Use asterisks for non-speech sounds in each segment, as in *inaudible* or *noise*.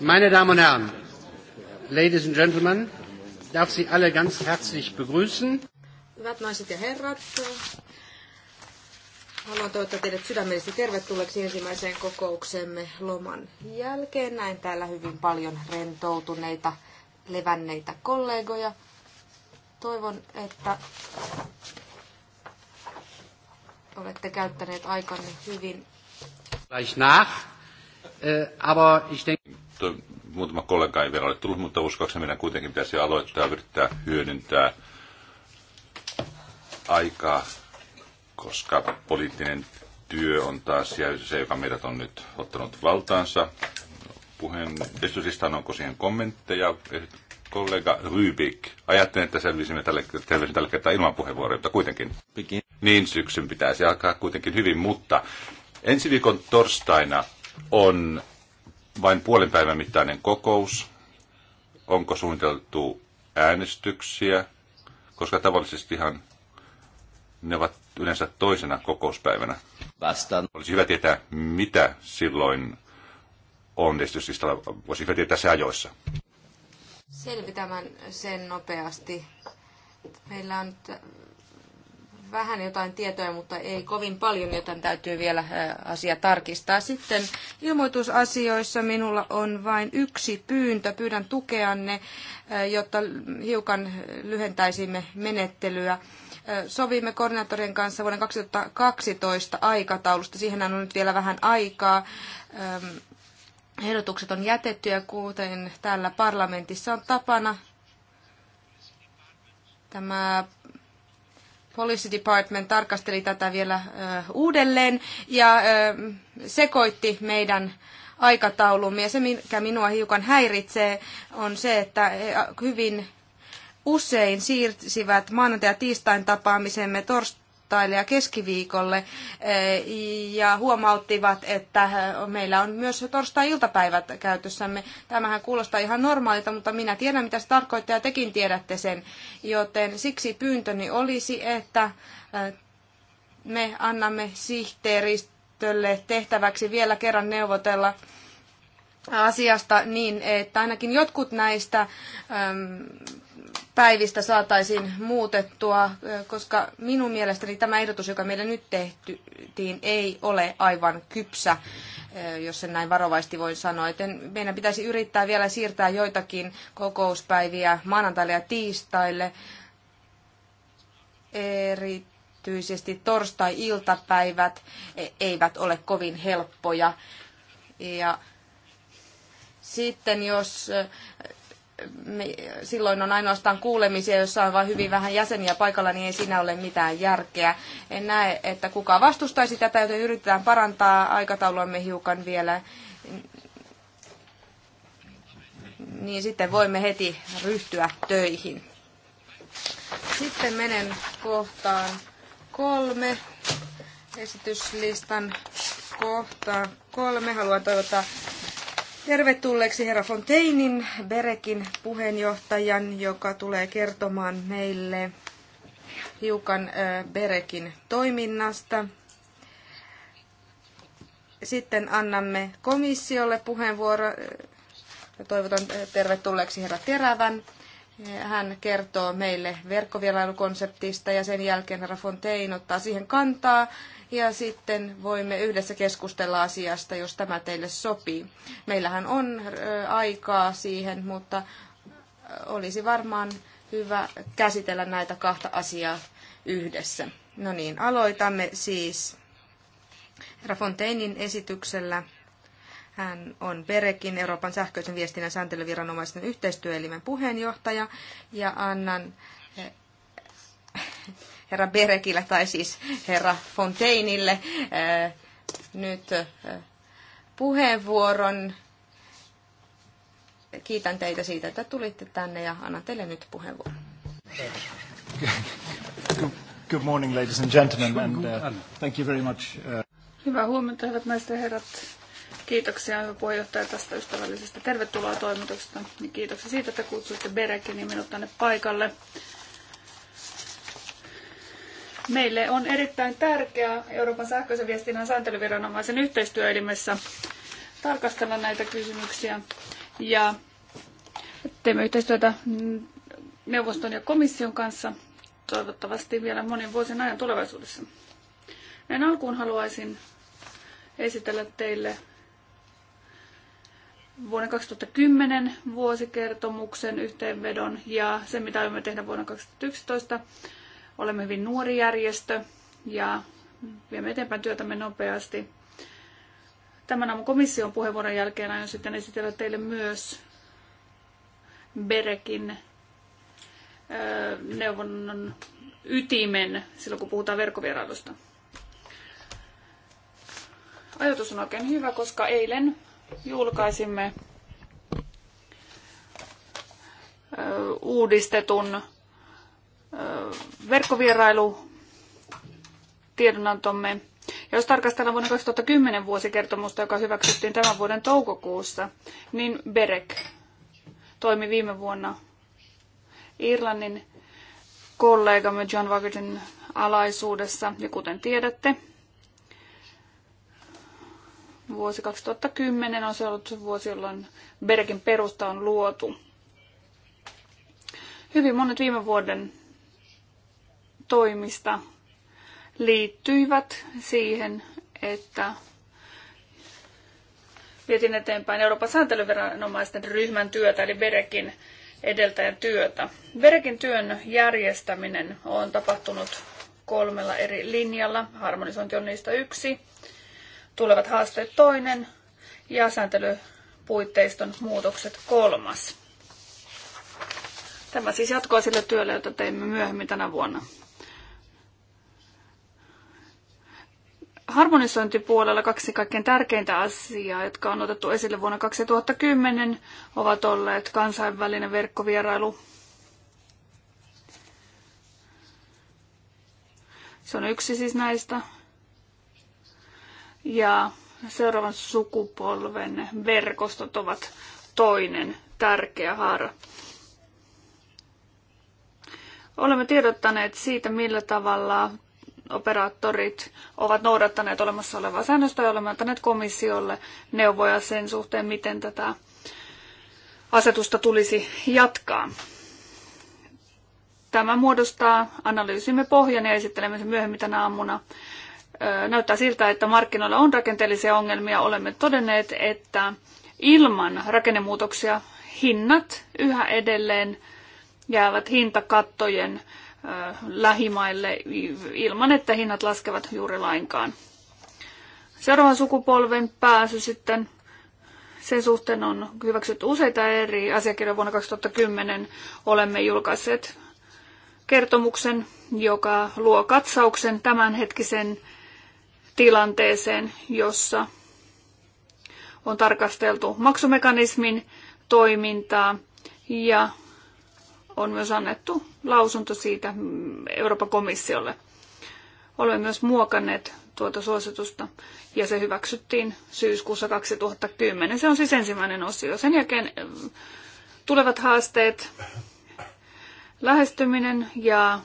Meine Damen und Herren, Ladies and Gentlemen, darf Sie alle ganz herzlich begrüßen. Hyvät naiset ja herrat, haluan toivottaa teidät sydämellisesti tervetulleeksi ensimmäiseen kokouksemme loman jälkeen. Näin täällä hyvin paljon rentoutuneita, levänneitä kollegoja. Toivon, että olette käyttäneet aikanne hyvin. Gleich nach Äh, aber ich denke... Muutama kollega ei vielä ole tullut, mutta uskoakseni meidän kuitenkin pitäisi aloittaa ja yrittää hyödyntää aikaa, koska poliittinen työ on taas se, joka meidät on nyt ottanut valtaansa. Puheen esityslistaan onko siihen kommentteja? Eh, kollega Rybik. Ajattelin, että selvisimme tällä, selvisin tällä kertaa ilman puheenvuoroja, mutta kuitenkin. Niin syksyn pitäisi alkaa kuitenkin hyvin, mutta ensi viikon torstaina on vain puolen päivän mittainen kokous. Onko suunniteltu äänestyksiä? Koska tavallisestihan ne ovat yleensä toisena kokouspäivänä. Vastaan. Olisi hyvä tietää, mitä silloin on esityslistalla. Olisi hyvä tietää se ajoissa. Selvitämään sen nopeasti. Meillä on vähän jotain tietoja, mutta ei kovin paljon, joten täytyy vielä asia tarkistaa. Sitten ilmoitusasioissa minulla on vain yksi pyyntö. Pyydän tukeanne, jotta hiukan lyhentäisimme menettelyä. Sovimme koordinaattorien kanssa vuoden 2012 aikataulusta. Siihen on nyt vielä vähän aikaa. Ehdotukset on jätetty ja kuten täällä parlamentissa on tapana, tämä Policy Department tarkasteli tätä vielä uudelleen ja sekoitti meidän aikataulumme. Ja se, mikä minua hiukan häiritsee, on se, että e, hyvin usein siirsivät maanantai- ja tiistain tapaamisemme torstaina maanantaille ja keskiviikolle eh, ja huomauttivat, että eh, meillä on myös torstai-iltapäivät käytössämme. Tämähän kuulostaa ihan normaalilta, mutta minä tiedän, mitä se tarkoittaa ja tekin tiedätte sen. Joten siksi pyyntöni olisi, että eh, me annamme sihteeristölle tehtäväksi vielä kerran neuvotella asiasta niin, että ainakin jotkut näistä äm, päivistä saataisiin muutettua, koska minun mielestäni tämä ehdotus, joka meillä nyt tehtiin, ei ole aivan kypsä, jos sen näin varovaisesti voi sanoa. Joten meidän pitäisi yrittää vielä siirtää joitakin kokouspäiviä maanantaille ja tiistaille, erityisesti torstai-iltapäivät e, eivät ole kovin helppoja. Ja sitten jos silloin on ainoastaan kuulemisia, joissa on vain hyvin vähän jäseniä paikalla, niin ei siinä ole mitään järkeä. En näe, että kuka vastustaisi tätä, joten yritetään parantaa aikatauluamme hiukan vielä. Niin sitten voimme heti ryhtyä töihin. Sitten menen kohtaan kolme esityslistan kohtaan kolme. Haluan toivottaa tervetulleeksi herra Fonteinin, Berekin puheenjohtajan, joka tulee kertomaan meille hiukan Berekin toiminnasta. Sitten annamme komissiolle puheenvuoro. Toivotan tervetulleeksi herra Terävän. Hän kertoo meille verkkovierailukonseptista ja sen jälkeen herra Fontein ottaa siihen kantaa ja sitten voimme yhdessä keskustella asiasta, jos tämä teille sopii. Meillähän on aikaa siihen, mutta olisi varmaan hyvä käsitellä näitä kahta asiaa yhdessä. No niin, aloitamme siis herra Fonteinin esityksellä. Hän on Berekin Euroopan sähköisen viestinnän sääntelyviranomaisten yhteistyöelimen puheenjohtaja ja annan herra Berekillä tai siis herra Fonteinille eh, nyt eh, puheenvuoron. Kiitän teitä siitä, että tulitte tänne ja annan teille nyt puheenvuoron. Good morning, ladies and gentlemen, and uh, thank you very much. Uh... Hyvää huomenta, hyvät naiset ja herrat. Kiitoksia hyvä puheenjohtaja tästä ystävällisestä tervetuloa toimituksesta. Niin kiitoksia siitä, että kutsuitte Berekin minut tänne paikalle. Meille on erittäin tärkeää Euroopan sähköisen viestinnän sääntelyviranomaisen yhteistyöelimessä tarkastella näitä kysymyksiä ja teemme yhteistyötä neuvoston ja komission kanssa toivottavasti vielä monen vuosien ajan tulevaisuudessa. Näin alkuun haluaisin esitellä teille vuoden 2010 vuosikertomuksen yhteenvedon ja sen, mitä aiomme tehdä vuonna 2011 Olemme hyvin nuori järjestö ja viemme eteenpäin työtämme nopeasti. Tämän aamun komission puheenvuoron jälkeen aion sitten esitellä teille myös Berekin neuvonnon ytimen silloin, kun puhutaan verkkovierailusta. Ajatus on oikein hyvä, koska eilen julkaisimme uudistetun verkkovierailu tiedonantomme. Jos tarkastellaan vuonna 2010 vuosikertomusta, joka hyväksyttiin tämän vuoden toukokuussa, niin BEREC toimi viime vuonna Irlannin kollegamme John Wagnertin alaisuudessa. Ja kuten tiedätte, vuosi 2010 on se ollut vuosi, jolloin BEREKin perusta on luotu. Hyvin monet viime vuoden toimista liittyivät siihen, että vietin eteenpäin Euroopan sääntelyviranomaisten ryhmän työtä, eli Berekin edeltäjän työtä. Berekin työn järjestäminen on tapahtunut kolmella eri linjalla. Harmonisointi on niistä yksi, tulevat haasteet toinen ja sääntelypuitteiston muutokset kolmas. Tämä siis jatkoa sille työlle, jota teimme myöhemmin tänä vuonna. harmonisointipuolella kaksi kaikkein tärkeintä asiaa, jotka on otettu esille vuonna 2010, ovat olleet kansainvälinen verkkovierailu. Se on yksi siis näistä. Ja seuraavan sukupolven verkostot ovat toinen tärkeä haara. Olemme tiedottaneet siitä, millä tavalla operaattorit ovat noudattaneet olemassa olevaa säännöstä ja olemme antaneet komissiolle neuvoja sen suhteen, miten tätä asetusta tulisi jatkaa. Tämä muodostaa analyysimme pohjan ja esittelemme sen myöhemmin tänä aamuna. Näyttää siltä, että markkinoilla on rakenteellisia ongelmia. Olemme todenneet, että ilman rakennemuutoksia hinnat yhä edelleen jäävät hintakattojen lähimaille ilman, että hinnat laskevat juuri lainkaan. Seuraavan sukupolven pääsy sitten sen suhteen on hyväksytty useita eri asiakirjoja. Vuonna 2010 olemme julkaisseet kertomuksen, joka luo katsauksen tämänhetkisen tilanteeseen, jossa on tarkasteltu maksumekanismin toimintaa ja on myös annettu lausunto siitä Euroopan komissiolle. Olemme myös muokanneet tuota suositusta ja se hyväksyttiin syyskuussa 2010. Se on siis ensimmäinen osio. Sen jälkeen eh, tulevat haasteet, lähestyminen ja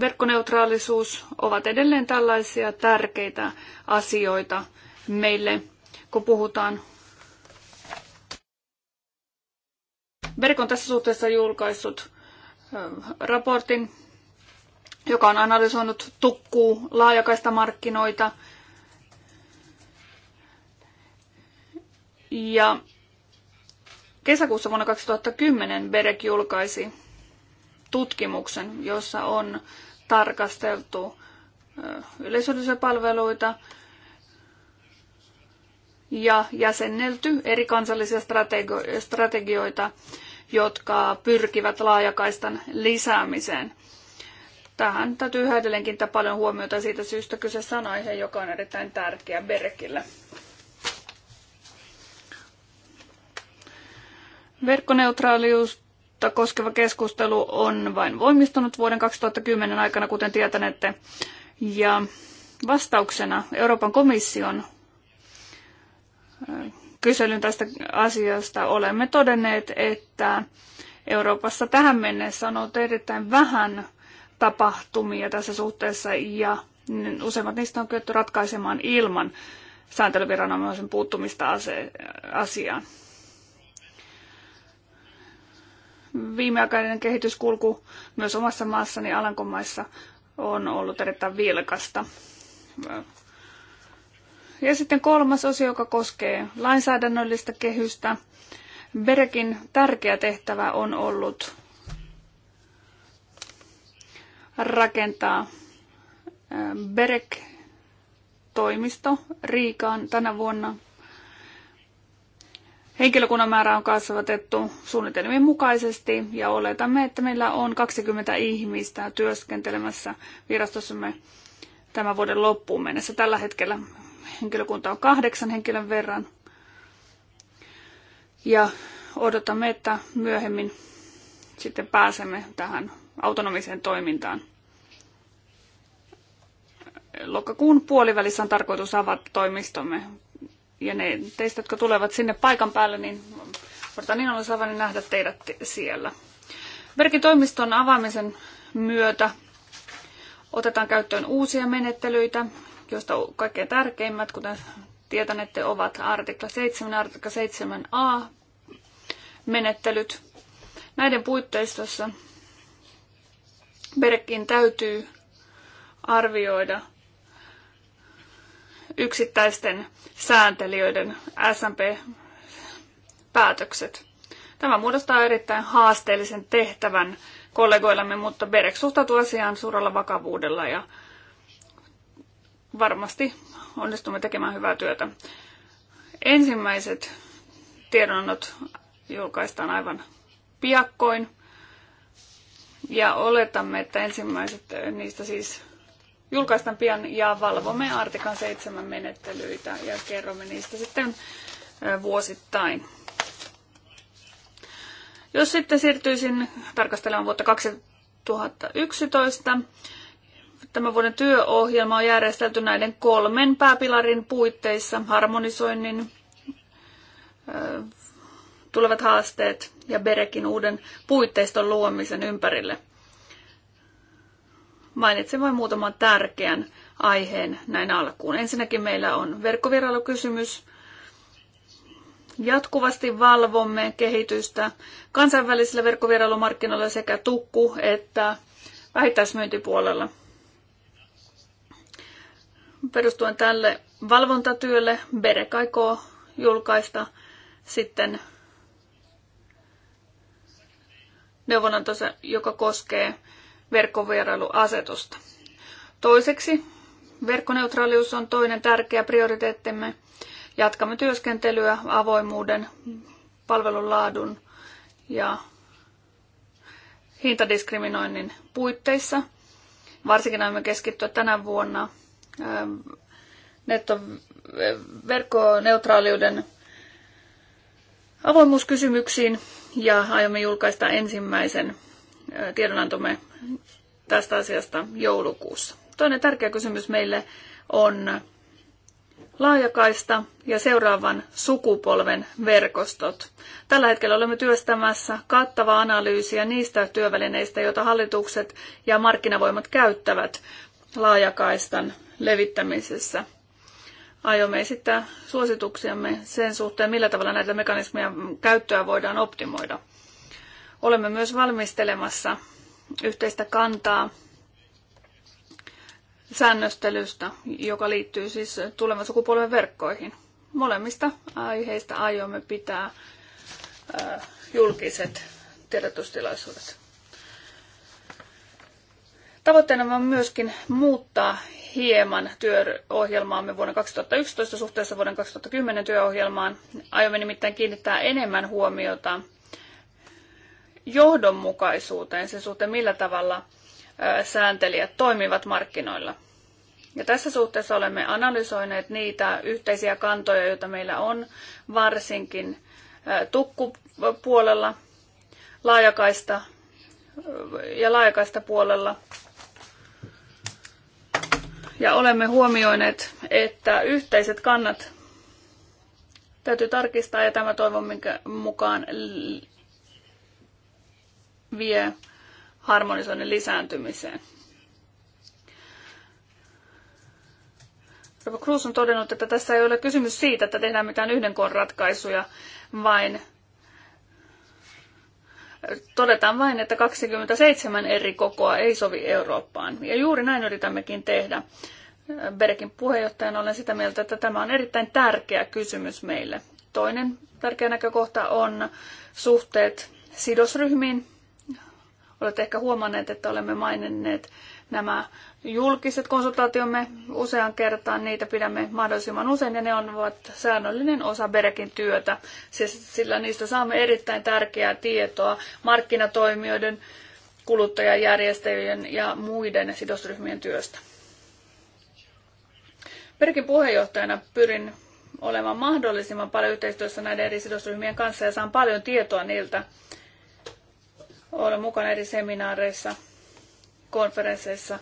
verkkoneutraalisuus ovat edelleen tällaisia tärkeitä asioita meille, kun puhutaan Verkon tässä suhteessa julkaissut Ähm, raportin, joka on analysoinut tukkuu laajakaista markkinoita. Ja kesäkuussa vuonna 2010 Berek julkaisi tutkimuksen, jossa on tarkasteltu äh, yleisöllisiä palveluita ja jäsennelty eri kansallisia strategioita jotka pyrkivät laajakaistan lisäämiseen. Tähän täytyy edelleen kiinnittää paljon huomiota ja siitä syystä kyseessä on aihe, joka on erittäin tärkeä Berekille. Verkkoneutraaliutta koskeva keskustelu on vain voimistunut vuoden 2010 aikana, kuten tietänette. Ja vastauksena Euroopan komission kyselyn tästä asiasta olemme todenneet, että Euroopassa tähän mennessä on ollut erittäin vähän tapahtumia tässä suhteessa ja useimmat niistä on kyetty ratkaisemaan ilman sääntelyviranomaisen puuttumista ase- asiaan. Viimeaikainen kehityskulku myös omassa maassani Alankomaissa on ollut erittäin vilkasta ja sitten kolmas osio, joka koskee lainsäädännöllistä kehystä. Berekin tärkeä tehtävä on ollut rakentaa Berek-toimisto Riikaan tänä vuonna. Henkilökunnan määrä on kasvatettu suunnitelmien mukaisesti ja oletamme, että meillä on 20 ihmistä työskentelemässä virastossamme tämän vuoden loppuun mennessä. Tällä hetkellä henkilökunta on kahdeksan henkilön verran. Ja odotamme, että myöhemmin sitten pääsemme tähän autonomiseen toimintaan. Lokakuun puolivälissä on tarkoitus avata toimistomme. Ja ne teistä, jotka tulevat sinne paikan päälle, niin odotan niin olla saavani nähdä teidät siellä. Verkin toimiston avaamisen myötä otetaan käyttöön uusia menettelyitä, joista kaikkein tärkeimmät, kuten tietänette, ovat artikla 7, artikla 7a menettelyt. Näiden puitteistossa Berkin täytyy arvioida yksittäisten sääntelijöiden SMP-päätökset. Tämä muodostaa erittäin haasteellisen tehtävän kollegoillamme, mutta Berek suhtautuu asiaan suurella vakavuudella ja varmasti onnistumme tekemään hyvää työtä. Ensimmäiset tiedonannot julkaistaan aivan piakkoin. Ja oletamme, että ensimmäiset niistä siis julkaistaan pian ja valvomme artikan seitsemän menettelyitä ja kerromme niistä sitten vuosittain. Jos sitten siirtyisin tarkastelemaan vuotta 2011, Tämän vuoden työohjelma on järjestelty näiden kolmen pääpilarin puitteissa, harmonisoinnin, tulevat haasteet ja Berekin uuden puitteiston luomisen ympärille. Mainitsen vain muutaman tärkeän aiheen näin alkuun. Ensinnäkin meillä on verkkovirailukysymys. Jatkuvasti valvomme kehitystä kansainvälisillä verkkovierailumarkkinoilla sekä tukku- että vähittäismyyntipuolella. Perustuen tälle valvontatyölle Bere aikoo julkaista sitten neuvonantonsa, joka koskee verkkovierailuasetusta. Toiseksi verkkoneutraalius on toinen tärkeä prioriteettimme. Jatkamme työskentelyä avoimuuden, palvelun laadun ja hintadiskriminoinnin puitteissa. Varsinkin aiomme keskittyä tänä vuonna Ähm, nettoverkkoneutraaliuden äh, avoimuuskysymyksiin ja aiomme julkaista ensimmäisen äh, tiedonantomme tästä asiasta joulukuussa. Toinen tärkeä kysymys meille on laajakaista ja seuraavan sukupolven verkostot. Tällä hetkellä olemme työstämässä kattavaa analyysiä niistä työvälineistä, joita hallitukset ja markkinavoimat käyttävät laajakaistan levittämisessä. Aiomme esittää suosituksiamme sen suhteen, millä tavalla näitä mekanismeja käyttöä voidaan optimoida. Olemme myös valmistelemassa yhteistä kantaa säännöstelystä, joka liittyy siis tulevan sukupolven verkkoihin. Molemmista aiheista aiomme pitää julkiset tiedotustilaisuudet. Tavoitteena on myöskin muuttaa hieman työohjelmaamme vuonna 2011 suhteessa vuoden 2010 työohjelmaan. Aiomme nimittäin kiinnittää enemmän huomiota johdonmukaisuuteen sen suhteen, millä tavalla sääntelijät toimivat markkinoilla. Ja tässä suhteessa olemme analysoineet niitä yhteisiä kantoja, joita meillä on, varsinkin tukkupuolella, laajakaista ja laajakaista puolella ja olemme huomioineet, että yhteiset kannat täytyy tarkistaa ja tämä toivon mukaan vie harmonisoinnin lisääntymiseen. Robert Cruz on todennut, että tässä ei ole kysymys siitä, että tehdään mitään yhden koon ratkaisuja, vain todetaan vain, että 27 eri kokoa ei sovi Eurooppaan. Ja juuri näin yritämmekin tehdä. Berekin puheenjohtajana olen sitä mieltä, että tämä on erittäin tärkeä kysymys meille. Toinen tärkeä näkökohta on suhteet sidosryhmiin. Olette ehkä huomanneet, että olemme maininneet nämä julkiset konsultaatiomme usean kertaan, niitä pidämme mahdollisimman usein ja ne ovat säännöllinen osa Berekin työtä, siis sillä niistä saamme erittäin tärkeää tietoa markkinatoimijoiden, kuluttajajärjestöjen ja muiden sidosryhmien työstä. Berkin puheenjohtajana pyrin olemaan mahdollisimman paljon yhteistyössä näiden eri sidosryhmien kanssa ja saan paljon tietoa niiltä. Olen mukana eri seminaareissa konferensseissa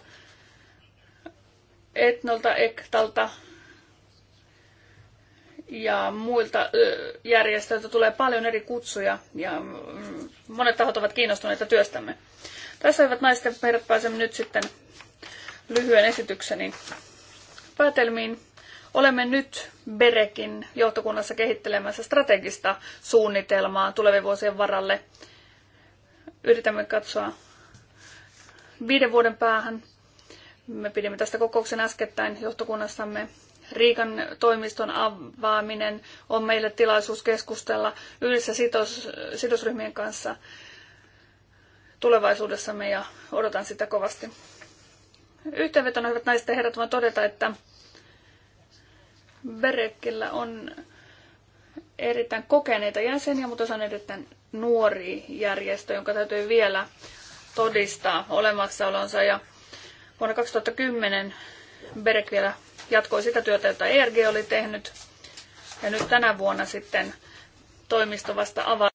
Etnolta, Ektalta ja muilta järjestöiltä tulee paljon eri kutsuja ja mm, monet tahot ovat kiinnostuneita työstämme. Tässä hyvät naisten perät pääsemme nyt sitten lyhyen esitykseni päätelmiin. Olemme nyt Berekin johtokunnassa kehittelemässä strategista suunnitelmaa tulevien vuosien varalle. Yritämme katsoa viiden vuoden päähän. Me pidimme tästä kokouksen äskettäin johtokunnassamme. Riikan toimiston avaaminen on meille tilaisuus keskustella yhdessä sitos, sidosryhmien kanssa tulevaisuudessamme ja odotan sitä kovasti. Yhteenvetona hyvät naiset ja herrat, voin todeta, että Berekillä on erittäin kokeneita jäseniä, mutta se on erittäin nuori järjestö, jonka täytyy vielä todistaa olemassaolonsa. Ja vuonna 2010 Berek vielä jatkoi sitä työtä, jota ERG oli tehnyt. Ja nyt tänä vuonna sitten toimisto vasta avaa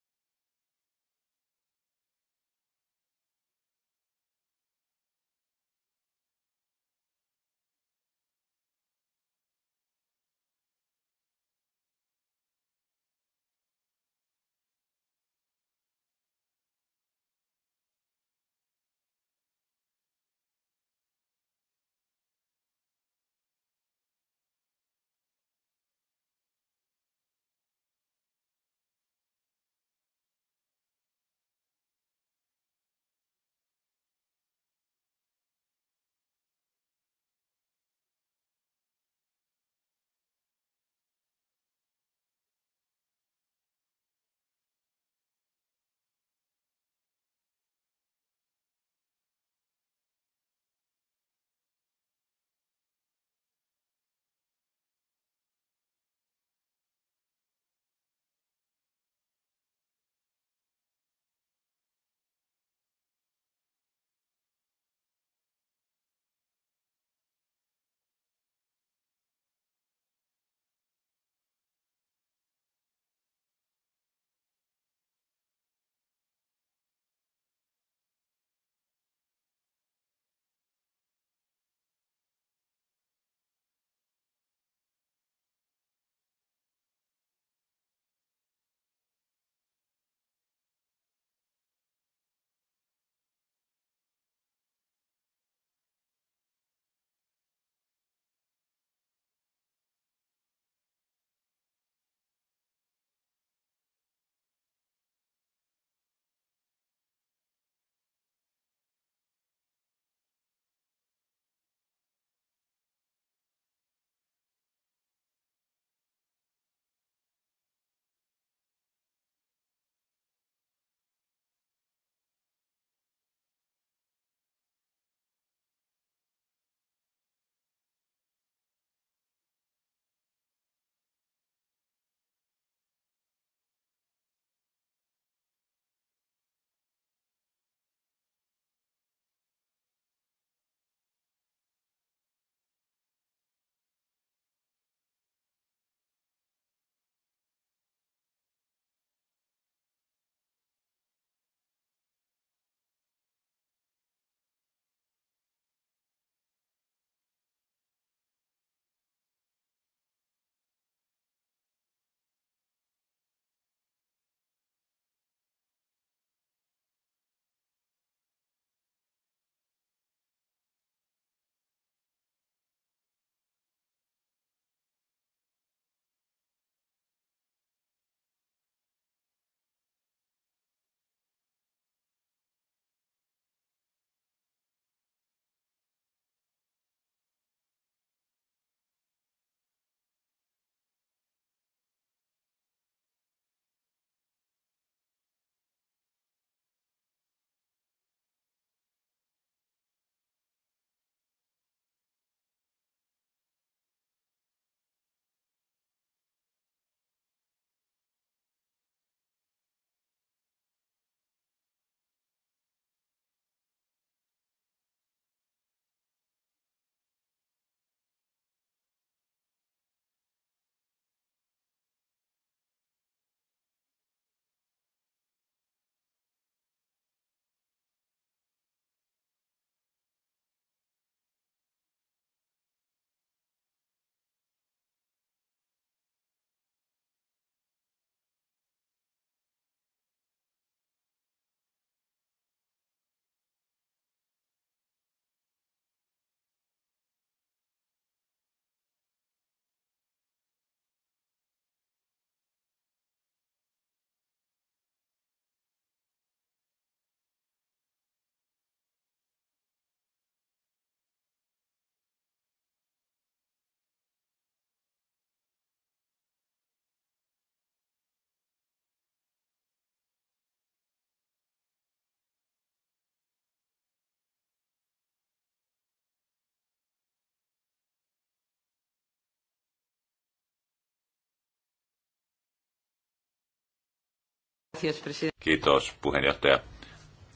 Kiitos puheenjohtaja.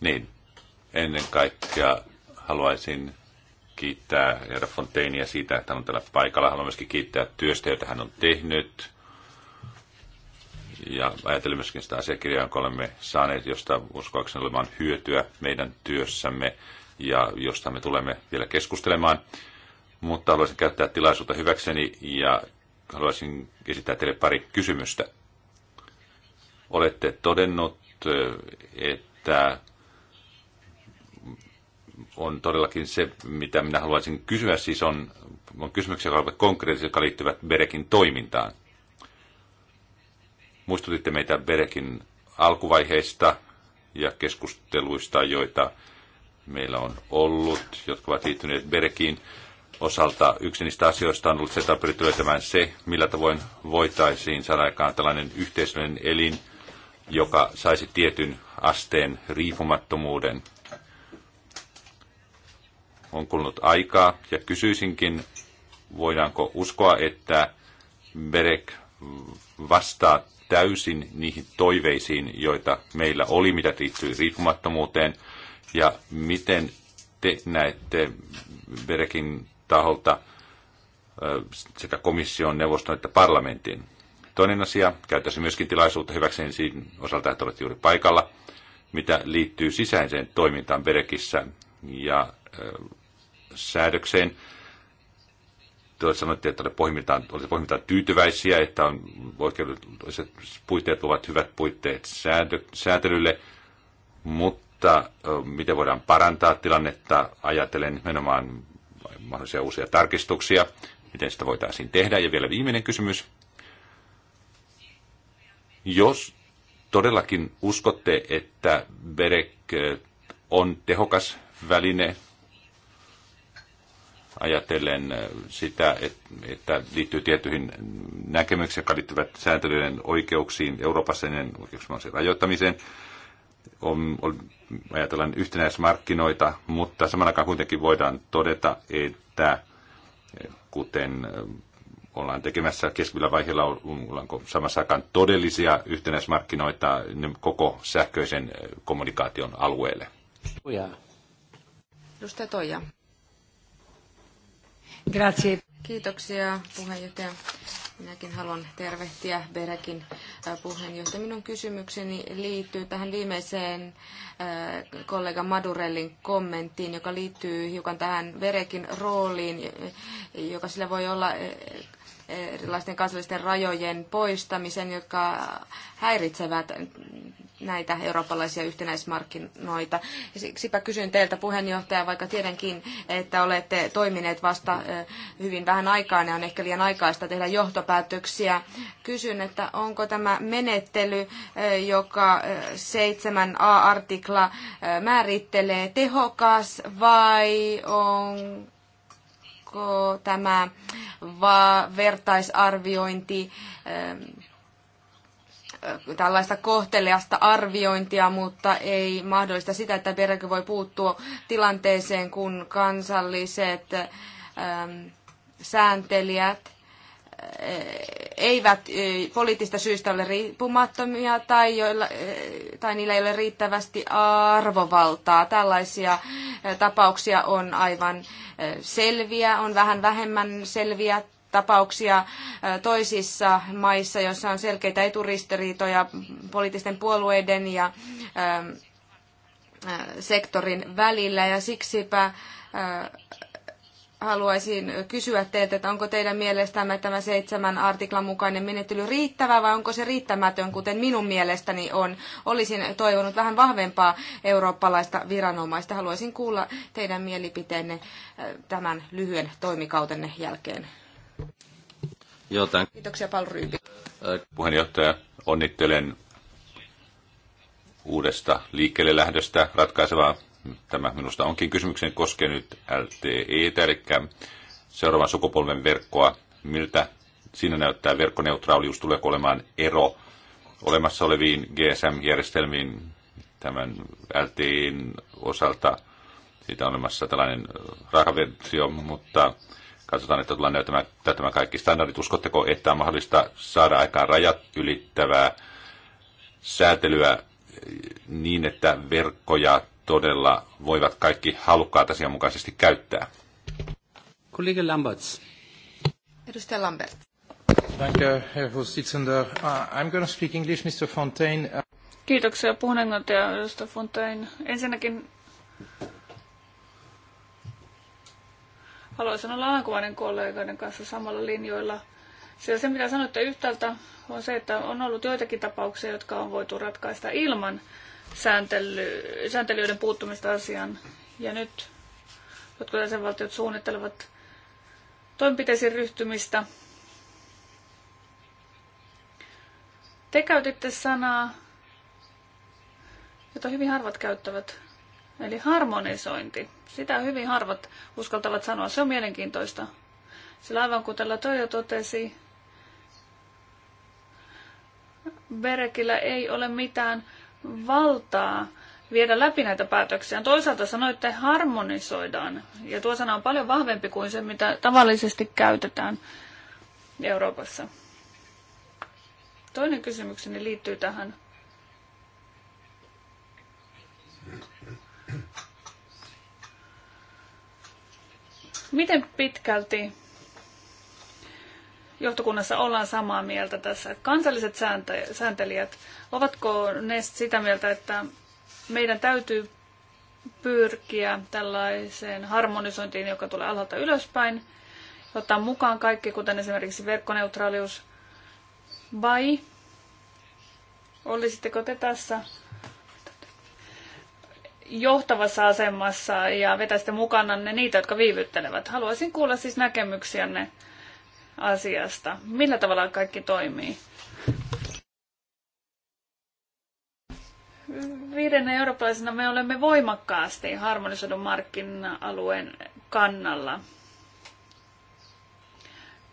Niin, ennen kaikkea haluaisin kiittää Herra Fonteinia siitä, että hän on täällä paikalla. Haluan myöskin kiittää työstä, jota hän on tehnyt. Ja ajattelin myöskin sitä asiakirjaa, jonka olemme saaneet, josta uskoakseni olemaan hyötyä meidän työssämme ja josta me tulemme vielä keskustelemaan. Mutta haluaisin käyttää tilaisuutta hyväkseni ja haluaisin esittää teille pari kysymystä. Olette todennut, että on todellakin se, mitä minä haluaisin kysyä, siis on, on kysymyksiä, jotka ovat konkreettisia, jotka liittyvät Berekin toimintaan. Muistutitte meitä Berekin alkuvaiheista ja keskusteluista, joita meillä on ollut, jotka ovat liittyneet Berekiin osalta. Yksi niistä asioista on ollut se, että on se, millä tavoin voitaisiin saada aikaan tällainen yhteisöllinen elin, joka saisi tietyn asteen riippumattomuuden. On kulunut aikaa ja kysyisinkin, voidaanko uskoa, että Berek vastaa täysin niihin toiveisiin, joita meillä oli, mitä liittyy riippumattomuuteen, ja miten te näette Berekin taholta sekä komission, neuvoston että parlamentin Toinen asia, käyttäisin myöskin tilaisuutta hyväkseen siinä osalta, että olet juuri paikalla, mitä liittyy sisäiseen toimintaan Berekissä ja äh, säädökseen. Te sanoitte, että olette pohjimmiltaan, olet pohjimmiltaan tyytyväisiä, että on oikeudelliset puitteet ovat hyvät puitteet säädö, säätelylle, mutta äh, miten voidaan parantaa tilannetta, ajatellen nimenomaan mahdollisia uusia tarkistuksia, miten sitä voitaisiin tehdä. Ja vielä viimeinen kysymys, jos todellakin uskotte, että Berek on tehokas väline ajatellen sitä, että liittyy tietyihin näkemyksiin, jotka liittyvät sääntelyiden oikeuksiin, Euroopassa ennen oikeuksien rajoittamiseen. On, on, ajatellaan yhtenäismarkkinoita, mutta samalla kuitenkin voidaan todeta, että kuten ollaan tekemässä keskellä vaiheella, ollaanko samassa aikaan todellisia yhtenäismarkkinoita koko sähköisen eh, kommunikaation alueelle? Edustaja Toija. Grazie. Kiitoksia puheenjohtaja. Minäkin haluan tervehtiä Berekin eh, puheenjohtaja. Minun kysymykseni liittyy tähän viimeiseen eh, kollega Madurellin kommenttiin, joka liittyy hiukan tähän Berekin rooliin, joka sillä voi olla erilaisten kansallisten rajojen poistamisen, jotka häiritsevät näitä eurooppalaisia yhtenäismarkkinoita. Siksipä kysyn teiltä puheenjohtaja, vaikka tiedänkin, että olette toimineet vasta hyvin vähän aikaa ja on ehkä liian aikaista tehdä johtopäätöksiä. Kysyn, että onko tämä menettely, joka 7a-artikla määrittelee, tehokas vai on Olisiko tämä vertaisarviointi ähm, tällaista kohteliasta arviointia, mutta ei mahdollista sitä, että Berge voi puuttua tilanteeseen, kun kansalliset ähm, sääntelijät Eh, eivät eh, poliittista syistä ole riippumattomia tai, joilla, eh, tai niillä ei ole riittävästi arvovaltaa. Tällaisia tapauksia on aivan selviä, on vähän vähemmän selviä tapauksia toisissa maissa, joissa on selkeitä eturistiriitoja poliittisten puolueiden ja sektorin välillä ja siksipä haluaisin kysyä teiltä, että onko teidän mielestämme tämä seitsemän artiklan mukainen menettely riittävä vai onko se riittämätön, kuten minun mielestäni on. Olisin toivonut vähän vahvempaa eurooppalaista viranomaista. Haluaisin kuulla teidän mielipiteenne äh, tämän lyhyen toimikautenne jälkeen. Joten. Kiitoksia Paul Ryypi. Puheenjohtaja, onnittelen uudesta liikkeelle lähdöstä ratkaisevaa Tämä minusta onkin kysymyksen koskee nyt LTE, eli seuraavan sukupolven verkkoa. Miltä siinä näyttää verkkoneutraalius, tuleeko olemaan ero olemassa oleviin GSM-järjestelmiin tämän LTEn osalta. Siitä on olemassa tällainen rahaversio, mutta katsotaan, että tullaan näyttämään, kaikki standardit. Uskotteko, että on mahdollista saada aikaan rajat ylittävää säätelyä niin, että verkkoja todella voivat kaikki halukkaat asianmukaisesti käyttää. Kollega Lamberts. Edustaja Lambert. Thank you, Herr Vorsitzender. Uh, I'm going to speak English, Mr. Fontaine. Uh, Kiitoksia. Puhun englantia, edustaja Fontaine. Ensinnäkin haluaisin olla alankuvainen kollegoiden kanssa samalla linjoilla. Sillä se, mitä sanoitte yhtäältä, on se, että on ollut joitakin tapauksia, jotka on voitu ratkaista ilman sääntely, sääntelyiden puuttumista asiaan. Ja nyt jotkut jäsenvaltiot suunnittelevat toimenpiteisiin ryhtymistä. Te käytitte sanaa, jota hyvin harvat käyttävät, eli harmonisointi. Sitä hyvin harvat uskaltavat sanoa. Se on mielenkiintoista. Sillä aivan kuten Latoja totesi, Berekillä ei ole mitään valtaa viedä läpi näitä päätöksiä. Toisaalta sanoitte harmonisoidaan, ja tuo sana on paljon vahvempi kuin se, mitä tavallisesti käytetään Euroopassa. Toinen kysymykseni liittyy tähän. Miten pitkälti johtokunnassa ollaan samaa mieltä tässä. Kansalliset sääntö, sääntelijät, ovatko ne sitä mieltä, että meidän täytyy pyrkiä tällaiseen harmonisointiin, joka tulee alhaalta ylöspäin, ottaa mukaan kaikki, kuten esimerkiksi verkkoneutraalius, vai olisitteko te tässä johtavassa asemassa ja vetäisitte mukananne niitä, jotka viivyttelevät? Haluaisin kuulla siis näkemyksiänne asiasta. Millä tavalla kaikki toimii? Viidenä eurooppalaisena me olemme voimakkaasti harmonisoidun markkina-alueen kannalla.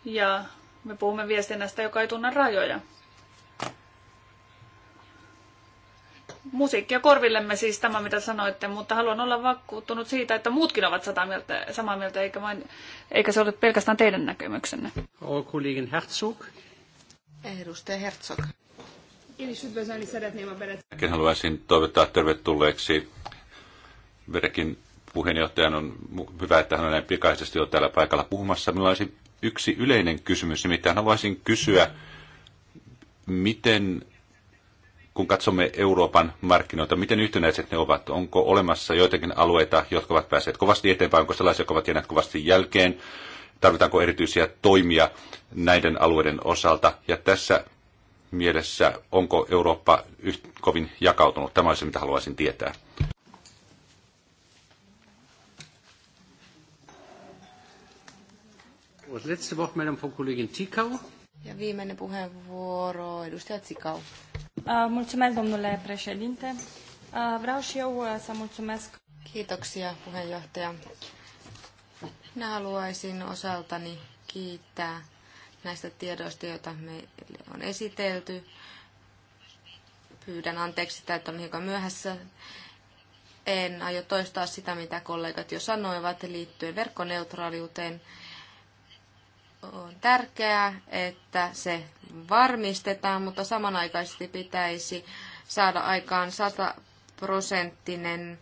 Ja me puhumme viestinnästä, joka ei tunna rajoja. musiikkia korvillemme siis tämä, mitä sanoitte, mutta haluan olla vakuuttunut siitä, että muutkin ovat sata mieltä, samaa mieltä, eikä, vain, eikä se ole pelkästään teidän näkemyksenne. Kollegin Herzog. Edustaja Herzog. Minäkin haluaisin toivottaa tervetulleeksi Verekin puheenjohtajan. On hyvä, että hän on näin pikaisesti jo täällä paikalla puhumassa. Minulla olisi yksi yleinen kysymys, nimittäin haluaisin kysyä, miten kun katsomme Euroopan markkinoita, miten yhtenäiset ne ovat? Onko olemassa joitakin alueita, jotka ovat päässeet kovasti eteenpäin, onko sellaisia, jotka ovat jääneet kovasti jälkeen? Tarvitaanko erityisiä toimia näiden alueiden osalta? Ja tässä mielessä, onko Eurooppa yht, kovin jakautunut? Tämä on se, mitä haluaisin tietää. letzte Wort, Madame von Kollegin Tikau. Ja viimeinen puheenvuoro, edustaja Tsikau. Uh, mulțumesc, domnule președinte. Uh, vreau și eu uh, să mulțumesc. Kiitoksia, puheenjohtaja. Minä haluaisin osaltani kiittää näistä tiedoista, joita meille on esitelty. Pyydän anteeksi sitä, että on hiukan myöhässä. En aio toistaa sitä, mitä kollegat jo sanoivat liittyen verkkoneutraaliuteen on tärkeää, että se varmistetaan, mutta samanaikaisesti pitäisi saada aikaan 100 prosenttinen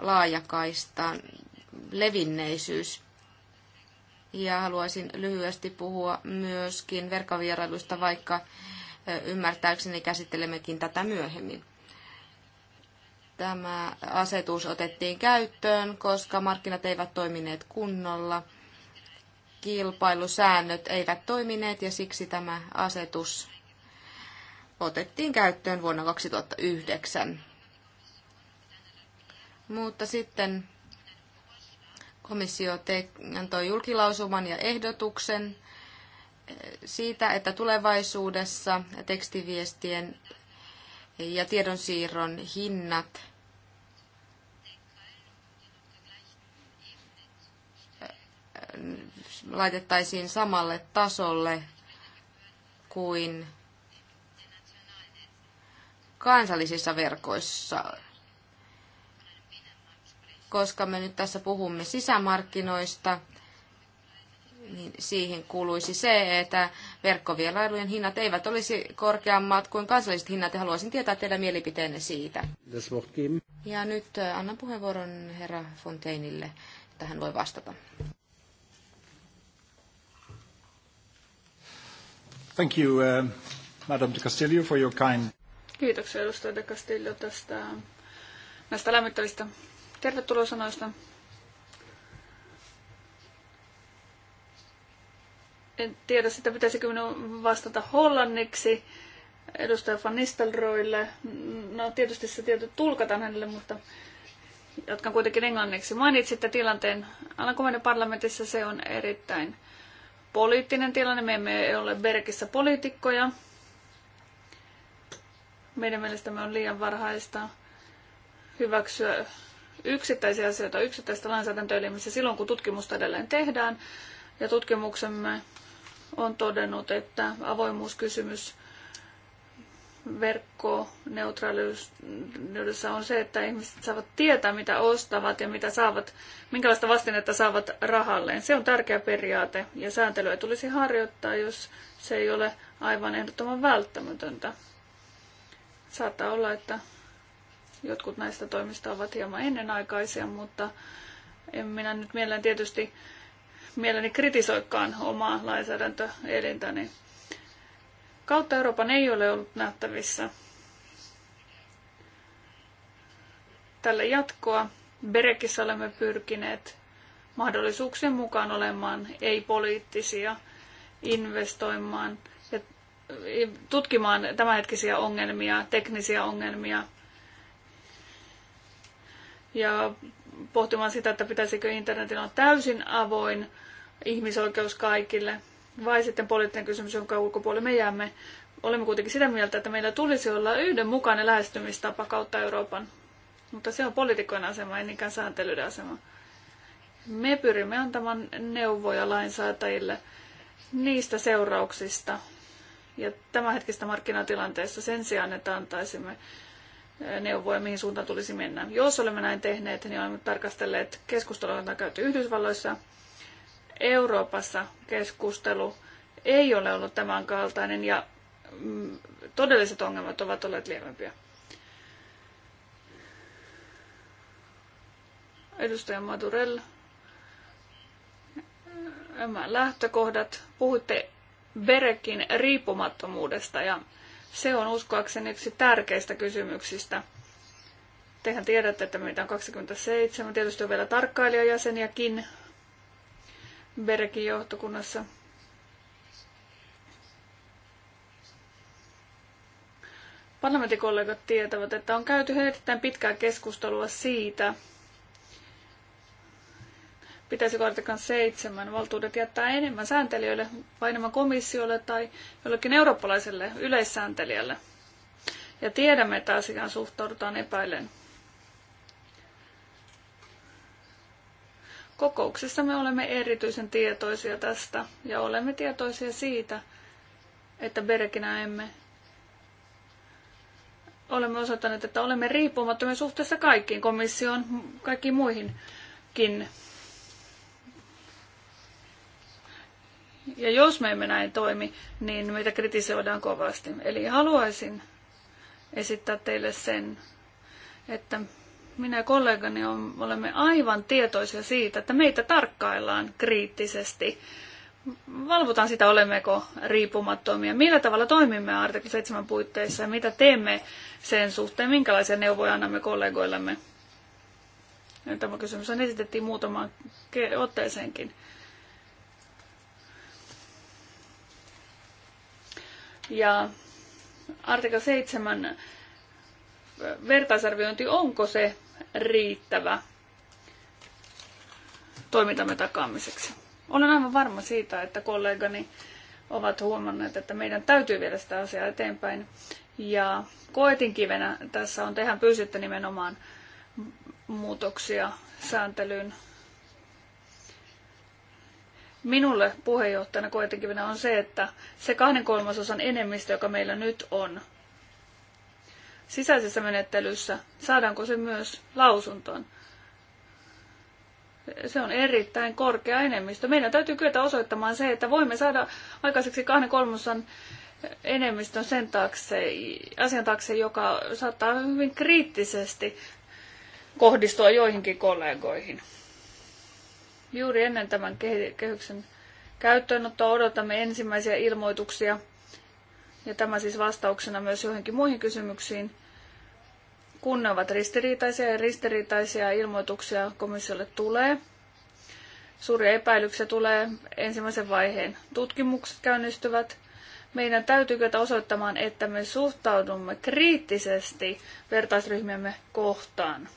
laajakaistan levinneisyys. Ja haluaisin lyhyesti puhua myöskin verkkovierailuista, vaikka ymmärtääkseni käsittelemmekin tätä myöhemmin. Tämä asetus otettiin käyttöön, koska markkinat eivät toimineet kunnolla – kilpailusäännöt eivät toimineet ja siksi tämä asetus otettiin käyttöön vuonna 2009. Mutta sitten komissio te- antoi julkilausuman ja ehdotuksen eh, siitä, että tulevaisuudessa tekstiviestien ja tiedonsiirron hinnat eh, laitettaisiin samalle tasolle kuin kansallisissa verkoissa. Koska me nyt tässä puhumme sisämarkkinoista, niin siihen kuuluisi se, että verkkovierailujen hinnat eivät olisi korkeammat kuin kansalliset hinnat, ja haluaisin tietää teidän mielipiteenne siitä. Ja nyt äh, annan puheenvuoron herra Fonteinille, että hän voi vastata. Thank you, uh, Madam de Castillo, for your kind... Kiitoksia edustaja de Castillo tästä, näistä lämmittävistä tervetulosanoista. En tiedä sitä, pitäisikö minun vastata hollanniksi edustaja Van Nistelrooille. No tietysti se tietysti tulkataan hänelle, mutta jatkan kuitenkin englanniksi. Mainitsitte tilanteen Alankomainen parlamentissa, se on erittäin poliittinen tilanne. Me emme ole Berkissä poliitikkoja. Meidän mielestämme on liian varhaista hyväksyä yksittäisiä asioita yksittäistä lainsäädäntöelimissä silloin, kun tutkimusta edelleen tehdään. Ja tutkimuksemme on todennut, että avoimuuskysymys verkkoneutraaliudessa on se, että ihmiset saavat tietää, mitä ostavat ja mitä saavat, minkälaista vastinetta saavat rahalleen. Se on tärkeä periaate ja sääntelyä tulisi harjoittaa, jos se ei ole aivan ehdottoman välttämätöntä. Saattaa olla, että jotkut näistä toimista ovat hieman ennenaikaisia, mutta en minä nyt mielelläni tietysti mielelläni kritisoikaan omaa lainsäädäntöelintäni. Niin kautta Euroopan ei ole ollut nähtävissä tälle jatkoa. Berekissä olemme pyrkineet mahdollisuuksien mukaan olemaan ei-poliittisia, investoimaan ja e, tutkimaan tämänhetkisiä ongelmia, teknisiä ongelmia ja pohtimaan sitä, että pitäisikö internetin olla täysin avoin ihmisoikeus kaikille – vai sitten poliittinen kysymys, jonka ulkopuolelle me jäämme. Olemme kuitenkin sitä mieltä, että meillä tulisi olla yhdenmukainen lähestymistapa kautta Euroopan. Mutta se on poliitikkojen asema, ei niinkään sääntelyiden asema. Me pyrimme antamaan neuvoja lainsäätäjille niistä seurauksista ja tämänhetkistä markkinatilanteessa sen sijaan, että antaisimme neuvoja, mihin suuntaan tulisi mennä. Jos olemme näin tehneet, niin olemme tarkastelleet keskustelua, jota on käyty Yhdysvalloissa, Euroopassa keskustelu ei ole ollut tämän kaltainen ja mm, todelliset ongelmat ovat olleet lievempiä. Edustaja Madurell, nämä lähtökohdat. puhutte Berekin riippumattomuudesta ja se on uskoakseni yksi tärkeistä kysymyksistä. Tehän tiedätte, että meitä on 27, tietysti on vielä tarkkailijajäseniäkin, Berekin johtokunnassa. Parlamentikollegat tietävät, että on käyty erittäin pitkää keskustelua siitä, pitäisikö artikan 7 valtuudet jättää enemmän sääntelijöille vai enemmän komissiolle tai jollekin eurooppalaiselle yleissääntelijälle. Ja tiedämme, että asiaan suhtaudutaan epäilen. Kokouksessa me olemme erityisen tietoisia tästä ja olemme tietoisia siitä, että Berkinä emme olemme osoittaneet, että olemme riippumattomia suhteessa kaikkiin komissioon, kaikkiin muihinkin. Ja jos me emme näin toimi, niin meitä kritisoidaan kovasti. Eli haluaisin esittää teille sen, että minä ja kollegani olemme aivan tietoisia siitä, että meitä tarkkaillaan kriittisesti. Valvotaan sitä, olemmeko riippumattomia, millä tavalla toimimme artikla 7 puitteissa ja mitä teemme sen suhteen, minkälaisia neuvoja annamme kollegoillemme. Ja tämä kysymys on esitettiin muutamaan otteeseenkin. Ja artikla 7 vertaisarviointi, onko se riittävä toimintamme takaamiseksi. Olen aivan varma siitä, että kollegani ovat huomanneet, että meidän täytyy viedä sitä asiaa eteenpäin. Ja kivenä tässä on, tehän pyysitte nimenomaan muutoksia sääntelyyn. Minulle puheenjohtajana koetinkivenä on se, että se kahden kolmasosan enemmistö, joka meillä nyt on, sisäisessä menettelyssä, saadaanko se myös lausuntoon. Se on erittäin korkea enemmistö. Meidän täytyy kyetä osoittamaan se, että voimme saada aikaiseksi kahden kolmosan enemmistön sen taakse, asian taakse, joka saattaa hyvin kriittisesti kohdistua joihinkin kollegoihin. Juuri ennen tämän kehyksen käyttöönottoa odotamme ensimmäisiä ilmoituksia, ja tämä siis vastauksena myös joihinkin muihin kysymyksiin, kun ne ovat ristiriitaisia ja ristiriitaisia ilmoituksia komissiolle tulee, suuria epäilyksiä tulee, ensimmäisen vaiheen tutkimukset käynnistyvät, meidän täytyy kyetä osoittamaan, että me suhtaudumme kriittisesti vertaisryhmiämme kohtaan.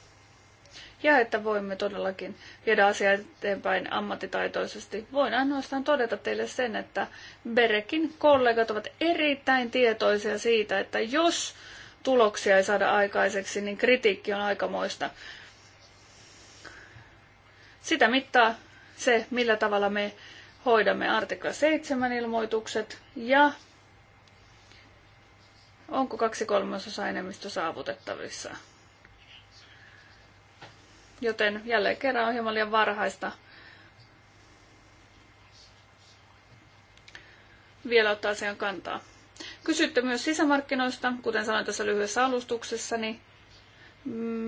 Ja että voimme todellakin viedä asiaa eteenpäin ammattitaitoisesti. Voin ainoastaan todeta teille sen, että Berekin kollegat ovat erittäin tietoisia siitä, että jos tuloksia ei saada aikaiseksi, niin kritiikki on aikamoista. Sitä mittaa se, millä tavalla me hoidamme artikla 7 ilmoitukset ja onko kaksi kolmasosa enemmistö saavutettavissa. Joten jälleen kerran on hieman liian varhaista vielä ottaa asian kantaa. Kysytte myös sisämarkkinoista, kuten sanoin tässä lyhyessä alustuksessa, niin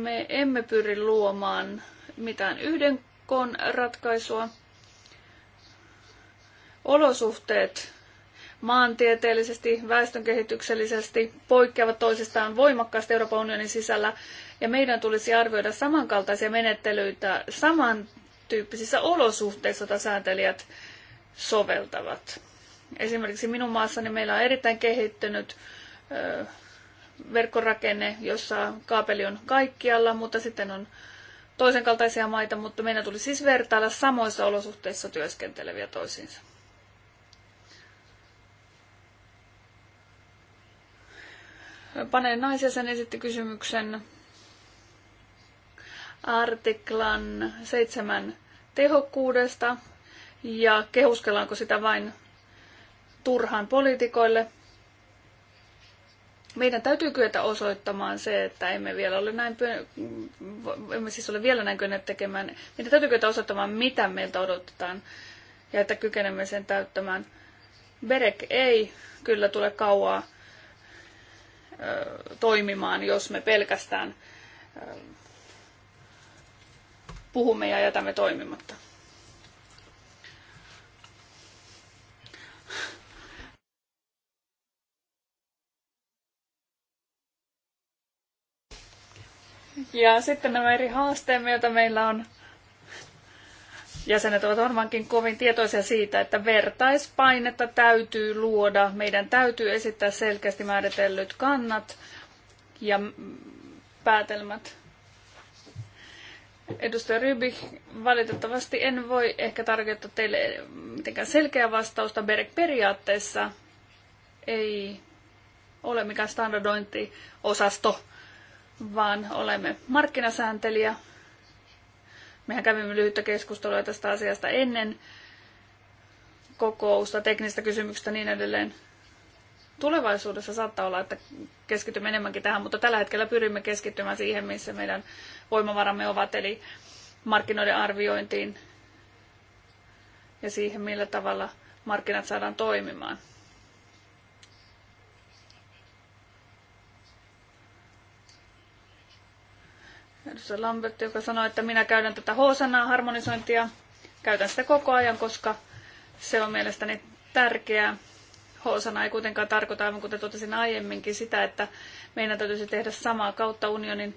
me emme pyri luomaan mitään yhden koon ratkaisua. Olosuhteet maantieteellisesti, väestönkehityksellisesti poikkeavat toisistaan voimakkaasti Euroopan unionin sisällä, ja meidän tulisi arvioida samankaltaisia menettelyitä samantyyppisissä olosuhteissa, joita sääntelijät soveltavat. Esimerkiksi minun maassani meillä on erittäin kehittynyt verkkorakenne, jossa kaapeli on kaikkialla, mutta sitten on toisen kaltaisia maita, mutta meidän tuli siis vertailla samoissa olosuhteissa työskenteleviä toisiinsa. Paneen naisia sen esitti kysymyksen artiklan seitsemän tehokkuudesta ja kehuskellaanko sitä vain turhaan poliitikoille. Meidän täytyy kyetä osoittamaan se, että emme vielä ole näin, mm, emme siis ole vielä näin tekemään. Meidän täytyy kyetä osoittamaan, mitä meiltä odotetaan ja että kykenemme sen täyttämään. Berek ei kyllä tule kauaa toimimaan, jos me pelkästään puhumme ja jätämme toimimatta. Ja sitten nämä eri haasteemme, joita meillä on. Jäsenet ovat varmaankin kovin tietoisia siitä, että vertaispainetta täytyy luoda. Meidän täytyy esittää selkeästi määritellyt kannat ja päätelmät. Edustaja Ryby, valitettavasti en voi ehkä tarkoittaa teille mitenkään selkeää vastausta. Berg periaatteessa ei ole mikään standardointiosasto vaan olemme markkinasääntelijä. Mehän kävimme lyhyttä keskustelua tästä asiasta ennen kokousta, teknistä kysymyksistä niin edelleen. Tulevaisuudessa saattaa olla, että keskitymme enemmänkin tähän, mutta tällä hetkellä pyrimme keskittymään siihen, missä meidän voimavaramme ovat, eli markkinoiden arviointiin ja siihen, millä tavalla markkinat saadaan toimimaan. edustaja Lambert, joka sanoi, että minä käytän tätä h harmonisointia. Käytän sitä koko ajan, koska se on mielestäni tärkeää. h ei kuitenkaan tarkoita, aivan kuten totesin aiemminkin, sitä, että meidän täytyisi tehdä samaa kautta unionin.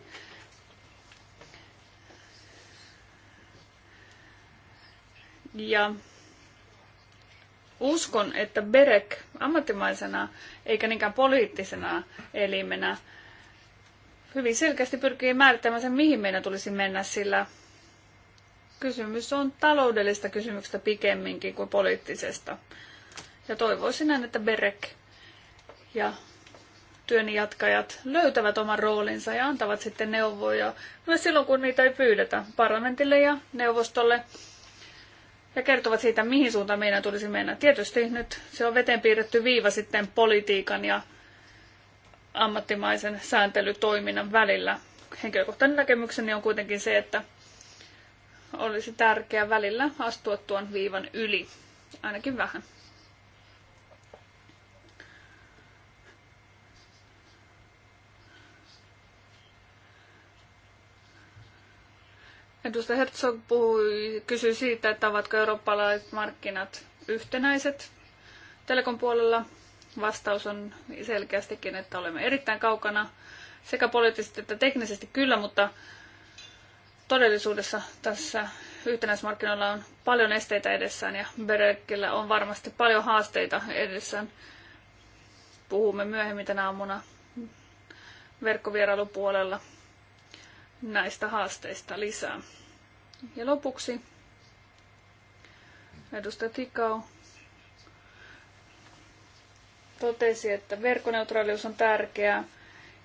Ja uskon, että BEREK ammattimaisena eikä niinkään poliittisena elimenä hyvin selkeästi pyrkii määrittämään sen, mihin meidän tulisi mennä, sillä kysymys on taloudellista kysymyksestä pikemminkin kuin poliittisesta. Ja toivoisin näin, että Berek ja työnjatkajat jatkajat löytävät oman roolinsa ja antavat sitten neuvoja myös silloin, kun niitä ei pyydetä parlamentille ja neuvostolle ja kertovat siitä, mihin suuntaan meidän tulisi mennä. Tietysti nyt se on veteen piirretty viiva sitten politiikan ja ammattimaisen sääntelytoiminnan välillä. Henkilökohtainen näkemykseni on kuitenkin se, että olisi tärkeää välillä astua tuon viivan yli, ainakin vähän. Edustaja Herzog puhui, kysyi siitä, että ovatko eurooppalaiset markkinat yhtenäiset telekon puolella. Vastaus on selkeästikin, että olemme erittäin kaukana sekä poliittisesti että teknisesti kyllä, mutta todellisuudessa tässä yhtenäismarkkinoilla on paljon esteitä edessään ja Berekillä on varmasti paljon haasteita edessään. Puhumme myöhemmin tänä aamuna verkkovierailupuolella näistä haasteista lisää. Ja lopuksi edustaja Tikau totesi, että verkkoneutraalius on tärkeää.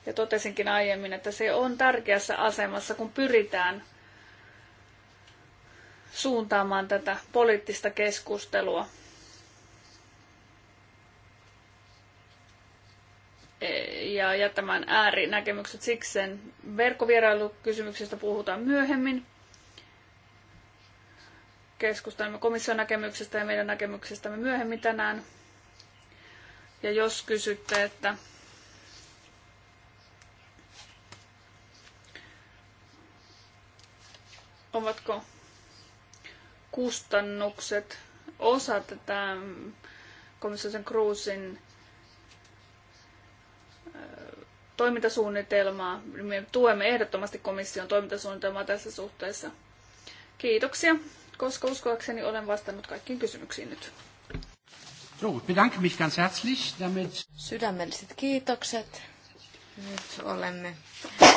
Ja totesinkin aiemmin, että se on tärkeässä asemassa, kun pyritään suuntaamaan tätä poliittista keskustelua. E, ja jättämään äärinäkemykset sikseen. verkkovierailukysymyksestä puhutaan myöhemmin. Keskustelemme komission näkemyksestä ja meidän näkemyksestämme myöhemmin tänään. Ja jos kysytte, että ovatko kustannukset osa tätä komissiosen Cruisin toimintasuunnitelmaa. Niin me tuemme ehdottomasti komission toimintasuunnitelmaa tässä suhteessa. Kiitoksia, koska uskoakseni olen vastannut kaikkiin kysymyksiin nyt. So, bedanke mich ganz herzlich, damit... Sydämelliset kiitokset. Nyt olemme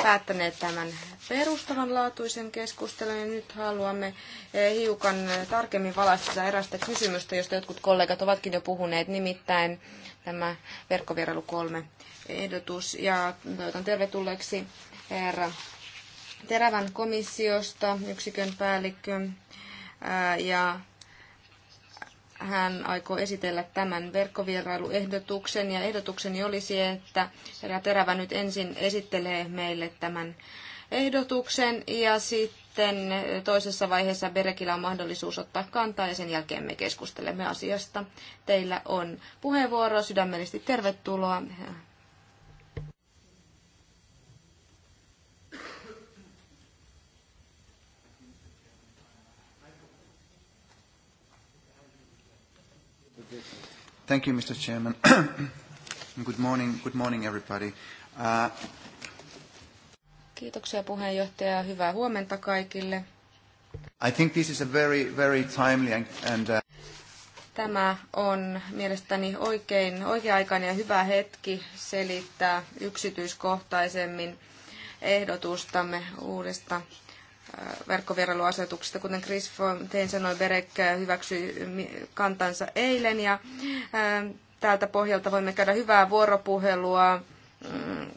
päättäneet tämän perustavanlaatuisen keskustelun ja nyt haluamme eh, hiukan eh, tarkemmin valaista erästä kysymystä, josta jotkut kollegat ovatkin jo puhuneet, nimittäin tämä verkkovierailu 3 ehdotus. Ja toivotan tervetulleeksi herra Terävän komissiosta yksikön päällikkö ja hän aikoo esitellä tämän verkkovierailuehdotuksen ja ehdotukseni olisi, että herra Terävä nyt ensin esittelee meille tämän ehdotuksen ja sitten toisessa vaiheessa Berekillä on mahdollisuus ottaa kantaa ja sen jälkeen me keskustelemme asiasta. Teillä on puheenvuoro, sydämellisesti tervetuloa Thank you, Mr. Chairman. *coughs* good morning, good morning everybody. Uh... Kiitoksia puheenjohtaja. Hyvää huomenta kaikille. I think this is a very, very timely and, and uh... Tämä on mielestäni oikein, oikea-aikainen ja hyvä hetki selittää yksityiskohtaisemmin ehdotustamme uudesta verkkovierailuasetuksesta. Kuten Chris Fontaine sanoi, Berek hyväksyi kantansa eilen ja ähm, tältä pohjalta voimme käydä hyvää vuoropuhelua mm,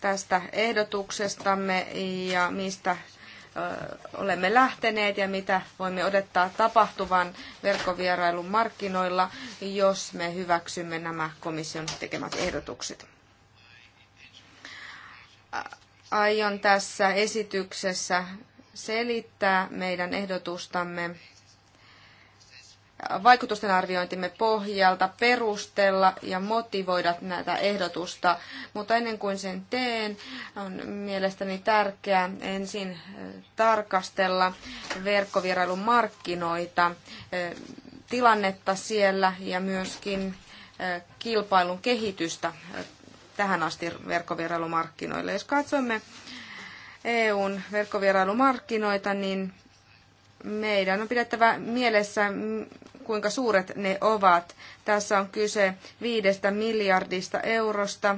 tästä ehdotuksestamme ja mistä äh, olemme lähteneet ja mitä voimme odottaa tapahtuvan verkkovierailun markkinoilla, jos me hyväksymme nämä komission tekemät ehdotukset. Aion tässä esityksessä selittää meidän ehdotustamme vaikutusten arviointimme pohjalta, perustella ja motivoida näitä ehdotusta. Mutta ennen kuin sen teen, on mielestäni tärkeää ensin eh, tarkastella verkkovierailun markkinoita, eh, tilannetta siellä ja myöskin eh, kilpailun kehitystä tähän asti verkkovierailumarkkinoille. Jos katsomme EUn verkkovierailumarkkinoita, niin meidän on pidettävä mielessä, kuinka suuret ne ovat. Tässä on kyse viidestä miljardista eurosta.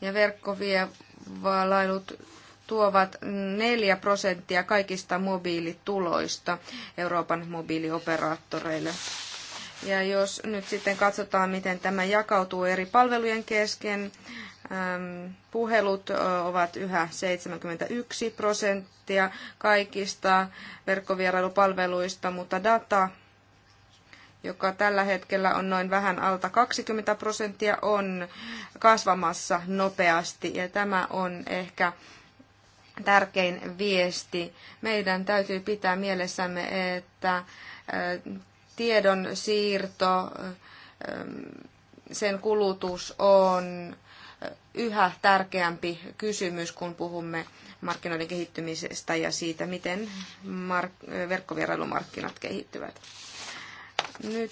Ja verkkovierailut tuovat neljä prosenttia kaikista mobiilituloista Euroopan mobiilioperaattoreille. Ja jos nyt sitten katsotaan, miten tämä jakautuu eri palvelujen kesken, Puhelut ovat yhä 71 prosenttia kaikista verkkovierailupalveluista, mutta data, joka tällä hetkellä on noin vähän alta 20 prosenttia, on kasvamassa nopeasti. Ja tämä on ehkä tärkein viesti. Meidän täytyy pitää mielessämme, että tiedon siirto, sen kulutus on yhä tärkeämpi kysymys, kun puhumme markkinoiden kehittymisestä ja siitä, miten mark- verkkovierailumarkkinat kehittyvät. Nyt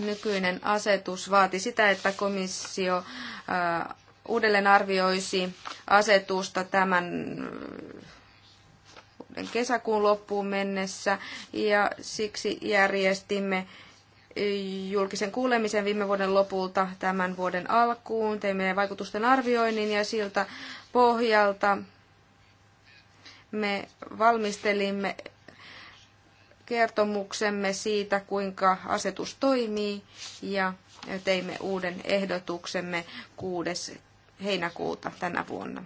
nykyinen asetus vaati sitä, että komissio äh, uudelleen arvioisi asetusta tämän äh, kesäkuun loppuun mennessä ja siksi järjestimme julkisen kuulemisen viime vuoden lopulta tämän vuoden alkuun. Teimme vaikutusten arvioinnin ja siltä pohjalta me valmistelimme kertomuksemme siitä, kuinka asetus toimii ja teimme uuden ehdotuksemme 6. heinäkuuta tänä vuonna.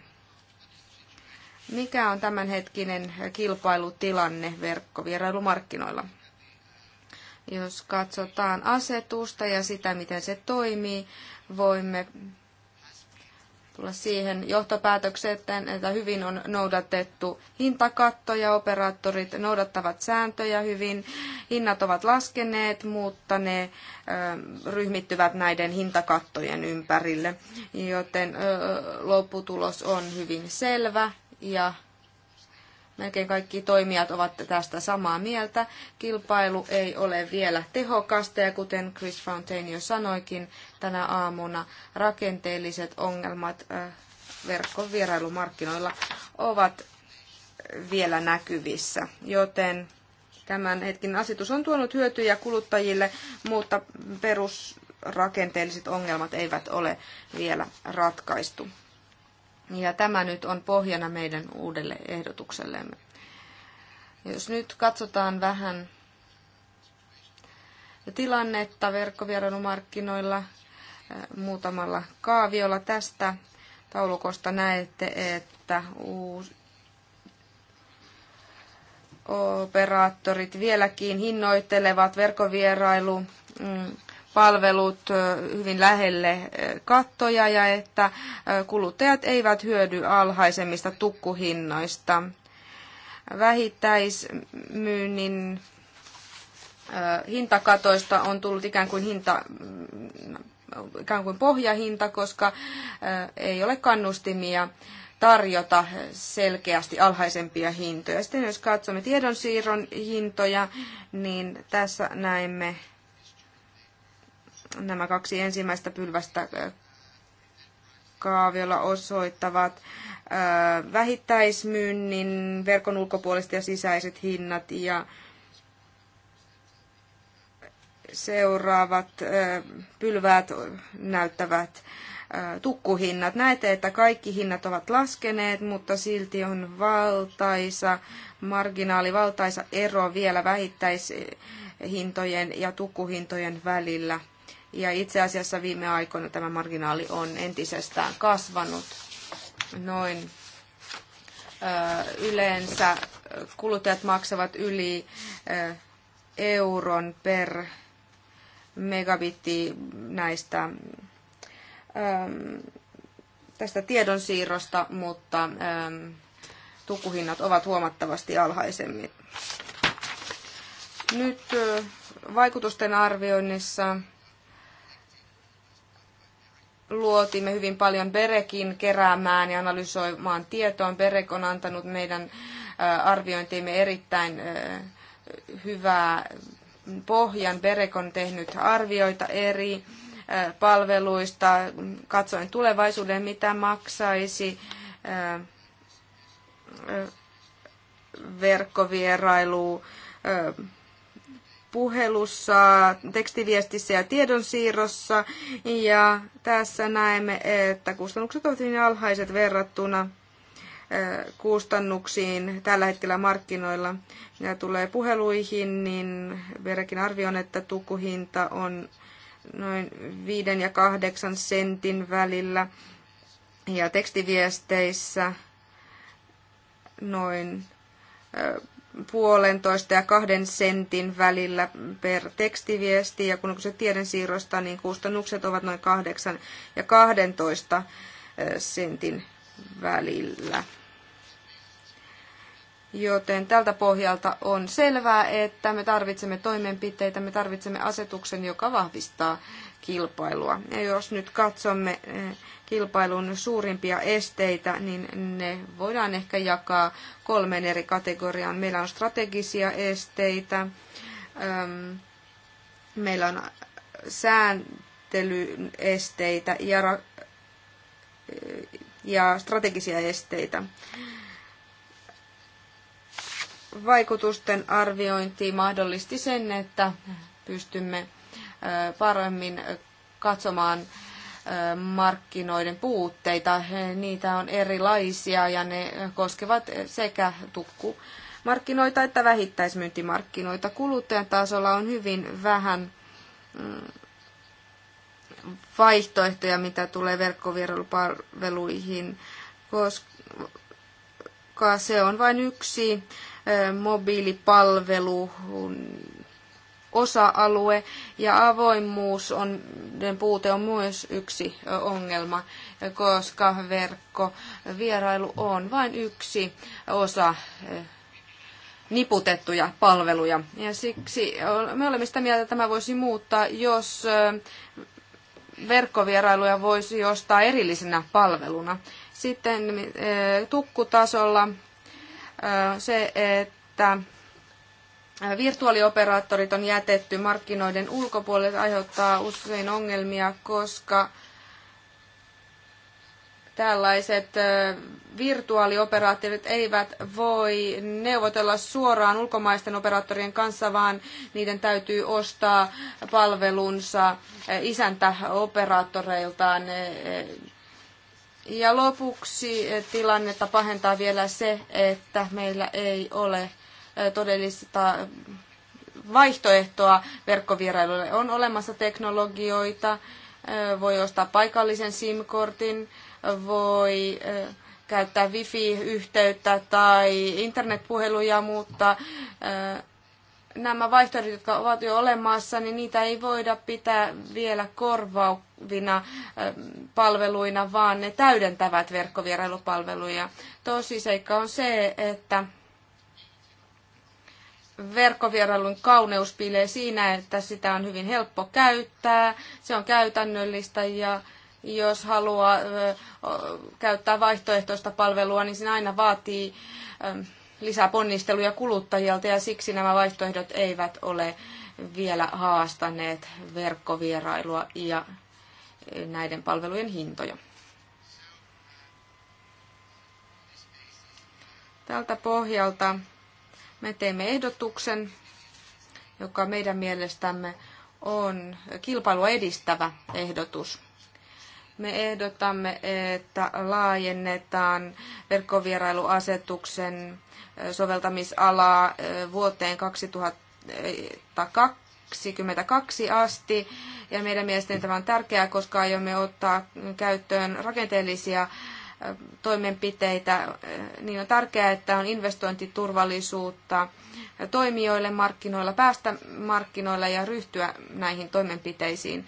Mikä on tämänhetkinen kilpailutilanne verkkovierailumarkkinoilla? Jos katsotaan asetusta ja sitä, miten se toimii, voimme tulla siihen johtopäätökseen, että hyvin on noudatettu hintakattoja, operaattorit noudattavat sääntöjä hyvin, hinnat ovat laskeneet, mutta ne ryhmittyvät näiden hintakattojen ympärille, joten lopputulos on hyvin selvä ja Melkein kaikki toimijat ovat tästä samaa mieltä. Kilpailu ei ole vielä tehokasta ja kuten Chris Fountain jo sanoikin tänä aamuna, rakenteelliset ongelmat äh, verkkovierailumarkkinoilla ovat vielä näkyvissä, joten tämän hetkin asetus on tuonut hyötyjä kuluttajille, mutta perusrakenteelliset ongelmat eivät ole vielä ratkaistu. Ja tämä nyt on pohjana meidän uudelle ehdotuksellemme. Jos nyt katsotaan vähän tilannetta verkkovierailumarkkinoilla eh, muutamalla kaaviolla tästä taulukosta näette, että uusi operaattorit vieläkin hinnoittelevat verkkovierailu mm, palvelut hyvin lähelle kattoja ja että kuluttajat eivät hyödy alhaisemmista tukkuhinnoista. Vähittäismyynnin hintakatoista on tullut ikään kuin hinta mm, ikään kuin pohjahinta, koska ei ole kannustimia tarjota selkeästi alhaisempia hintoja. Sitten jos katsomme tiedonsiirron hintoja, niin tässä näemme nämä kaksi ensimmäistä pylvästä kaaviolla osoittavat vähittäismyynnin, verkon ulkopuoliset ja sisäiset hinnat ja seuraavat pylväät näyttävät tukkuhinnat. Näette, että kaikki hinnat ovat laskeneet, mutta silti on valtaisa marginaali, valtaisa ero vielä vähittäishintojen ja tukkuhintojen välillä – ja itse asiassa viime aikoina tämä marginaali on entisestään kasvanut noin yleensä kuluttajat maksavat yli euron per megabitti näistä tästä tiedonsiirrosta, mutta tukuhinnat ovat huomattavasti alhaisemmin. Nyt vaikutusten arvioinnissa luotimme hyvin paljon Berekin keräämään ja analysoimaan tietoa. Berek on antanut meidän äh, arviointiimme erittäin äh, hyvää pohjan. Berek on tehnyt arvioita eri äh, palveluista, katsoen tulevaisuuden, mitä maksaisi verkkovierailu puhelussa, tekstiviestissä ja tiedonsiirrossa. Ja tässä näemme, että kustannukset ovat hyvin alhaiset verrattuna kustannuksiin tällä hetkellä markkinoilla. Ja tulee puheluihin, niin vieläkin arvioin, että tukuhinta on noin 5 ja 8 sentin välillä. Ja tekstiviesteissä noin puolentoista ja kahden sentin välillä per tekstiviesti, ja kun on kyse tiedensiirrosta, niin kustannukset ovat noin 8 ja 12 eh, sentin välillä. Joten tältä pohjalta on selvää, että me tarvitsemme toimenpiteitä, me tarvitsemme asetuksen, joka vahvistaa kilpailua. Ja jos nyt katsomme eh, kilpailun suurimpia esteitä, niin ne voidaan ehkä jakaa kolmeen eri kategoriaan. Meillä on strategisia esteitä, ehm, meillä on sääntelyn esteitä ja, ja strategisia esteitä vaikutusten arviointi mahdollisti sen, että pystymme paremmin katsomaan markkinoiden puutteita. Niitä on erilaisia ja ne koskevat sekä tukku markkinoita että vähittäismyyntimarkkinoita. Kuluttajan tasolla on hyvin vähän mm, vaihtoehtoja, mitä tulee verkkovierailupalveluihin, koska se on vain yksi mobiilipalvelu osa-alue ja avoimuus on, puute on myös yksi ongelma, koska verkkovierailu on vain yksi osa niputettuja palveluja. Ja siksi me olemme sitä mieltä, että tämä voisi muuttaa, jos verkkovierailuja voisi ostaa erillisenä palveluna. Sitten tukkutasolla se, että virtuaalioperaattorit on jätetty markkinoiden ulkopuolelle, aiheuttaa usein ongelmia, koska tällaiset virtuaalioperaattorit eivät voi neuvotella suoraan ulkomaisten operaattorien kanssa, vaan niiden täytyy ostaa palvelunsa isäntäoperaattoreiltaan. Ja lopuksi tilannetta pahentaa vielä se, että meillä ei ole todellista vaihtoehtoa verkkovierailulle. On olemassa teknologioita, voi ostaa paikallisen SIM-kortin, voi käyttää wifi-yhteyttä tai internetpuheluja, mutta nämä vaihtoehdot, jotka ovat jo olemassa, niin niitä ei voida pitää vielä korvaavina palveluina, vaan ne täydentävät verkkovierailupalveluja. Tosiseikka on se, että verkkovierailun kauneus piilee siinä, että sitä on hyvin helppo käyttää, se on käytännöllistä ja jos haluaa käyttää vaihtoehtoista palvelua, niin se aina vaatii lisää ponnisteluja kuluttajalta ja siksi nämä vaihtoehdot eivät ole vielä haastaneet verkkovierailua ja näiden palvelujen hintoja. Tältä pohjalta me teemme ehdotuksen, joka meidän mielestämme on kilpailua edistävä ehdotus. Me ehdotamme, että laajennetaan verkkovierailuasetuksen soveltamisalaa vuoteen 2022 asti. Ja meidän mielestäni tämä on tärkeää, koska aiomme ottaa käyttöön rakenteellisia toimenpiteitä, niin on tärkeää, että on investointiturvallisuutta toimijoille markkinoilla, päästä markkinoilla ja ryhtyä näihin toimenpiteisiin.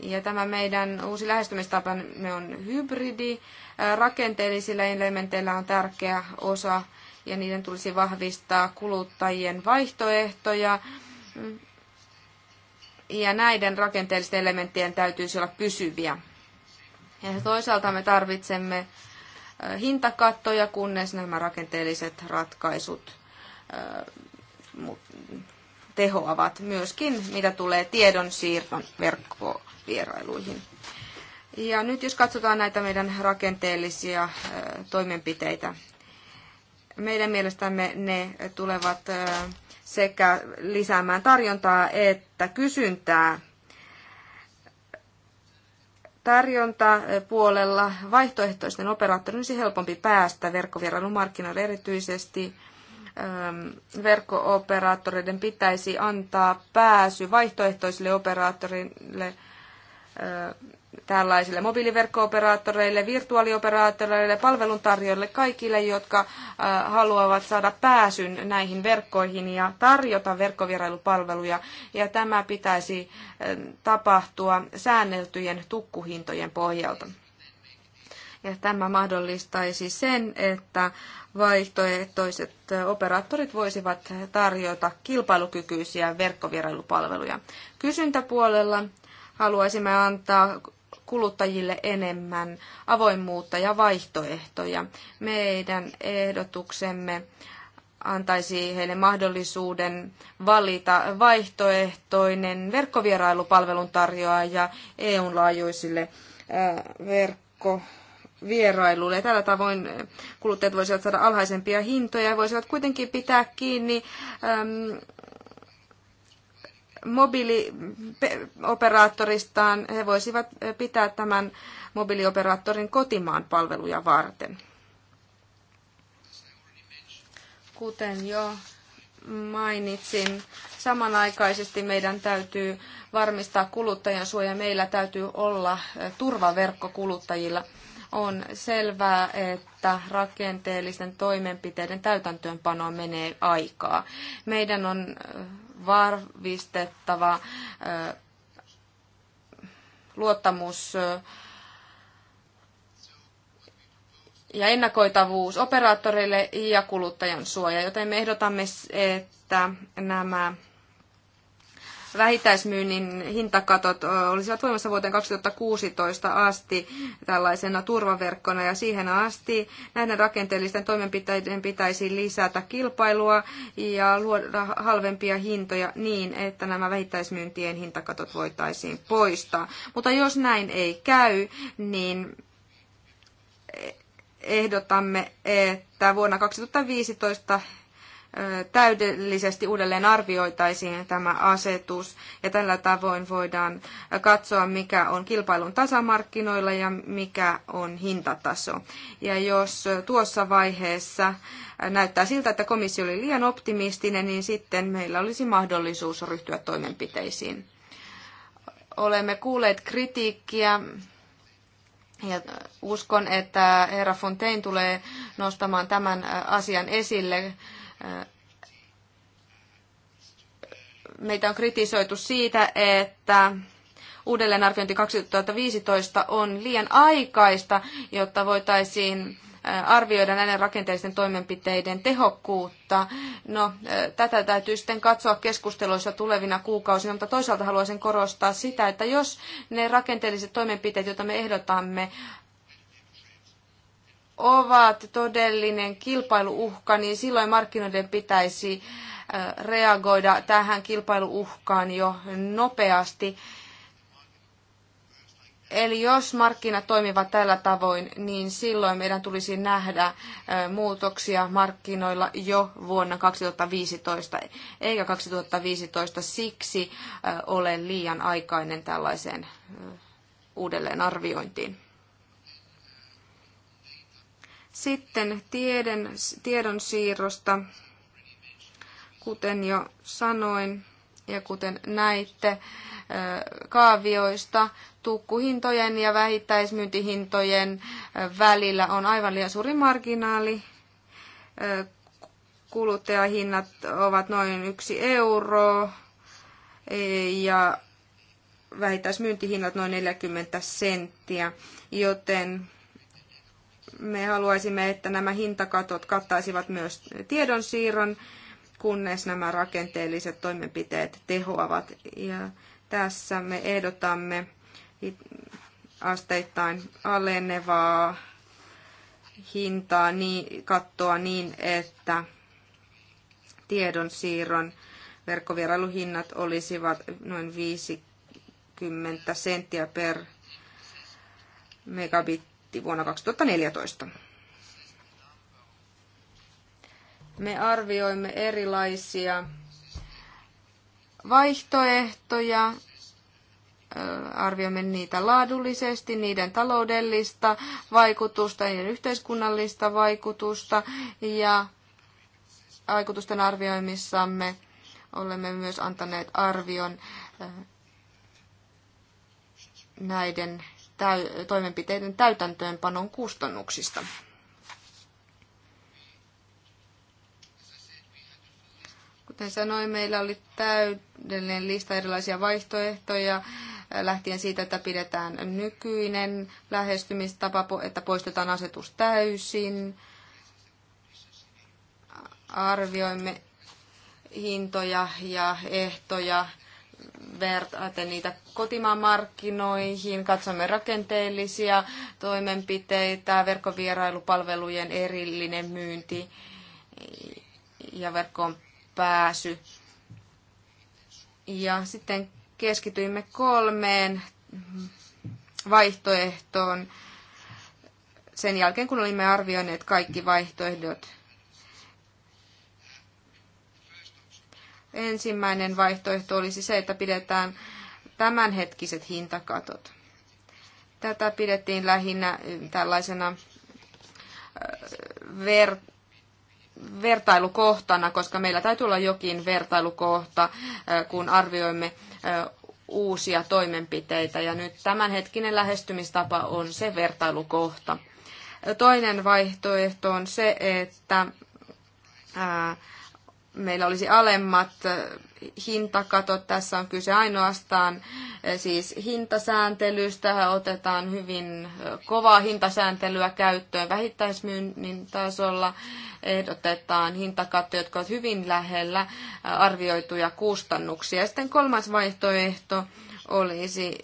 Ja tämä meidän uusi lähestymistapamme on hybridi. Rakenteellisilla elementeillä on tärkeä osa ja niiden tulisi vahvistaa kuluttajien vaihtoehtoja. Ja näiden rakenteellisten elementtien täytyisi olla pysyviä. Ja toisaalta me tarvitsemme hintakattoja, kunnes nämä rakenteelliset ratkaisut tehoavat myöskin, mitä tulee tiedon verkkovierailuihin. Ja nyt jos katsotaan näitä meidän rakenteellisia toimenpiteitä, meidän mielestämme ne tulevat sekä lisäämään tarjontaa että kysyntää tarjontapuolella vaihtoehtoisten operaattorien olisi helpompi päästä verkkovierailumarkkinoille erityisesti ähm, verkko-operaattoreiden pitäisi antaa pääsy vaihtoehtoisille operaattoreille äh, tällaisille mobiiliverkko-operaattoreille, virtuaalioperaattoreille, palveluntarjoajille, kaikille, jotka äh, haluavat saada pääsyn näihin verkkoihin ja tarjota verkkovierailupalveluja. Ja tämä pitäisi äh, tapahtua säänneltyjen tukkuhintojen pohjalta. Ja tämä mahdollistaisi sen, että vaihtoehtoiset äh, operaattorit voisivat tarjota kilpailukykyisiä verkkovierailupalveluja. Kysyntäpuolella haluaisimme antaa kuluttajille enemmän avoimuutta ja vaihtoehtoja. Meidän ehdotuksemme antaisi heille mahdollisuuden valita vaihtoehtoinen verkkovierailupalvelun tarjoaja EUn laajuisille äh, verkko vierailulle. tällä tavoin äh, kuluttajat voisivat saada alhaisempia hintoja ja voisivat kuitenkin pitää kiinni mobiilioperaattoristaan, he voisivat pitää tämän mobiilioperaattorin kotimaan palveluja varten. Kuten jo mainitsin, samanaikaisesti meidän täytyy varmistaa kuluttajan suoja. Meillä täytyy olla turvaverkko kuluttajilla. On selvää, että rakenteellisten toimenpiteiden täytäntöönpanoon menee aikaa. Meidän on varvistettava luottamus ja ennakoitavuus operaattoreille ja kuluttajan suoja, joten me ehdotamme, että nämä vähittäismyynnin hintakatot olisivat voimassa vuoteen 2016 asti tällaisena turvaverkkona ja siihen asti näiden rakenteellisten toimenpiteiden pitäisi lisätä kilpailua ja luoda halvempia hintoja niin, että nämä vähittäismyyntien hintakatot voitaisiin poistaa. Mutta jos näin ei käy, niin ehdotamme, että vuonna 2015 täydellisesti uudelleen arvioitaisiin tämä asetus ja tällä tavoin voidaan katsoa, mikä on kilpailun tasamarkkinoilla ja mikä on hintataso. Ja jos tuossa vaiheessa näyttää siltä, että komissio oli liian optimistinen, niin sitten meillä olisi mahdollisuus ryhtyä toimenpiteisiin. Olemme kuulleet kritiikkiä ja uskon, että herra Fontaine tulee nostamaan tämän asian esille meitä on kritisoitu siitä, että uudelleenarviointi 2015 on liian aikaista, jotta voitaisiin arvioida näiden rakenteellisten toimenpiteiden tehokkuutta. No, tätä täytyy sitten katsoa keskusteluissa tulevina kuukausina, mutta toisaalta haluaisin korostaa sitä, että jos ne rakenteelliset toimenpiteet, joita me ehdotamme, ovat todellinen kilpailuuhka, niin silloin markkinoiden pitäisi reagoida tähän kilpailuuhkaan jo nopeasti. Eli jos markkinat toimivat tällä tavoin, niin silloin meidän tulisi nähdä muutoksia markkinoilla jo vuonna 2015, eikä 2015 siksi ole liian aikainen tällaiseen uudelleenarviointiin. Sitten tieden, tiedon siirrosta, kuten jo sanoin ja kuten näitte kaavioista, tukkuhintojen ja vähittäismyyntihintojen välillä on aivan liian suuri marginaali. Kuluttajahinnat ovat noin yksi euro e, ja vähittäismyyntihinnat noin 40 senttiä, joten me haluaisimme, että nämä hintakatot kattaisivat myös tiedonsiirron, kunnes nämä rakenteelliset toimenpiteet tehoavat. Ja tässä me ehdotamme asteittain alenevaa hintaa niin, kattoa niin, että tiedonsiirron verkkovierailuhinnat olisivat noin 50 senttiä per megabit budjetti vuonna 2014. Me arvioimme erilaisia vaihtoehtoja, arvioimme niitä laadullisesti, niiden taloudellista vaikutusta, niiden yhteiskunnallista vaikutusta ja vaikutusten arvioimissamme olemme myös antaneet arvion näiden täy- toimenpiteiden täytäntöönpanon kustannuksista. Kuten sanoin, meillä oli täydellinen lista erilaisia vaihtoehtoja äh, lähtien siitä, että pidetään nykyinen lähestymistapa, että poistetaan asetus täysin. Arvioimme hintoja ja ehtoja vertaatte niitä kotimaan markkinoihin, katsomme rakenteellisia toimenpiteitä, verkkovierailupalvelujen erillinen myynti ja verkkoon pääsy. Ja sitten keskityimme kolmeen vaihtoehtoon sen jälkeen, kun olimme arvioineet kaikki vaihtoehdot Ensimmäinen vaihtoehto olisi se, että pidetään tämänhetkiset hintakatot. Tätä pidettiin lähinnä tällaisena ver, vertailukohtana, koska meillä täytyy olla jokin vertailukohta, kun arvioimme uusia toimenpiteitä. Ja nyt tämänhetkinen lähestymistapa on se vertailukohta. Toinen vaihtoehto on se, että meillä olisi alemmat äh, hintakatot. Tässä on kyse ainoastaan äh, siis hintasääntelystä. Otetaan hyvin äh, kovaa hintasääntelyä käyttöön vähittäismyynnin tasolla. Ehdotetaan hintakattoja, jotka ovat hyvin lähellä arvioituja kustannuksia. Ja sitten kolmas vaihtoehto olisi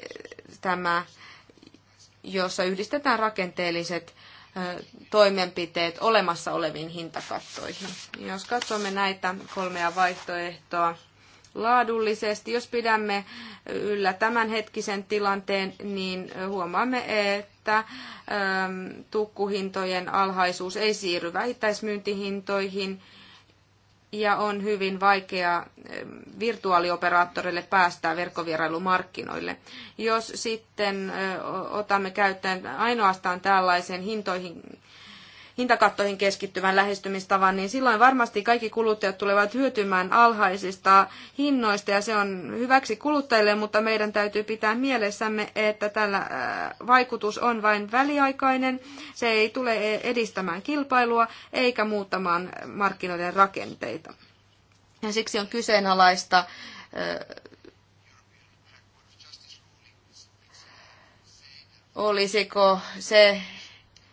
tämä, jossa yhdistetään rakenteelliset toimenpiteet olemassa oleviin hintakattoihin. Jos katsomme näitä kolmea vaihtoehtoa laadullisesti, jos pidämme yllä tämänhetkisen tilanteen, niin huomaamme, että tukkuhintojen alhaisuus ei siirry vähittäismyyntihintoihin – ja on hyvin vaikea eh, virtuaalioperaattorille päästää verkkovierailumarkkinoille. Jos sitten eh, otamme käyttöön ainoastaan tällaisen hintoihin hintakattoihin keskittyvän lähestymistavan, niin silloin varmasti kaikki kuluttajat tulevat hyötymään alhaisista hinnoista ja se on hyväksi kuluttajille, mutta meidän täytyy pitää mielessämme, että tällä äh, vaikutus on vain väliaikainen. Se ei tule edistämään kilpailua eikä muuttamaan markkinoiden rakenteita. Ja siksi on kyseenalaista äh, olisiko se,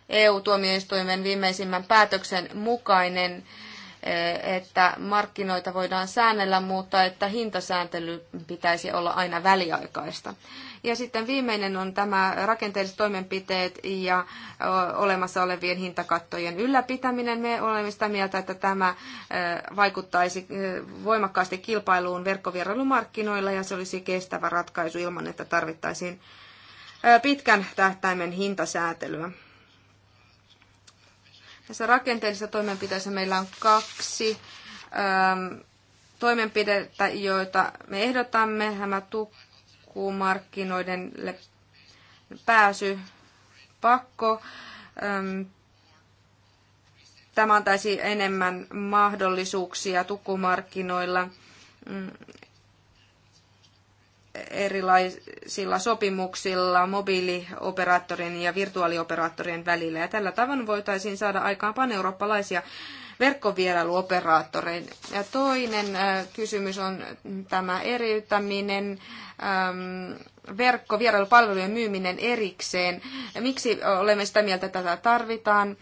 EU-tuomioistuimen viimeisimmän päätöksen mukainen, eh, että markkinoita voidaan säännellä, mutta että hintasääntely pitäisi olla aina väliaikaista. Ja sitten viimeinen on tämä rakenteelliset toimenpiteet ja eh, olemassa olevien hintakattojen ylläpitäminen. Me olemme sitä mieltä, että tämä eh, vaikuttaisi voimakkaasti kilpailuun verkkovierailumarkkinoilla ja se olisi kestävä ratkaisu ilman, että tarvittaisiin pitkän tähtäimen hintasäätelyä. Tässä rakenteellisessa toimenpiteissä meillä on kaksi äm, toimenpidettä, joita me ehdotamme. Nämä tukkumarkkinoiden pääsy pakko. Äm, tämä antaisi enemmän mahdollisuuksia tukkumarkkinoilla mm, erilaisilla sopimuksilla mobiilioperaattorien ja virtuaalioperaattorien välillä. Ja tällä tavoin voitaisiin saada aikaan paneurooppalaisia verkkovierailuoperaattoreita. Ja toinen äh, kysymys on tämä eriyttäminen, ähm, verkkovierailupalvelujen myyminen erikseen. Miksi olemme sitä mieltä, että tätä tarvitaan?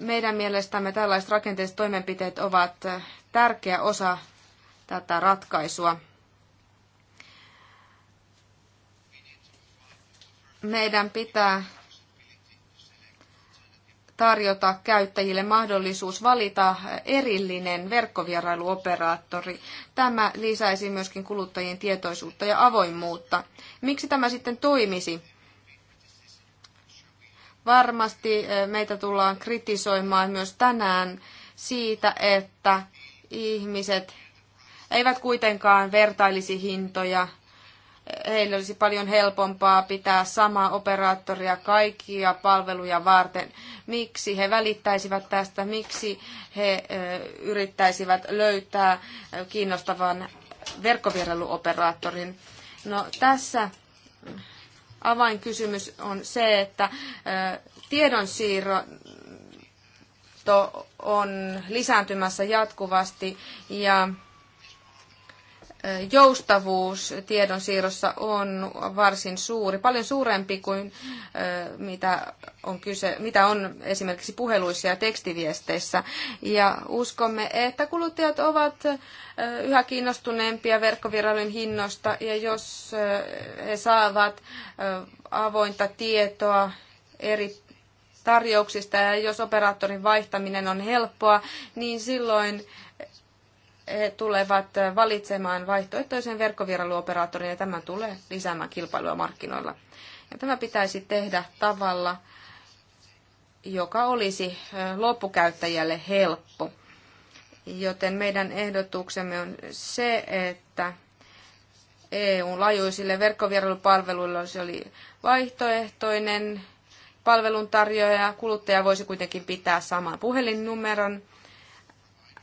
Meidän mielestämme tällaiset rakenteelliset toimenpiteet ovat tärkeä osa tätä ratkaisua. meidän pitää tarjota käyttäjille mahdollisuus valita erillinen verkkovierailuoperaattori. Tämä lisäisi myöskin kuluttajien tietoisuutta ja avoimuutta. Miksi tämä sitten toimisi? Varmasti eh, meitä tullaan kritisoimaan myös tänään siitä, että ihmiset eivät kuitenkaan vertailisi hintoja heillä olisi paljon helpompaa pitää samaa operaattoria kaikkia palveluja varten. Miksi he välittäisivät tästä, miksi he yrittäisivät löytää kiinnostavan verkkovierailuoperaattorin. No tässä avainkysymys on se, että tiedonsiirro on lisääntymässä jatkuvasti ja joustavuus tiedonsiirrossa on varsin suuri, paljon suurempi kuin mitä on, kyse, mitä on esimerkiksi puheluissa ja tekstiviesteissä. Ja uskomme, että kuluttajat ovat yhä kiinnostuneempia verkkoviralin hinnosta ja jos he saavat avointa tietoa eri tarjouksista ja jos operaattorin vaihtaminen on helppoa, niin silloin he tulevat valitsemaan vaihtoehtoisen verkkovierailuoperaattorin ja tämä tulee lisäämään kilpailua markkinoilla. Ja tämä pitäisi tehdä tavalla, joka olisi loppukäyttäjälle helppo. Joten meidän ehdotuksemme on se, että EU-lajuisille verkkovierailupalveluille se oli vaihtoehtoinen palveluntarjoaja. Kuluttaja voisi kuitenkin pitää saman puhelinnumeron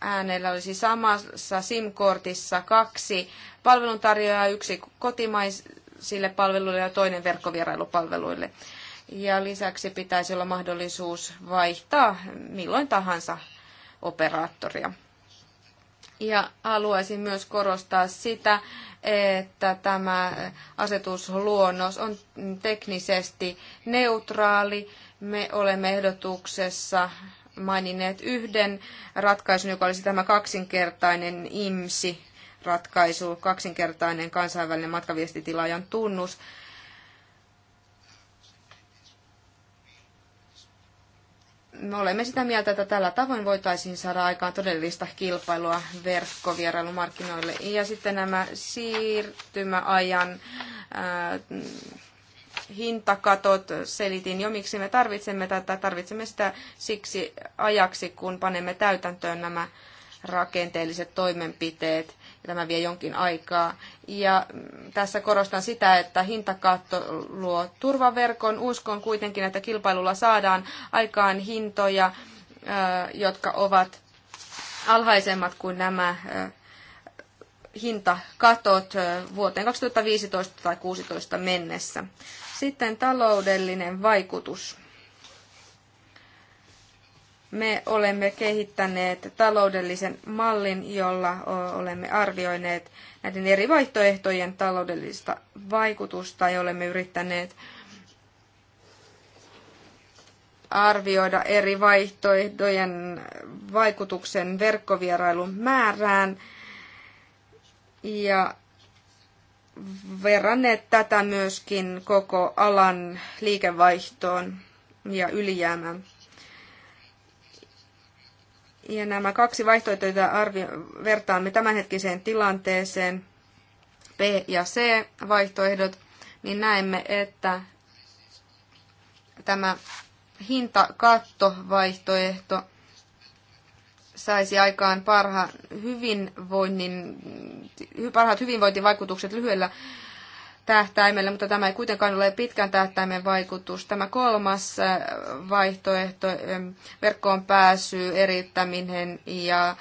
äänellä olisi samassa SIM-kortissa kaksi palveluntarjoajaa, yksi kotimaisille palveluille ja toinen verkkovierailupalveluille. Ja lisäksi pitäisi olla mahdollisuus vaihtaa milloin tahansa operaattoria. Ja haluaisin myös korostaa sitä, että tämä asetusluonnos on teknisesti neutraali. Me olemme ehdotuksessa maininneet yhden ratkaisun, joka olisi tämä kaksinkertainen IMSI-ratkaisu, kaksinkertainen kansainvälinen matkaviestitilaajan tunnus. me olemme sitä mieltä, että tällä tavoin voitaisiin saada aikaan todellista kilpailua verkkovierailumarkkinoille. Ja sitten nämä siirtymäajan hintakatot, selitin jo miksi me tarvitsemme tätä, tarvitsemme sitä siksi ajaksi, kun panemme täytäntöön nämä rakenteelliset toimenpiteet, ja tämä vie jonkin aikaa. Ja tässä korostan sitä, että hintakatto luo turvaverkon. Uskon kuitenkin, että kilpailulla saadaan aikaan hintoja, jotka ovat alhaisemmat kuin nämä hintakatot vuoteen 2015 tai 2016 mennessä. Sitten taloudellinen vaikutus. Me olemme kehittäneet taloudellisen mallin, jolla olemme arvioineet näiden eri vaihtoehtojen taloudellista vaikutusta ja olemme yrittäneet arvioida eri vaihtoehdojen vaikutuksen verkkovierailun määrään ja verranneet tätä myöskin koko alan liikevaihtoon ja ylijäämään. Ja nämä kaksi vaihtoehtoa, joita arvio, vertaamme tämänhetkiseen tilanteeseen, P ja C vaihtoehdot, niin näemme, että tämä hintakattovaihtoehto saisi aikaan parha hyvinvoinnin, parhaat hyvinvointivaikutukset lyhyellä tähtäimellä, mutta tämä ei kuitenkaan ole pitkän tähtäimen vaikutus. Tämä kolmas äh, vaihtoehto, ähm, verkkoon pääsy, erittäminen ja äh,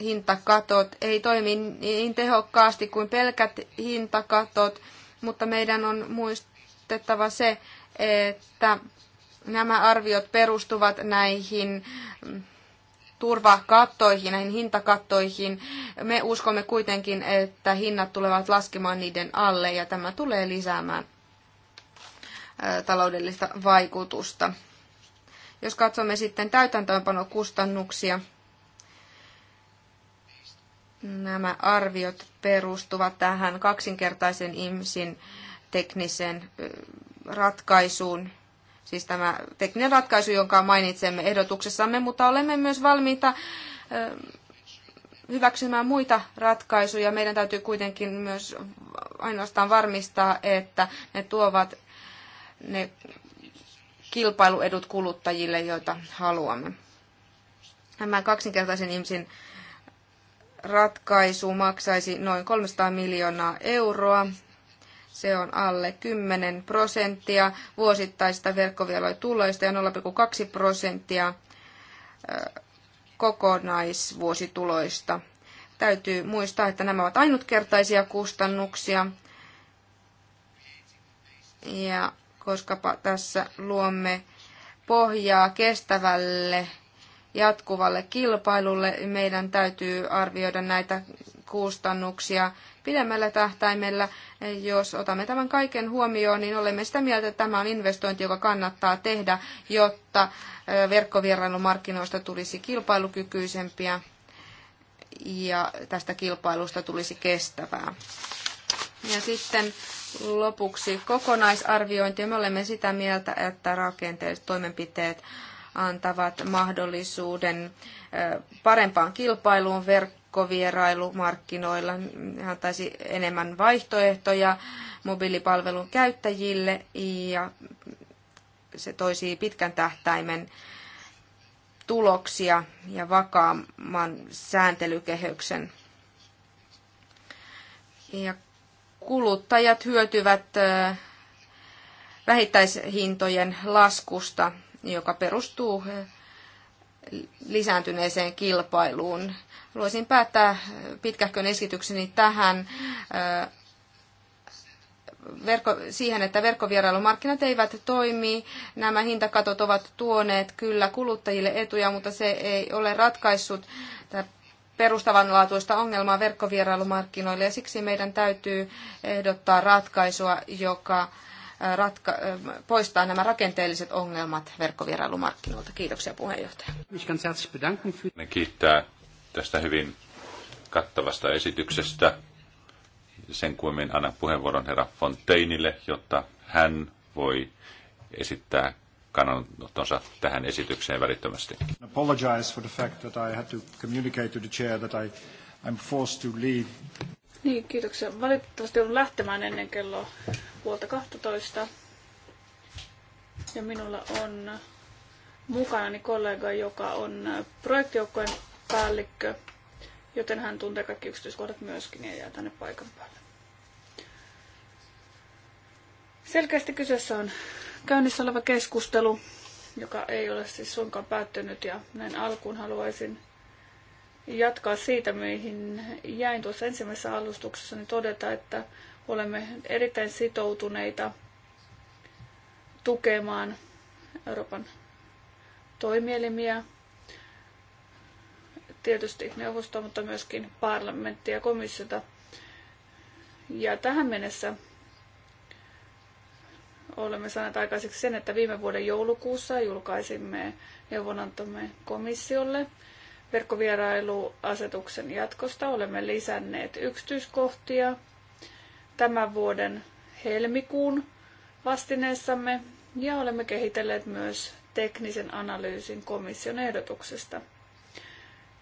hintakatot, ei toimi niin tehokkaasti kuin pelkät hintakatot, mutta meidän on muistettava se, että Nämä arviot perustuvat näihin mm, turvakattoihin, näihin hintakattoihin. Me uskomme kuitenkin, että hinnat tulevat laskemaan niiden alle ja tämä tulee lisäämään taloudellista vaikutusta. Jos katsomme sitten täytäntöönpanokustannuksia, nämä arviot perustuvat tähän kaksinkertaisen IMSin tekniseen ratkaisuun, Siis tämä tekninen ratkaisu, jonka mainitsemme ehdotuksessamme, mutta olemme myös valmiita hyväksymään muita ratkaisuja. Meidän täytyy kuitenkin myös ainoastaan varmistaa, että ne tuovat ne kilpailuedut kuluttajille, joita haluamme. Tämä kaksinkertaisen ihmisen ratkaisu maksaisi noin 300 miljoonaa euroa se on alle 10 prosenttia vuosittaista verkkovialoituloista ja 0,2 prosenttia kokonaisvuosituloista. Täytyy muistaa, että nämä ovat ainutkertaisia kustannuksia. Ja koska tässä luomme pohjaa kestävälle jatkuvalle kilpailulle, meidän täytyy arvioida näitä kustannuksia pidemmällä tähtäimellä. Jos otamme tämän kaiken huomioon, niin olemme sitä mieltä, että tämä on investointi, joka kannattaa tehdä, jotta verkkovierailumarkkinoista tulisi kilpailukykyisempiä ja tästä kilpailusta tulisi kestävää. Ja sitten lopuksi kokonaisarviointi. Me olemme sitä mieltä, että rakenteelliset toimenpiteet antavat mahdollisuuden parempaan kilpailuun verkkoon verkkovierailu markkinoilla. Hän taisi enemmän vaihtoehtoja mobiilipalvelun käyttäjille ja se toisi pitkän tähtäimen tuloksia ja vakaamman sääntelykehyksen. Ja kuluttajat hyötyvät vähittäishintojen laskusta, joka perustuu lisääntyneeseen kilpailuun. Haluaisin päättää pitkähkön esitykseni tähän äh, verkko, siihen, että verkkovierailumarkkinat eivät toimi. Nämä hintakatot ovat tuoneet kyllä kuluttajille etuja, mutta se ei ole ratkaissut perustavanlaatuista ongelmaa verkkovierailumarkkinoille ja siksi meidän täytyy ehdottaa ratkaisua, joka ratka- poistaa nämä rakenteelliset ongelmat verkkovierailumarkkinoilta. Kiitoksia puheenjohtaja. Kiittää tästä hyvin kattavasta esityksestä. Sen kuin annan puheenvuoron herra Fonteinille, jotta hän voi esittää kannanottonsa tähän esitykseen välittömästi. Apologize for the fact that I had to communicate to the chair that I, I'm forced to leave niin, kiitoksia. Valitettavasti on lähtemään ennen kello puolta 12. Ja minulla on mukanani kollega, joka on projektijoukkojen päällikkö, joten hän tuntee kaikki yksityiskohdat myöskin ja jää tänne paikan päälle. Selkeästi kyseessä on käynnissä oleva keskustelu, joka ei ole siis suinkaan päättynyt ja näin alkuun haluaisin jatkaa siitä, mihin jäin tuossa ensimmäisessä alustuksessa, niin todeta, että olemme erittäin sitoutuneita tukemaan Euroopan toimielimiä, tietysti neuvostoa, mutta myöskin parlamenttia ja komissiota. Ja tähän mennessä olemme saaneet aikaiseksi sen, että viime vuoden joulukuussa julkaisimme neuvonantomme komissiolle – verkkovierailuasetuksen jatkosta olemme lisänneet yksityiskohtia tämän vuoden helmikuun vastineessamme ja olemme kehitelleet myös teknisen analyysin komission ehdotuksesta.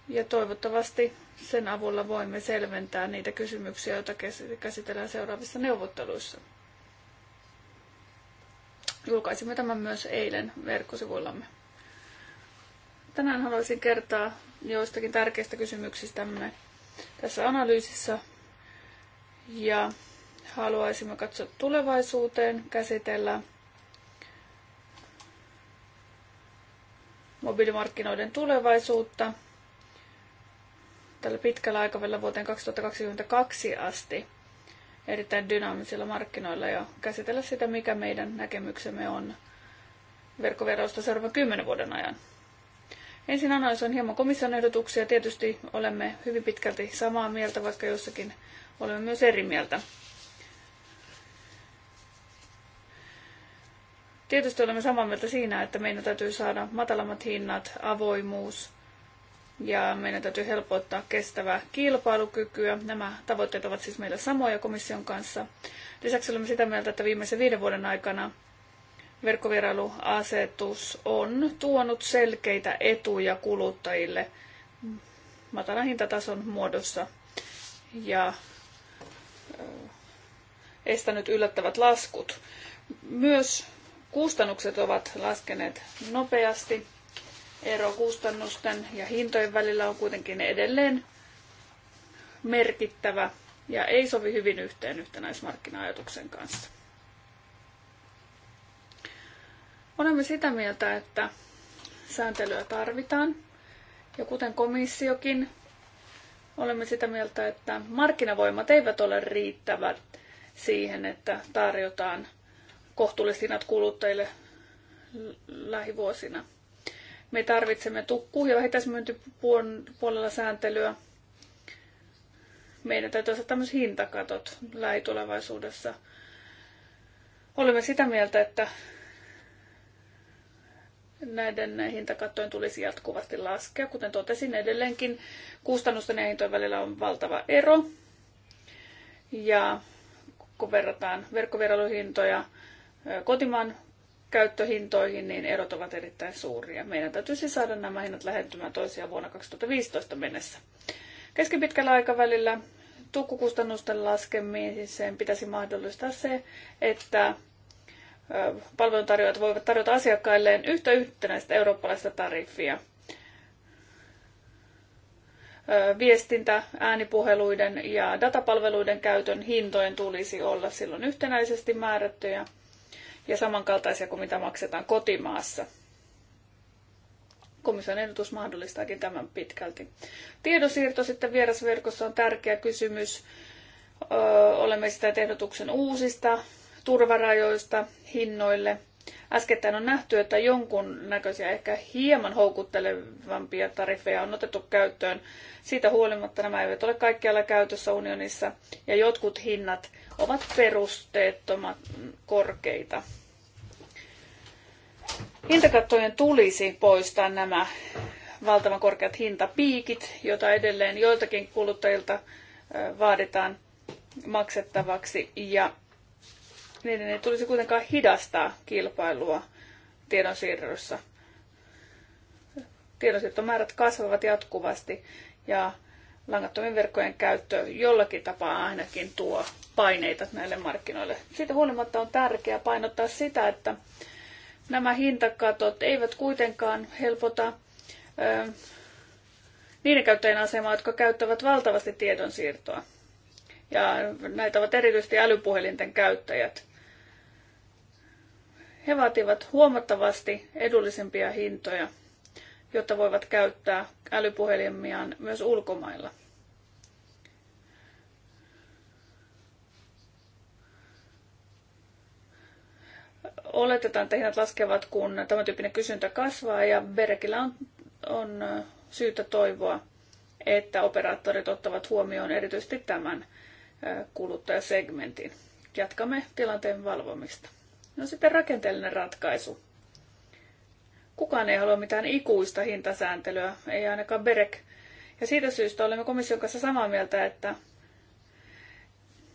Ja toivottavasti sen avulla voimme selventää niitä kysymyksiä, joita käsitellään seuraavissa neuvotteluissa. Julkaisimme tämän myös eilen verkkosivuillamme. Tänään haluaisin kertaa joistakin tärkeistä kysymyksistämme tässä analyysissä. Ja haluaisimme katsoa tulevaisuuteen, käsitellä mobiilimarkkinoiden tulevaisuutta tällä pitkällä aikavälillä vuoteen 2022 asti erittäin dynaamisilla markkinoilla ja käsitellä sitä, mikä meidän näkemyksemme on verkkoverosta seuraavan kymmenen vuoden ajan. Ensin analysoin hieman komission ehdotuksia. Tietysti olemme hyvin pitkälti samaa mieltä, vaikka jossakin olemme myös eri mieltä. Tietysti olemme samaa mieltä siinä, että meidän täytyy saada matalammat hinnat, avoimuus ja meidän täytyy helpottaa kestävää kilpailukykyä. Nämä tavoitteet ovat siis meillä samoja komission kanssa. Lisäksi olemme sitä mieltä, että viimeisen viiden vuoden aikana verkkovierailuasetus on tuonut selkeitä etuja kuluttajille matalan hintatason muodossa ja estänyt yllättävät laskut. Myös kustannukset ovat laskeneet nopeasti. Ero kustannusten ja hintojen välillä on kuitenkin edelleen merkittävä ja ei sovi hyvin yhteen yhtenäismarkkina-ajatuksen kanssa. Olemme sitä mieltä, että sääntelyä tarvitaan. Ja kuten komissiokin, olemme sitä mieltä, että markkinavoimat eivät ole riittävät siihen, että tarjotaan kohtuullisinat kuluttajille lähivuosina. Me tarvitsemme tukku- ja vähittäismyyntipuolella sääntelyä. Meidän täytyy asettaa myös hintakatot lähitulevaisuudessa. Olemme sitä mieltä, että näiden hintakattojen tulisi jatkuvasti laskea. Kuten totesin, edelleenkin kustannusten ja hintojen välillä on valtava ero. Ja kun verrataan verkkovierailuhintoja kotimaan käyttöhintoihin, niin erot ovat erittäin suuria. Meidän täytyisi saada nämä hinnat lähentymään toisiaan vuonna 2015 mennessä. Keskipitkällä aikavälillä tukkukustannusten laskemiseen pitäisi mahdollistaa se, että palveluntarjoajat voivat tarjota asiakkailleen yhtä yhtenäistä eurooppalaista tariffia. Viestintä, äänipuheluiden ja datapalveluiden käytön hintojen tulisi olla silloin yhtenäisesti määrättyjä ja samankaltaisia kuin mitä maksetaan kotimaassa. Komission ehdotus mahdollistaakin tämän pitkälti. Tiedosiirto sitten vierasverkossa on tärkeä kysymys. olemme sitä ehdotuksen uusista turvarajoista hinnoille. Äskettäin on nähty, että jonkun näköisiä ehkä hieman houkuttelevampia tariffeja on otettu käyttöön. Siitä huolimatta nämä eivät ole kaikkialla käytössä unionissa ja jotkut hinnat ovat perusteettomat korkeita. Hintakattojen tulisi poistaa nämä valtavan korkeat hintapiikit, joita edelleen joiltakin kuluttajilta vaaditaan maksettavaksi. Ja niiden niin ei tulisi kuitenkaan hidastaa kilpailua tiedonsiirrossa. Tiedonsiirtomäärät kasvavat jatkuvasti ja langattomien verkkojen käyttö jollakin tapaa ainakin tuo paineita näille markkinoille. Siitä huolimatta on tärkeää painottaa sitä, että nämä hintakatot eivät kuitenkaan helpota ö, niiden käyttäjien asemaa, jotka käyttävät valtavasti tiedonsiirtoa. Ja näitä ovat erityisesti älypuhelinten käyttäjät. He vaativat huomattavasti edullisempia hintoja, jotta voivat käyttää älypuhelimiaan myös ulkomailla. Oletetaan, että hinnat laskevat, kun tämä tyyppinen kysyntä kasvaa ja Berekillä on, on syytä toivoa, että operaattorit ottavat huomioon erityisesti tämän kuluttajasegmentin. Jatkamme tilanteen valvomista. No sitten rakenteellinen ratkaisu. Kukaan ei halua mitään ikuista hintasääntelyä, ei ainakaan BEREK. Ja siitä syystä olemme komission kanssa samaa mieltä, että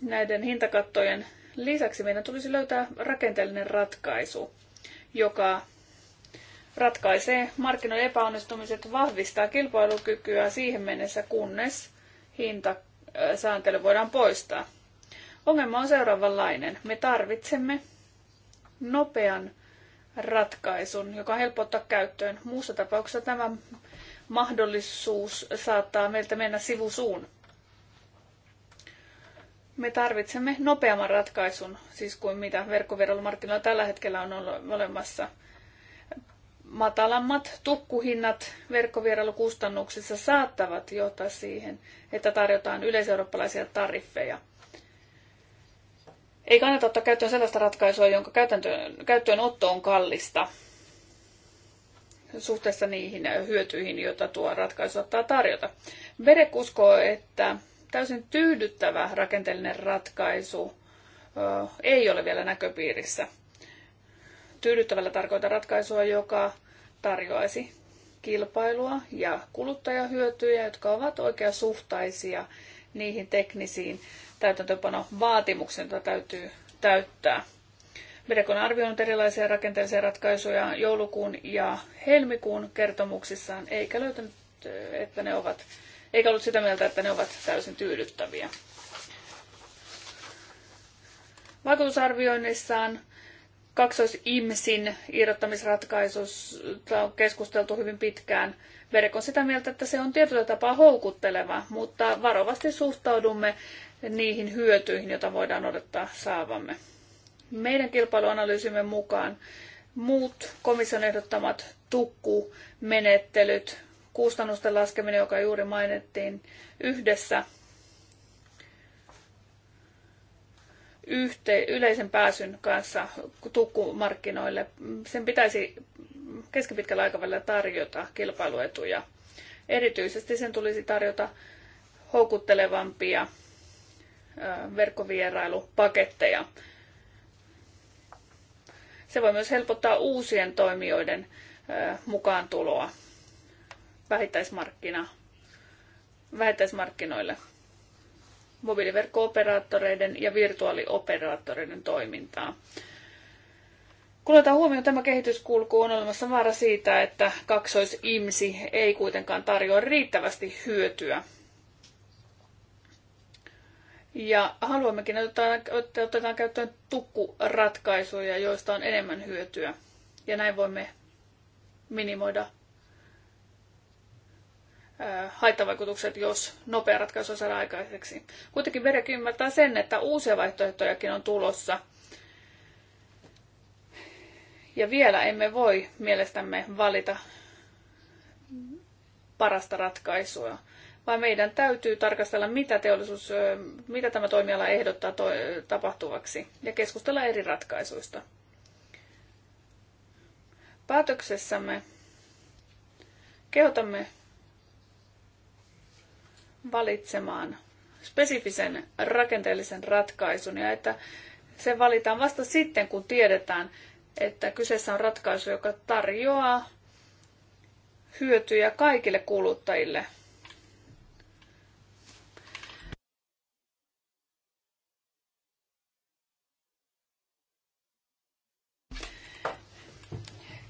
näiden hintakattojen lisäksi meidän tulisi löytää rakenteellinen ratkaisu, joka ratkaisee markkinoiden epäonnistumiset, vahvistaa kilpailukykyä siihen mennessä, kunnes hintasääntely voidaan poistaa. Ongelma on seuraavanlainen. Me tarvitsemme nopean ratkaisun, joka on helppo ottaa käyttöön. Muussa tapauksessa tämä mahdollisuus saattaa meiltä mennä sivusuun. Me tarvitsemme nopeamman ratkaisun, siis kuin mitä verkkoverolumarkkinoilla tällä hetkellä on olemassa. Matalammat tukkuhinnat verkkovierailukustannuksissa saattavat johtaa siihen, että tarjotaan yleiseurooppalaisia tariffeja – ei kannata ottaa käyttöön sellaista ratkaisua, jonka käyttöön, käyttöönotto on kallista suhteessa niihin hyötyihin, joita tuo ratkaisu saattaa tarjota. Verek uskoo, että täysin tyydyttävä rakenteellinen ratkaisu ö, ei ole vielä näköpiirissä. Tyydyttävällä tarkoita ratkaisua, joka tarjoaisi kilpailua ja kuluttajahyötyjä, jotka ovat oikeasuhtaisia niihin teknisiin täytäntöpanovaatimuksiin, joita täytyy täyttää. Medec on arvioinut erilaisia rakenteellisia ratkaisuja joulukuun ja helmikuun kertomuksissaan, eikä löytänyt, että ne ovat, eikä ollut sitä mieltä, että ne ovat täysin tyydyttäviä. Vaikutusarvioinnissaan kaksois-IMSin irrottamisratkaisusta on keskusteltu hyvin pitkään. Verko on sitä mieltä, että se on tietyllä tapaa houkutteleva, mutta varovasti suhtaudumme niihin hyötyihin, joita voidaan odottaa saavamme. Meidän kilpailuanalyysimme mukaan muut komission ehdottamat tukkumenettelyt, kustannusten laskeminen, joka juuri mainittiin, yhdessä yhte, yleisen pääsyn kanssa tukkumarkkinoille. Sen pitäisi keskipitkällä aikavälillä tarjota kilpailuetuja. Erityisesti sen tulisi tarjota houkuttelevampia verkkovierailupaketteja. Se voi myös helpottaa uusien toimijoiden mukaan tuloa vähittäismarkkina, vähittäismarkkinoille mobiiliverkko-operaattoreiden ja virtuaalioperaattoreiden toimintaa. Kun otetaan huomioon tämä kehityskulku, on olemassa vaara siitä, että kaksoisimsi ei kuitenkaan tarjoa riittävästi hyötyä. Ja haluammekin, että otetaan käyttöön tukkuratkaisuja, joista on enemmän hyötyä. Ja näin voimme minimoida haittavaikutukset, jos nopea ratkaisu saadaan aikaiseksi. Kuitenkin Berek ymmärtää sen, että uusia vaihtoehtojakin on tulossa – ja vielä emme voi mielestämme valita parasta ratkaisua, vaan meidän täytyy tarkastella, mitä, teollisuus, mitä tämä toimiala ehdottaa to- tapahtuvaksi ja keskustella eri ratkaisuista. Päätöksessämme kehotamme valitsemaan spesifisen rakenteellisen ratkaisun ja että se valitaan vasta sitten, kun tiedetään, että kyseessä on ratkaisu, joka tarjoaa hyötyjä kaikille kuluttajille.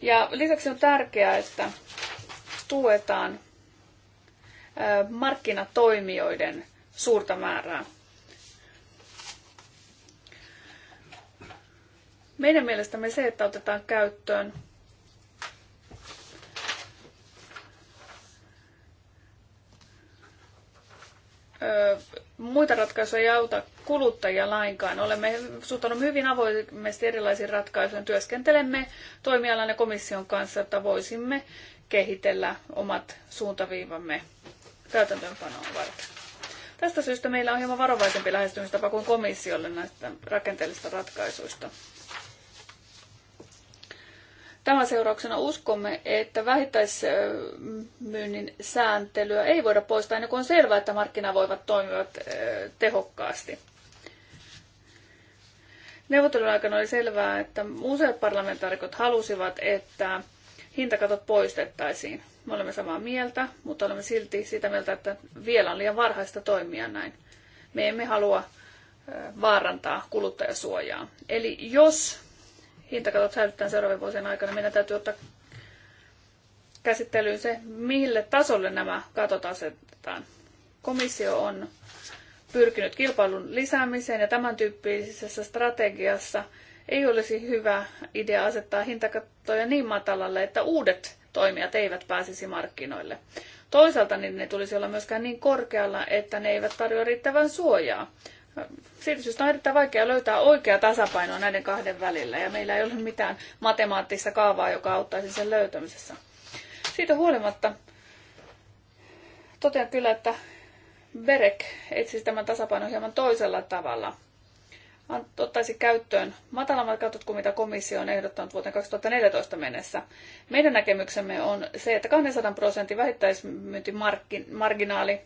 Ja lisäksi on tärkeää, että tuetaan markkinatoimijoiden suurta määrää Meidän mielestämme se, että otetaan käyttöön muita ratkaisuja ei auta kuluttajia lainkaan. Olemme suhtautuneet hyvin avoimesti erilaisiin ratkaisuihin. Työskentelemme toimialan ja komission kanssa, että voisimme kehitellä omat suuntaviivamme täytäntöönpanoon varten. Tästä syystä meillä on hieman varovaisempi lähestymistapa kuin komissiolle näistä rakenteellisista ratkaisuista. Tämän seurauksena uskomme, että vähittäismyynnin sääntelyä ei voida poistaa ennen kuin on selvää, että markkinavoivat toimivat tehokkaasti. Neuvottelun aikana oli selvää, että useat parlamentaarikot halusivat, että hintakatot poistettaisiin. Me olemme samaa mieltä, mutta olemme silti sitä mieltä, että vielä on liian varhaista toimia näin. Me emme halua vaarantaa kuluttajasuojaa. Eli jos hintakatot säilytetään seuraavien vuosien aikana, meidän täytyy ottaa käsittelyyn se, mille tasolle nämä katot asetetaan. Komissio on pyrkinyt kilpailun lisäämiseen ja tämän tyyppisessä strategiassa ei olisi hyvä idea asettaa hintakattoja niin matalalle, että uudet toimijat eivät pääsisi markkinoille. Toisaalta niin ne tulisi olla myöskään niin korkealla, että ne eivät tarjoa riittävän suojaa siitä on erittäin vaikea löytää oikea tasapaino näiden kahden välillä ja meillä ei ole mitään matemaattista kaavaa, joka auttaisi sen löytämisessä. Siitä huolimatta totean kyllä, että Berek etsisi tämän tasapainon hieman toisella tavalla. Ottaisi käyttöön matalammat katot kuin mitä komissio on ehdottanut vuoteen 2014 mennessä. Meidän näkemyksemme on se, että 200 prosentin vähittäismyyntimarginaali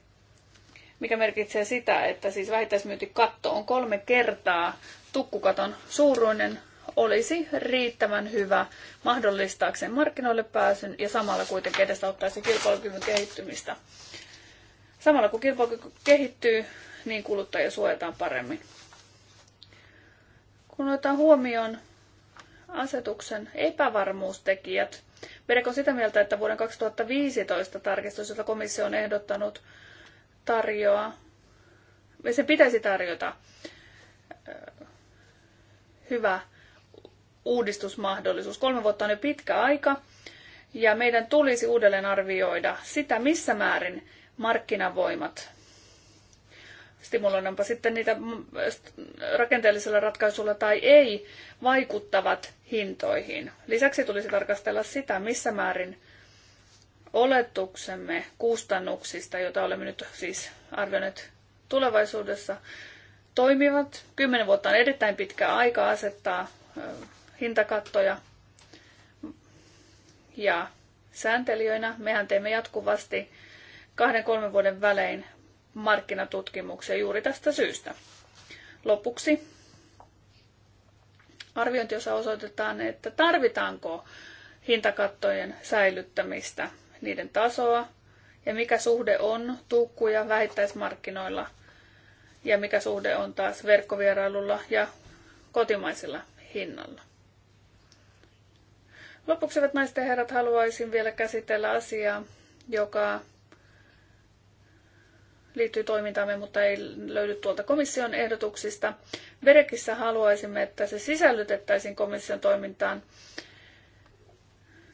mikä merkitsee sitä, että siis vähittäismyyntikatto on kolme kertaa tukkukaton suuruinen, olisi riittävän hyvä mahdollistaakseen markkinoille pääsyn ja samalla kuitenkin edesauttaisi kilpailukyvyn kehittymistä. Samalla kun kilpailukyky kehittyy, niin kuluttajia suojataan paremmin. Kun otetaan huomioon asetuksen epävarmuustekijät, Vedekö sitä mieltä, että vuoden 2015 tarkistus, jota komissio on ehdottanut, tarjoaa, se pitäisi tarjota hyvä uudistusmahdollisuus. Kolme vuotta on jo pitkä aika ja meidän tulisi uudelleen arvioida sitä, missä määrin markkinavoimat stimuloidaanpa sitten niitä rakenteellisella ratkaisulla tai ei, vaikuttavat hintoihin. Lisäksi tulisi tarkastella sitä, missä määrin oletuksemme kustannuksista, joita olemme nyt siis arvioineet tulevaisuudessa, toimivat. Kymmenen vuotta on erittäin pitkä aika asettaa hintakattoja ja sääntelijöinä. Mehän teemme jatkuvasti kahden kolmen vuoden välein markkinatutkimuksia juuri tästä syystä. Lopuksi arviointiosa osoitetaan, että tarvitaanko hintakattojen säilyttämistä – niiden tasoa ja mikä suhde on tukkuja vähittäismarkkinoilla ja mikä suhde on taas verkkovierailulla ja kotimaisella hinnalla. Lopuksi, hyvät naiset ja herrat, haluaisin vielä käsitellä asiaa, joka liittyy toimintaamme, mutta ei löydy tuolta komission ehdotuksista. Verekissä haluaisimme, että se sisällytettäisiin komission toimintaan.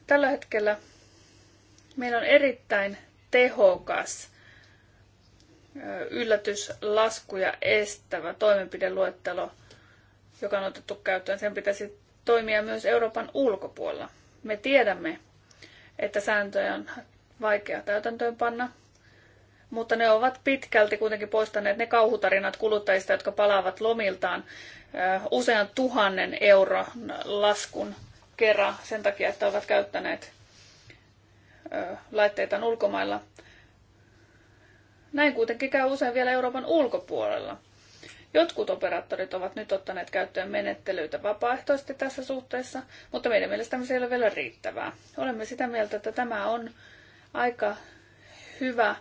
Tällä hetkellä Meillä on erittäin tehokas yllätyslaskuja estävä toimenpideluettelo, joka on otettu käyttöön. Sen pitäisi toimia myös Euroopan ulkopuolella. Me tiedämme, että sääntöjä on vaikea täytäntöönpanna, mutta ne ovat pitkälti kuitenkin poistaneet ne kauhutarinat kuluttajista, jotka palaavat lomiltaan usean tuhannen euron laskun kerran sen takia, että ovat käyttäneet laitteitaan ulkomailla. Näin kuitenkin käy usein vielä Euroopan ulkopuolella. Jotkut operaattorit ovat nyt ottaneet käyttöön menettelyitä vapaaehtoisesti tässä suhteessa, mutta meidän mielestämme se ei ole vielä riittävää. Olemme sitä mieltä, että tämä on aika hyvä,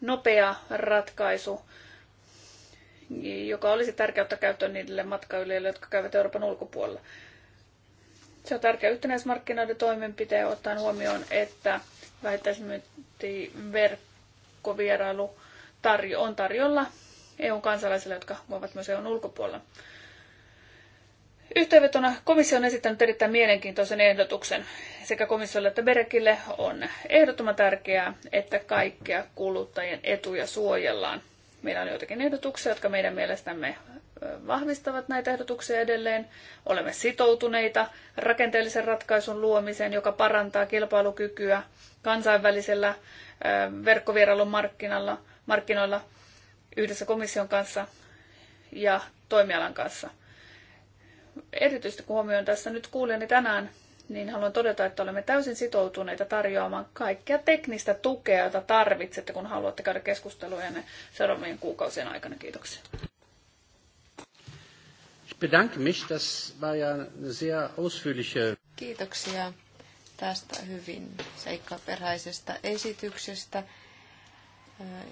nopea ratkaisu, joka olisi tärkeää ottaa käyttöön niille matkailijoille, jotka käyvät Euroopan ulkopuolella. Se on tärkeä yhtenäismarkkinoiden toimenpiteen ottaen huomioon, että verkkovierailu tarjo- on tarjolla EUn kansalaisille, jotka voivat myös EUn ulkopuolella. Yhteenvetona komissio on esittänyt erittäin mielenkiintoisen ehdotuksen. Sekä komissiolle että Berekille on ehdottoman tärkeää, että kaikkia kuluttajien etuja suojellaan. Meillä on joitakin ehdotuksia, jotka meidän mielestämme vahvistavat näitä ehdotuksia edelleen. Olemme sitoutuneita rakenteellisen ratkaisun luomiseen, joka parantaa kilpailukykyä kansainvälisellä verkkovierailun markkinoilla, markkinoilla yhdessä komission kanssa ja toimialan kanssa. Erityisesti kun huomioon tässä nyt kuulijani tänään, niin haluan todeta, että olemme täysin sitoutuneita tarjoamaan kaikkea teknistä tukea, jota tarvitsette, kun haluatte käydä keskusteluja seuraavien kuukausien aikana. Kiitoksia bedanke mich. Das war ja eine sehr ausführliche. Kiitoksia tästä hyvin seikkaperäisestä esityksestä äh,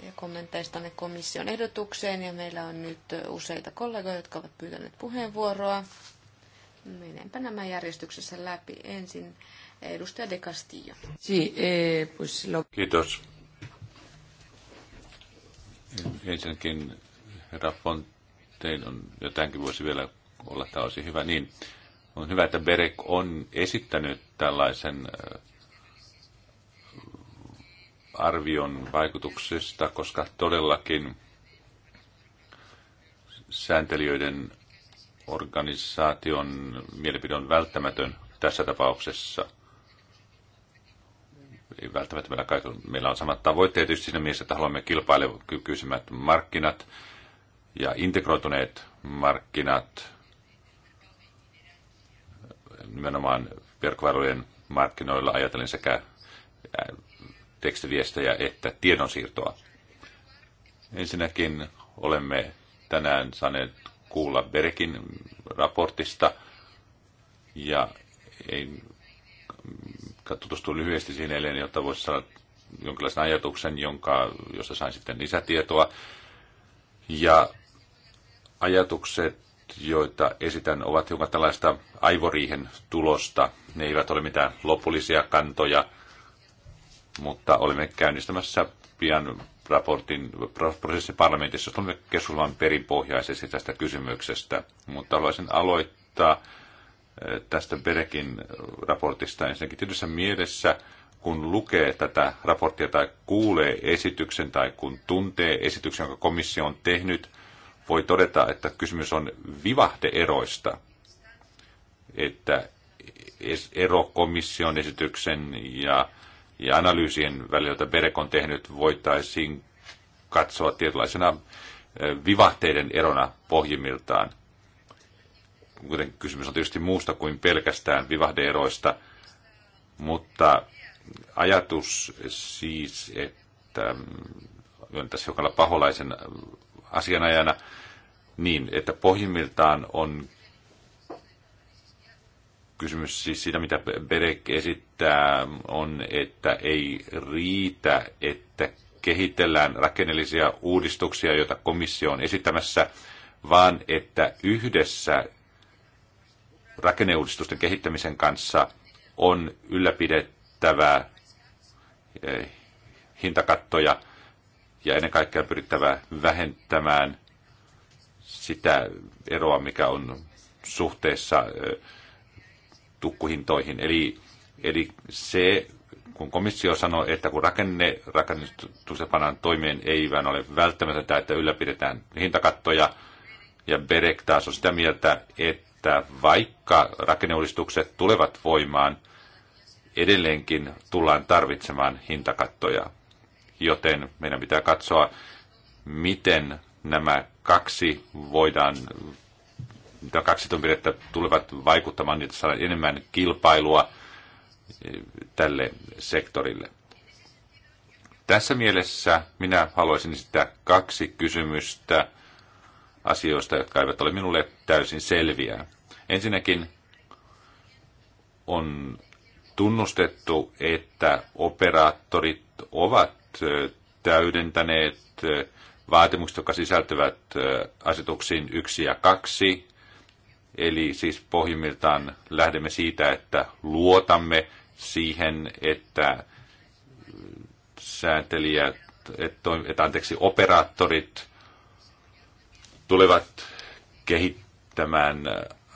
ja kommenteistanne komission ehdotukseen. Ja meillä on nyt useita kollegoja, jotka ovat pyytäneet puheenvuoroa. Menenpä nämä järjestyksessä läpi. Ensin edustaja De Castillo. Eh, Kiitos. Ensinnäkin herra Font tein, on jotainkin voisi vielä olla tämä olisi hyvä, niin on hyvä, että Berek on esittänyt tällaisen arvion vaikutuksista, koska todellakin sääntelijöiden organisaation mielipide on välttämätön tässä tapauksessa. Ei välttämättä meillä, kaikilla, meillä on samat tavoitteet tietysti siinä mielessä, että haluamme kilpailukykyisemmät markkinat, ja integroituneet markkinat, nimenomaan verkkovarojen markkinoilla ajatellen sekä äh, tekstiviestejä että tiedonsiirtoa. Ensinnäkin olemme tänään saaneet kuulla Berekin raportista ja ei tutustu lyhyesti siihen eilen, jotta voisi saada jonkinlaisen ajatuksen, jonka, josta sain sitten lisätietoa. Ja ajatukset, joita esitän, ovat hiukan tällaista aivoriihen tulosta. Ne eivät ole mitään lopullisia kantoja, mutta olemme käynnistämässä pian raportin prosessi parlamentissa, jossa olemme keskustelemaan perinpohjaisesti tästä kysymyksestä. Mutta haluaisin aloittaa eh, tästä Berekin raportista ensinnäkin tietyssä mielessä, kun lukee tätä raporttia tai kuulee esityksen tai kun tuntee esityksen, jonka komissio on tehnyt – voi todeta, että kysymys on vivahdeeroista, että ero komission esityksen ja, ja analyysien välillä, joita Berek on tehnyt, voitaisiin katsoa tietynlaisena vivahteiden erona pohjimmiltaan. Kuten kysymys on tietysti muusta kuin pelkästään vivahdeeroista, mutta ajatus siis, että mm, tässä jokalla paholaisen asianajana niin, että pohjimmiltaan on kysymys siis siitä, mitä Berek esittää, on, että ei riitä, että kehitellään rakenteellisia uudistuksia, joita komissio on esittämässä, vaan että yhdessä rakenneuudistusten kehittämisen kanssa on ylläpidettävä eh, hintakattoja – ja ennen kaikkea pyrittävä vähentämään sitä eroa, mikä on suhteessa tukkuhintoihin. Eli, eli se, kun komissio sanoi, että kun rakenne, rakennetukset pannaan toimeen, ei vaan ole välttämätöntä, että ylläpidetään hintakattoja, ja Berek taas on sitä mieltä, että vaikka rakenneuudistukset tulevat voimaan, edelleenkin tullaan tarvitsemaan hintakattoja joten meidän pitää katsoa, miten nämä kaksi voidaan, mitä kaksi toimenpidettä tulevat vaikuttamaan, niin saadaan enemmän kilpailua e, tälle sektorille. Tässä mielessä minä haluaisin esittää kaksi kysymystä asioista, jotka eivät ole minulle täysin selviä. Ensinnäkin on tunnustettu, että operaattorit ovat täydentäneet vaatimukset, jotka sisältyvät asetuksiin 1 ja 2. Eli siis pohjimmiltaan lähdemme siitä, että luotamme siihen, että sääntelijät, että, anteeksi, operaattorit tulevat kehittämään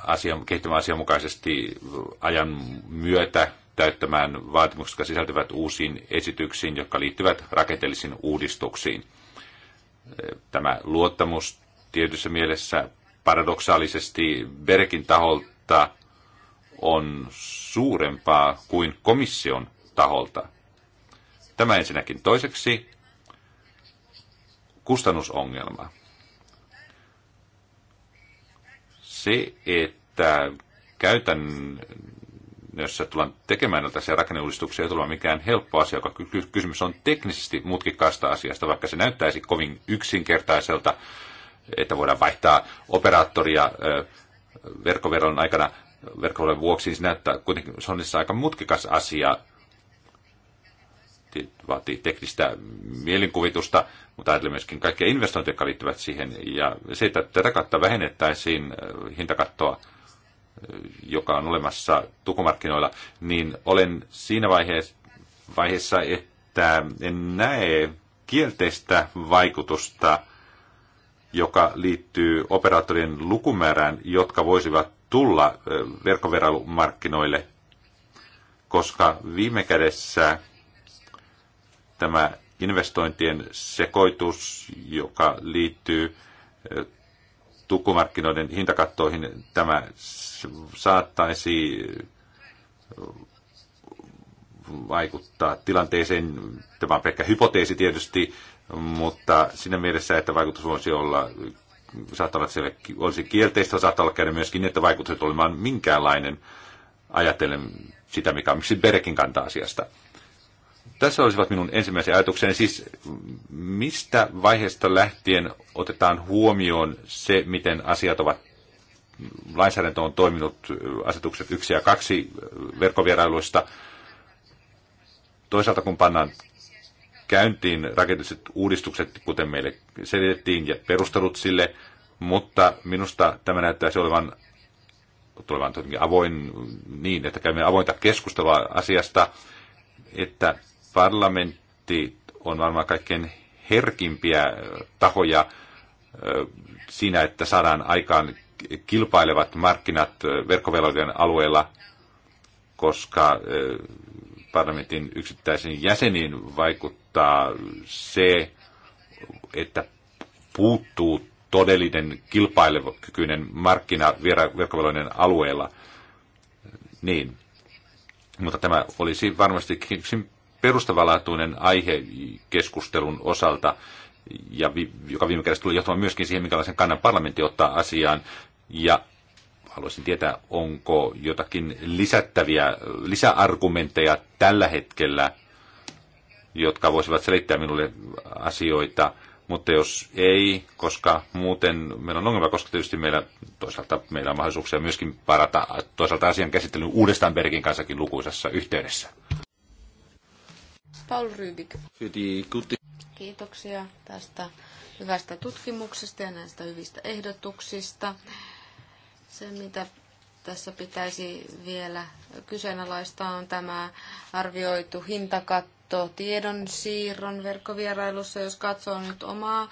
asian, kehittämään asianmukaisesti ajan myötä täyttämään vaatimukset, jotka sisältyvät uusiin esityksiin, jotka liittyvät rakenteellisiin uudistuksiin. Tämä luottamus tietyssä mielessä paradoksaalisesti Berkin taholta on suurempaa kuin komission taholta. Tämä ensinnäkin. Toiseksi kustannusongelma. Se, että käytän se tullaan tekemään tällaisia rakenneuudistuksia, ei tule mikään helppo asia, joka kysymys on teknisesti mutkikkaasta asiasta, vaikka se näyttäisi kovin yksinkertaiselta, että voidaan vaihtaa operaattoria verkkoveron aikana verkkoveron vuoksi, niin se näyttää kuitenkin, se on siis aika mutkikas asia, vaatii teknistä mielinkuvitusta, mutta ajatellaan myöskin kaikkia investointeja, jotka liittyvät siihen, ja se, että tätä kautta vähennettäisiin hintakattoa joka on olemassa tukomarkkinoilla, niin olen siinä vaiheessa, vaiheessa että en näe kielteistä vaikutusta, joka liittyy operaattorien lukumäärään, jotka voisivat tulla verkkoverailumarkkinoille, koska viime kädessä tämä investointien sekoitus, joka liittyy tukkumarkkinoiden hintakattoihin tämä saattaisi vaikuttaa tilanteeseen. Tämä on pelkkä hypoteesi tietysti, mutta siinä mielessä, että vaikutus voisi olla, saattaa olla, että siellä olisi kielteistä, saattaa olla käydä myöskin, niin, että vaikutus olemaan minkäänlainen, ajatellen sitä, mikä on miksi Berkin kanta asiasta. Tässä olisivat minun ensimmäisen ajatukseni. Siis mistä vaiheesta lähtien otetaan huomioon se, miten asiat ovat, lainsäädäntö on toiminut, asetukset yksi ja kaksi verkkovierailuista. Toisaalta kun pannaan käyntiin rakenteelliset uudistukset, kuten meille selitettiin, ja perustelut sille, mutta minusta tämä näyttäisi olevan tulevan avoin niin, että käymme avointa keskustelua asiasta, että parlamentti on varmaan kaikkein herkimpiä tahoja siinä, että saadaan aikaan kilpailevat markkinat verkkovelvoitteen alueella, koska parlamentin yksittäisiin jäseniin vaikuttaa se, että puuttuu todellinen kilpailukykyinen markkina verkkovelvoitteen alueella. Niin. Mutta tämä olisi varmasti perustavanlaatuinen aihe keskustelun osalta, ja vi, joka viime kädessä tuli johtamaan myöskin siihen, minkälaisen kannan parlamentti ottaa asiaan. Ja haluaisin tietää, onko jotakin lisättäviä, lisäargumentteja tällä hetkellä, jotka voisivat selittää minulle asioita, mutta jos ei, koska muuten meillä on ongelma, koska tietysti meillä toisaalta meillä on mahdollisuuksia myöskin parata toisaalta asian käsittelyn uudestaan Bergin kanssakin lukuisassa yhteydessä. Paul Rybik. Kiitoksia tästä hyvästä tutkimuksesta ja näistä hyvistä ehdotuksista. Se, mitä tässä pitäisi vielä kyseenalaistaa, on tämä arvioitu hintakatto tiedon siirron verkkovierailussa. Jos katsoo nyt omaa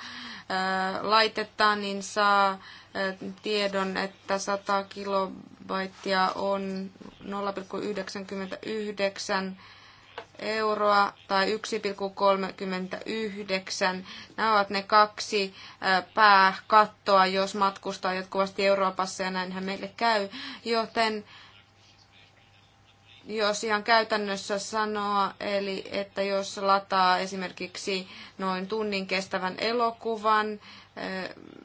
laitetta, niin saa tiedon, että 100 kilobaittia on 0,99 euroa tai 1,39. Nämä ovat ne kaksi pääkattoa, jos matkustaa jatkuvasti Euroopassa ja näinhän meille käy. Joten jos ihan käytännössä sanoa, eli että jos lataa esimerkiksi noin tunnin kestävän elokuvan,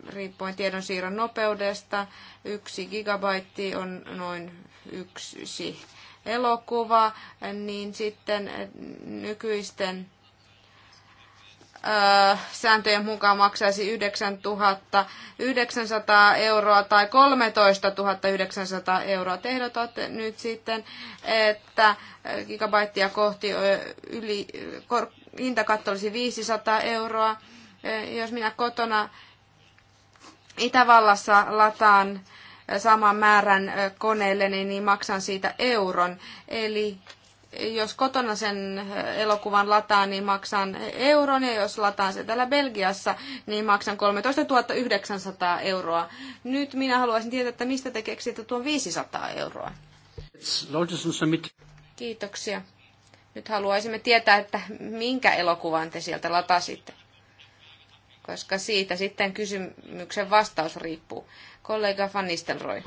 riippuen tiedonsiirron nopeudesta, yksi gigabaitti on noin yksi elokuva, niin sitten nykyisten äh, sääntöjen mukaan maksaisi 9900 euroa tai 13 900 euroa. Te ehdotatte nyt sitten, että gigabaittia kohti yli, hintakatto olisi 500 euroa. Äh, jos minä kotona Itävallassa lataan saman määrän koneelle, niin maksan siitä euron. Eli jos kotona sen elokuvan lataan, niin maksan euron, ja jos lataan se täällä Belgiassa, niin maksan 13 900 euroa. Nyt minä haluaisin tietää, että mistä te keksitte tuon 500 euroa. Kiitoksia. Nyt haluaisimme tietää, että minkä elokuvan te sieltä latasitte, koska siitä sitten kysymyksen vastaus riippuu. Kollega Van Nistelrooy.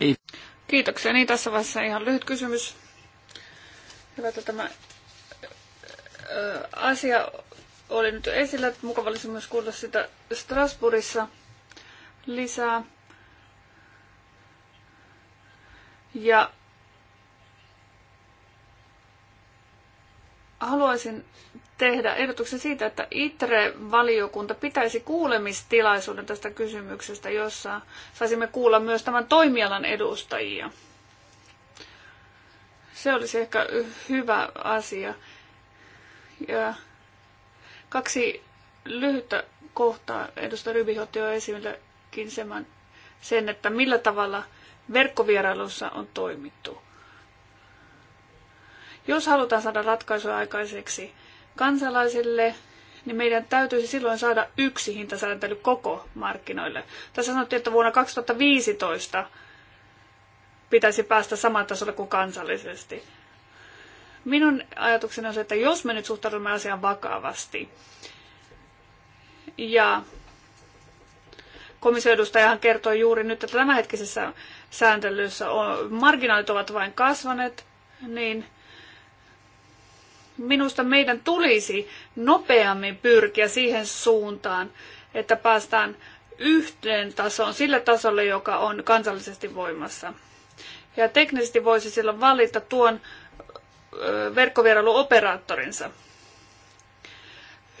Eh, Kiitoksia. Niin tässä vaiheessa ihan lyhyt kysymys. Hyvä, että tämä eh, asia oli nyt esillä. Mukava olisi myös kuulla sitä Strasbourgissa lisää. Ja haluaisin tehdä ehdotuksen siitä, että ITRE-valiokunta pitäisi kuulemistilaisuuden tästä kysymyksestä, jossa saisimme kuulla myös tämän toimialan edustajia. Se olisi ehkä hyvä asia. Ja kaksi lyhyttä kohtaa. Edustaja Rybi otti jo sen, että millä tavalla verkkovierailussa on toimittu. Jos halutaan saada ratkaisuja aikaiseksi, kansalaisille, niin meidän täytyisi silloin saada yksi hintasääntely koko markkinoille. Tässä sanottiin, että vuonna 2015 pitäisi päästä samaan tasolle kuin kansallisesti. Minun ajatukseni on se, että jos me nyt suhtaudumme asiaan vakavasti, ja komissioedustajahan kertoi juuri nyt, että tämänhetkisessä sääntelyssä on, marginaalit ovat vain kasvaneet, niin minusta meidän tulisi nopeammin pyrkiä siihen suuntaan, että päästään yhteen tasoon, sille tasolle, joka on kansallisesti voimassa. Ja teknisesti voisi silloin valita tuon verkkovierailuoperaattorinsa.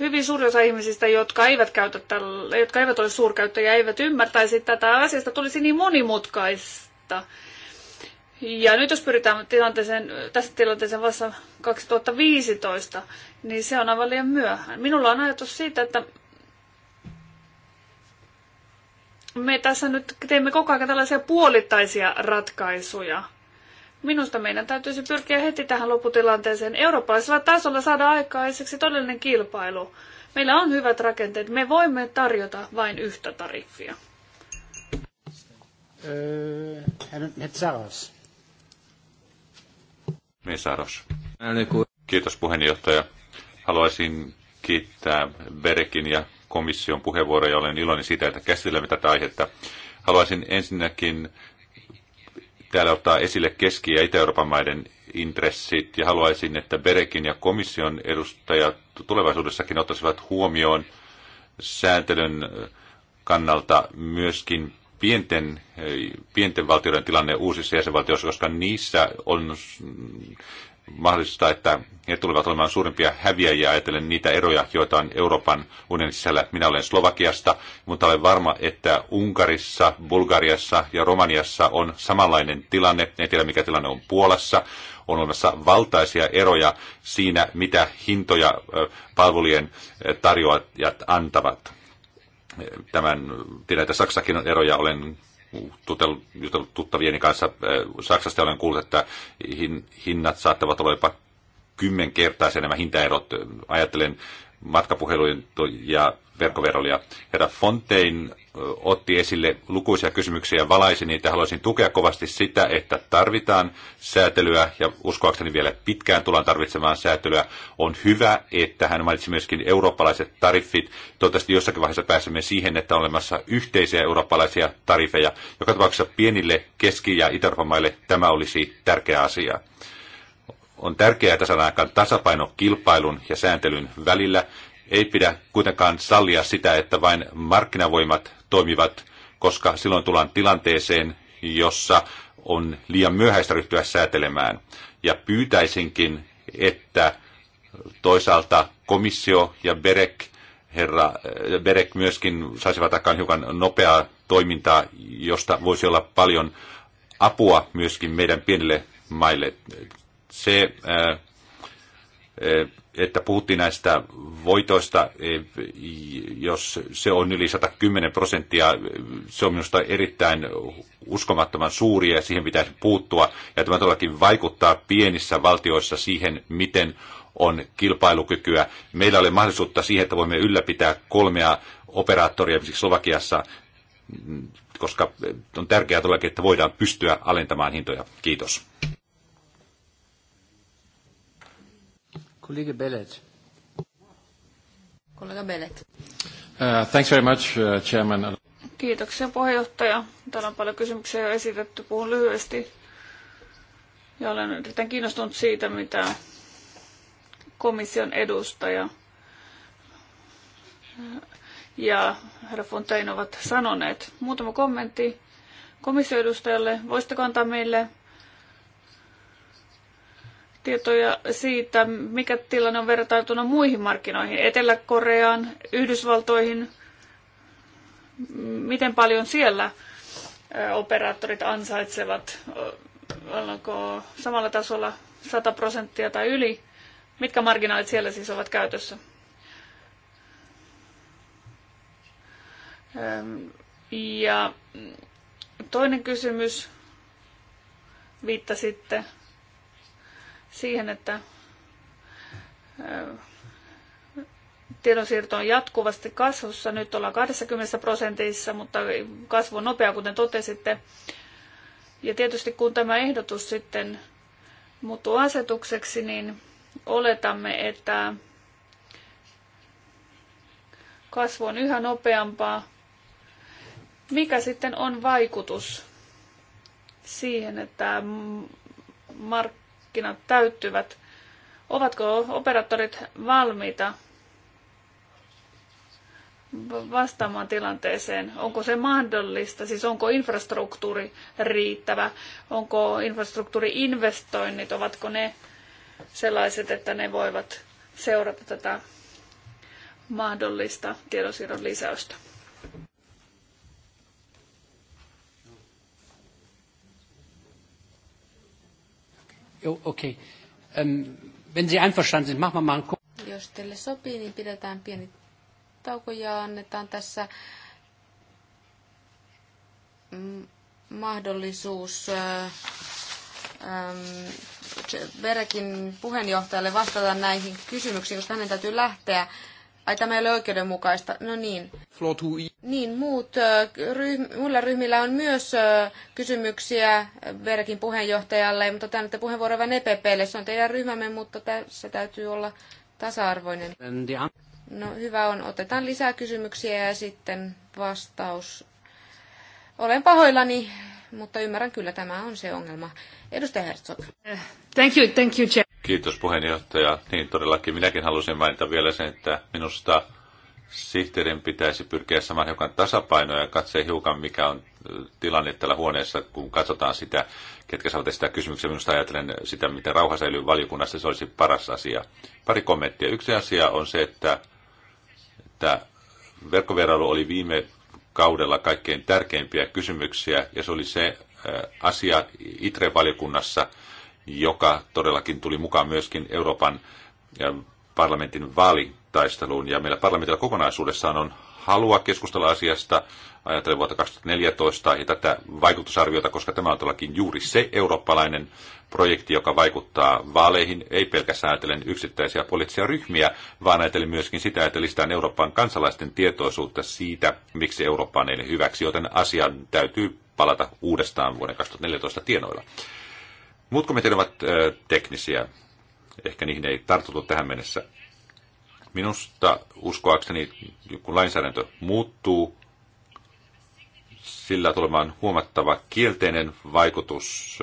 Hyvin suuri osa ihmisistä, jotka eivät, käytä tällä, jotka eivät ole suurkäyttäjiä, eivät ymmärtäisi tätä asiasta, tulisi niin monimutkaista, ja nyt jos pyritään tilanteeseen, tässä tilanteeseen vasta 2015, niin se on aivan liian myöhään. Minulla on ajatus siitä, että me tässä nyt teemme koko ajan tällaisia puolittaisia ratkaisuja. Minusta meidän täytyisi pyrkiä heti tähän loputilanteeseen. Eurooppalaisella tasolla saada aikaiseksi todellinen kilpailu. Meillä on hyvät rakenteet. Me voimme tarjota vain yhtä tariffia. Öö, Kiitos puheenjohtaja. Haluaisin kiittää Berekin ja komission puheenvuoroja. Olen iloinen siitä, että käsittelemme tätä aihetta. Haluaisin ensinnäkin täällä ottaa esille Keski- ja Itä-Euroopan maiden intressit ja haluaisin, että Berekin ja komission edustajat tulevaisuudessakin ottaisivat huomioon sääntelyn kannalta myöskin pienten, pienten valtioiden tilanne uusissa jäsenvaltioissa, koska niissä on mahdollista, että he tulevat olemaan suurimpia häviäjiä ajatellen niitä eroja, joita on Euroopan unionin sisällä. Minä olen Slovakiasta, mutta olen varma, että Unkarissa, Bulgariassa ja Romaniassa on samanlainen tilanne. En tiedä, mikä tilanne on Puolassa. On olemassa valtaisia eroja siinä, mitä hintoja palvelujen tarjoajat antavat tämän, tiedän, että Saksakin on eroja, olen jutellut tuttavieni kanssa Saksasta, olen kuullut, että hin, hinnat saattavat olla jopa kymmenkertaisia nämä hintaerot. Ajattelen matkapuhelujen ja verkkoverolia. Herra Fontein otti esille lukuisia kysymyksiä ja valaisi niitä. Haluaisin tukea kovasti sitä, että tarvitaan säätelyä ja uskoakseni vielä pitkään tullaan tarvitsemaan säätelyä. On hyvä, että hän mainitsi myöskin eurooppalaiset tariffit. Toivottavasti jossakin vaiheessa pääsemme siihen, että on olemassa yhteisiä eurooppalaisia tariffeja. Joka tapauksessa pienille keski- ja itä maille tämä olisi tärkeä asia. On tärkeää, että saadaan aikaan tasapaino kilpailun ja sääntelyn välillä. Ei pidä kuitenkaan sallia sitä, että vain markkinavoimat toimivat, koska silloin tullaan tilanteeseen, jossa on liian myöhäistä ryhtyä säätelemään. Ja pyytäisinkin, että toisaalta komissio ja BEREK, herra, BEREK myöskin saisivat aikaan hiukan nopeaa toimintaa, josta voisi olla paljon apua myöskin meidän pienille maille se, äh, että puhuttiin näistä voitoista, e, jos se on yli 110 prosenttia, se on minusta erittäin uskomattoman suuri ja siihen pitäisi puuttua. Ja tämä todellakin vaikuttaa pienissä valtioissa siihen, miten on kilpailukykyä. Meillä oli mahdollisuutta siihen, että voimme ylläpitää kolmea operaattoria, esimerkiksi Slovakiassa, koska on tärkeää todellakin, että voidaan pystyä alentamaan hintoja. Kiitos. Kollega Bellet. Kollega Bellet. Uh, thanks very much, uh, Chairman. Kiitoksia puheenjohtaja. Täällä on paljon kysymyksiä jo esitetty. Puhun lyhyesti. Ja olen erittäin kiinnostunut siitä, mitä komission edustaja ja herra Fontaine ovat sanoneet. Muutama kommentti komission edustajalle. Voisitteko antaa meille tietoja siitä, mikä tilanne on vertailtuna muihin markkinoihin, Etelä-Koreaan, Yhdysvaltoihin, miten paljon siellä operaattorit ansaitsevat, ollaanko samalla tasolla 100 prosenttia tai yli, mitkä marginaalit siellä siis ovat käytössä. Ja toinen kysymys, viittasitte siihen, että äh, tiedonsiirto on jatkuvasti kasvussa. Nyt ollaan 20 prosentissa, mutta kasvu on nopea, kuten totesitte. Ja tietysti kun tämä ehdotus sitten muuttuu asetukseksi, niin oletamme, että kasvu on yhä nopeampaa. Mikä sitten on vaikutus siihen, että mark- markkinat täyttyvät, ovatko operaattorit valmiita vastaamaan tilanteeseen? Onko se mahdollista? Siis onko infrastruktuuri riittävä? Onko infrastruktuuri investoinnit? ovatko ne sellaiset, että ne voivat seurata tätä mahdollista tiedonsiirron lisäystä? Okay. Ähm, wenn Sie sind, machen wir mal einen Jos teille sopii, niin pidetään pieni tauko ja annetaan tässä mm, mahdollisuus äh, ähm, Berekin puheenjohtajalle vastata näihin kysymyksiin, koska hänen täytyy lähteä Ai tämä ei ole oikeudenmukaista. No niin. E. Niin, muut, ryh, muilla ryhmillä on myös kysymyksiä verkin puheenjohtajalle, mutta tämä annatte on vain EPPlle. Se on teidän ryhmämme, mutta tässä täytyy olla tasa-arvoinen. No hyvä on, otetaan lisää kysymyksiä ja sitten vastaus. Olen pahoillani, mutta ymmärrän kyllä, tämä on se ongelma. Edustaja Herzog. Thank you, thank you, Chair. Kiitos puheenjohtaja. Niin todellakin minäkin halusin mainita vielä sen, että minusta sihteerin pitäisi pyrkiä saamaan hiukan tasapainoa ja katsoa hiukan, mikä on tilanne täällä huoneessa, kun katsotaan sitä, ketkä saavat sitä kysymyksiä. Minusta ajattelen sitä, miten rauha säilyy valiokunnassa, se olisi paras asia. Pari kommenttia. Yksi asia on se, että, että verkkoverailu oli viime kaudella kaikkein tärkeimpiä kysymyksiä, ja se oli se asia ITRE-valiokunnassa, joka todellakin tuli mukaan myöskin Euroopan parlamentin vaalitaisteluun. Ja meillä parlamentilla kokonaisuudessaan on halua keskustella asiasta ajatellen vuotta 2014 ja tätä vaikutusarviota, koska tämä on todellakin juuri se eurooppalainen projekti, joka vaikuttaa vaaleihin, ei pelkästään ajatellen yksittäisiä poliittisia ryhmiä, vaan ajatellen myöskin sitä, että listään Euroopan kansalaisten tietoisuutta siitä, miksi Eurooppa on hyväksi, joten asian täytyy palata uudestaan vuoden 2014 tienoilla. Muut kommentit ovat teknisiä. Ehkä niihin ei tartuttu tähän mennessä. Minusta uskoakseni, kun lainsäädäntö muuttuu, sillä tulemaan huomattava kielteinen vaikutus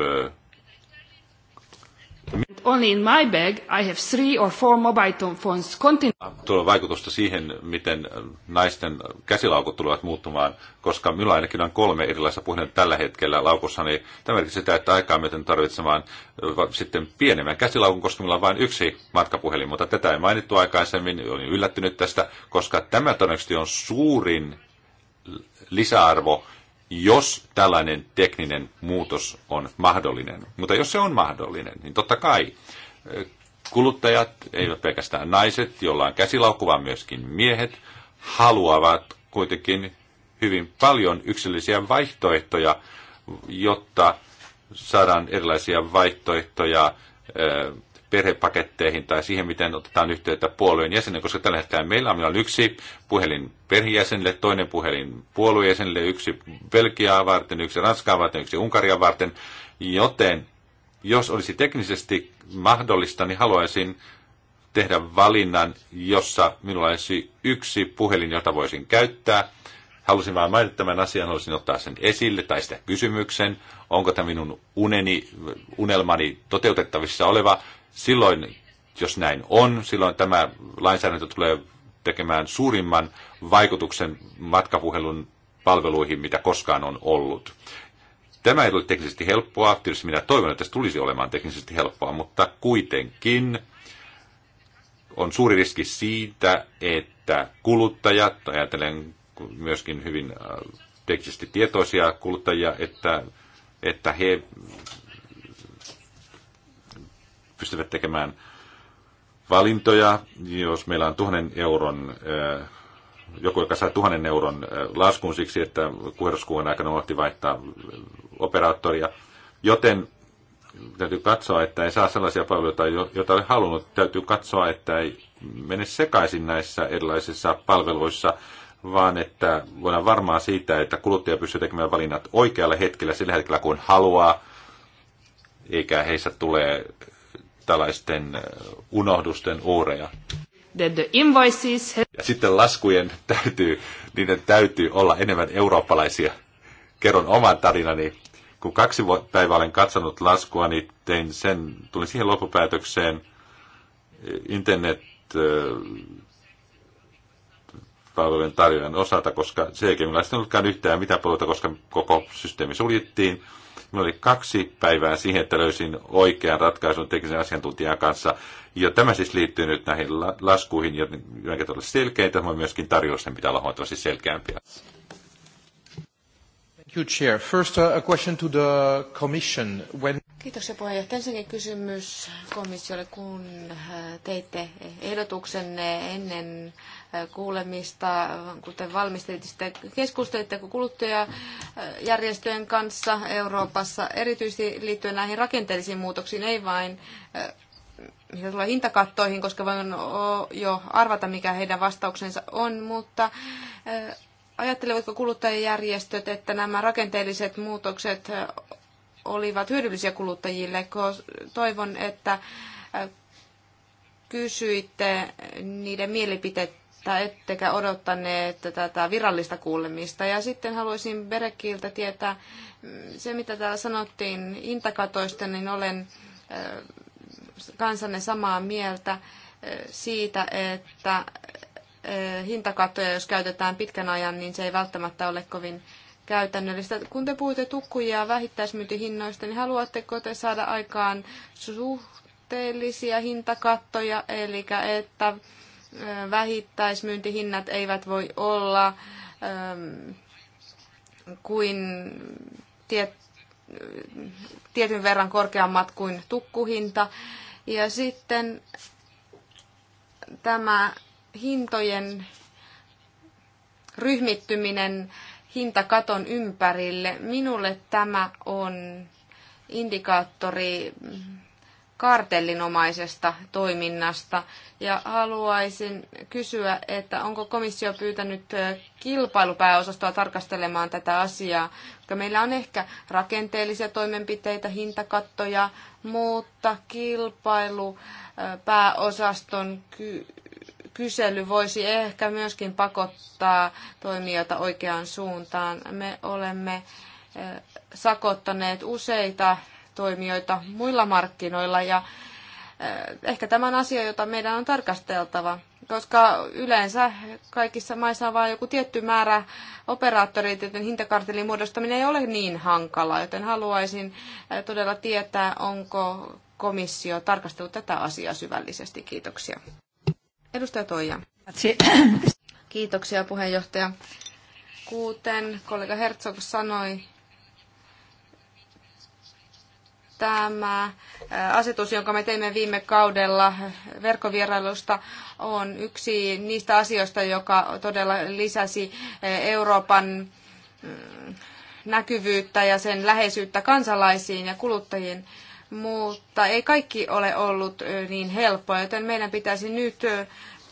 Only in my bag I have three or four mobile phones ah, vaikutusta siihen, miten äh, naisten käsilaukut tulevat muuttumaan, koska minulla ainakin on kolme erilaista puhelinta tällä hetkellä laukussa, niin tämä merkitsee sitä, että aikaa myöten tarvitsemaan äh, sitten pienemmän käsilaukun, koska minulla on vain yksi matkapuhelin, mutta tätä ei mainittu aikaisemmin, olin yllättynyt tästä, koska tämä todennäköisesti on suurin lisäarvo, jos tällainen tekninen muutos on mahdollinen. Mutta jos se on mahdollinen, niin totta kai kuluttajat, eivät pelkästään naiset, joilla on käsilaukku, vaan myöskin miehet, haluavat kuitenkin hyvin paljon yksilöllisiä vaihtoehtoja, jotta saadaan erilaisia vaihtoehtoja perhepaketteihin tai siihen, miten otetaan yhteyttä puolueen jäsenen, koska tällä hetkellä meillä on, meillä on yksi puhelin perhejäsenille, toinen puhelin puoluejäsenille, yksi Belgiaa varten, yksi Ranskaa varten, yksi Unkaria varten, joten jos olisi teknisesti mahdollista, niin haluaisin tehdä valinnan, jossa minulla olisi yksi puhelin, jota voisin käyttää. Halusin vain mainita tämän asian, halusin ottaa sen esille tai sitä kysymyksen, onko tämä minun uneni, unelmani toteutettavissa oleva, Silloin, jos näin on, silloin tämä lainsäädäntö tulee tekemään suurimman vaikutuksen matkapuhelun palveluihin, mitä koskaan on ollut. Tämä ei ole teknisesti helppoa, tietysti minä toivon, että se tulisi olemaan teknisesti helppoa, mutta kuitenkin on suuri riski siitä, että kuluttajat, ajatellen myöskin hyvin äh, teknisesti tietoisia kuluttajia, että, että he pystyvät tekemään valintoja, jos meillä on tuhannen euron, eh, joku, joka saa tuhannen euron eh, laskun siksi, että kuherruskuun aikana unohti vaihtaa eh, operaattoria. Joten täytyy katsoa, että ei saa sellaisia palveluita, joita oli halunnut. Täytyy katsoa, että ei mene sekaisin näissä erilaisissa palveluissa, vaan että voidaan varmaan siitä, että kuluttaja pystyy tekemään valinnat oikealla hetkellä, sillä hetkellä kun haluaa, eikä heissä tulee tällaisten unohdusten uureja. Invoices... Ja sitten laskujen täytyy, niiden täytyy olla enemmän eurooppalaisia. Kerron oman tarinani. Kun kaksi päivää olen katsonut laskua, niin tein sen, tulin siihen loppupäätökseen. Internet palvelujen tarjoajan osalta, koska se ei ollut yhtään mitään puolta, koska koko systeemi suljettiin Minulla oli kaksi päivää siihen, että löysin oikean ratkaisun teknisen asiantuntijan kanssa. Ja tämä siis liittyy nyt näihin laskuihin, joiden olla selkeitä, mutta myöskin tarjousten pitää olla huomattavasti selkeämpiä. Thank you, Chair. First, uh, a question to the Commission. When... Kiitoksia puheenjohtaja. Ensinnäkin kysymys komissiolle, kun uh, teitte ehdotuksenne ennen kuulemista, kuten valmistelitte, keskustelitte kuluttajajärjestöjen kanssa Euroopassa, erityisesti liittyen näihin rakenteellisiin muutoksiin, ei vain eh, mitä tulee hintakattoihin, koska voin jo arvata, mikä heidän vastauksensa on, mutta eh, ajattelevatko kuluttajajärjestöt, että nämä rakenteelliset muutokset eh, olivat hyödyllisiä kuluttajille, toivon, että kysyitte niiden mielipiteet tai ettekä odottaneet tätä virallista kuulemista. Ja sitten haluaisin Berekiltä tietää, mm, se mitä täällä sanottiin intakatoista, niin olen äh, kansanne samaa mieltä äh, siitä, että äh, hintakattoja, jos käytetään pitkän ajan, niin se ei välttämättä ole kovin käytännöllistä. Kun te puhutte tukkuja ja vähittäismyyntihinnoista, niin haluatteko te saada aikaan suhteellisia hintakattoja, eli että vähittäismyyntihinnat eivät voi olla ähm, kuin tiet, tietyn verran korkeammat kuin tukkuhinta. Ja sitten tämä hintojen ryhmittyminen hintakaton ympärille, minulle tämä on indikaattori kartellinomaisesta toiminnasta. Ja haluaisin kysyä, että onko komissio pyytänyt kilpailupääosastoa tarkastelemaan tätä asiaa, koska meillä on ehkä rakenteellisia toimenpiteitä, hintakattoja, mutta kilpailupääosaston ky- kysely voisi ehkä myöskin pakottaa toimijoita oikeaan suuntaan. Me olemme sakottaneet useita toimijoita muilla markkinoilla ja äh, ehkä tämä on asia, jota meidän on tarkasteltava, koska yleensä kaikissa maissa on vain joku tietty määrä operaattoreita, joten hintakartelin muodostaminen ei ole niin hankalaa, joten haluaisin äh, todella tietää, onko komissio tarkastellut tätä asiaa syvällisesti. Kiitoksia. Edustaja Toija. Kiitoksia puheenjohtaja. Kuten kollega Herzog sanoi, Tämä asetus, jonka me teimme viime kaudella verkkovierailusta, on yksi niistä asioista, joka todella lisäsi Euroopan näkyvyyttä ja sen läheisyyttä kansalaisiin ja kuluttajiin mutta ei kaikki ole ollut niin helppoa, joten meidän pitäisi nyt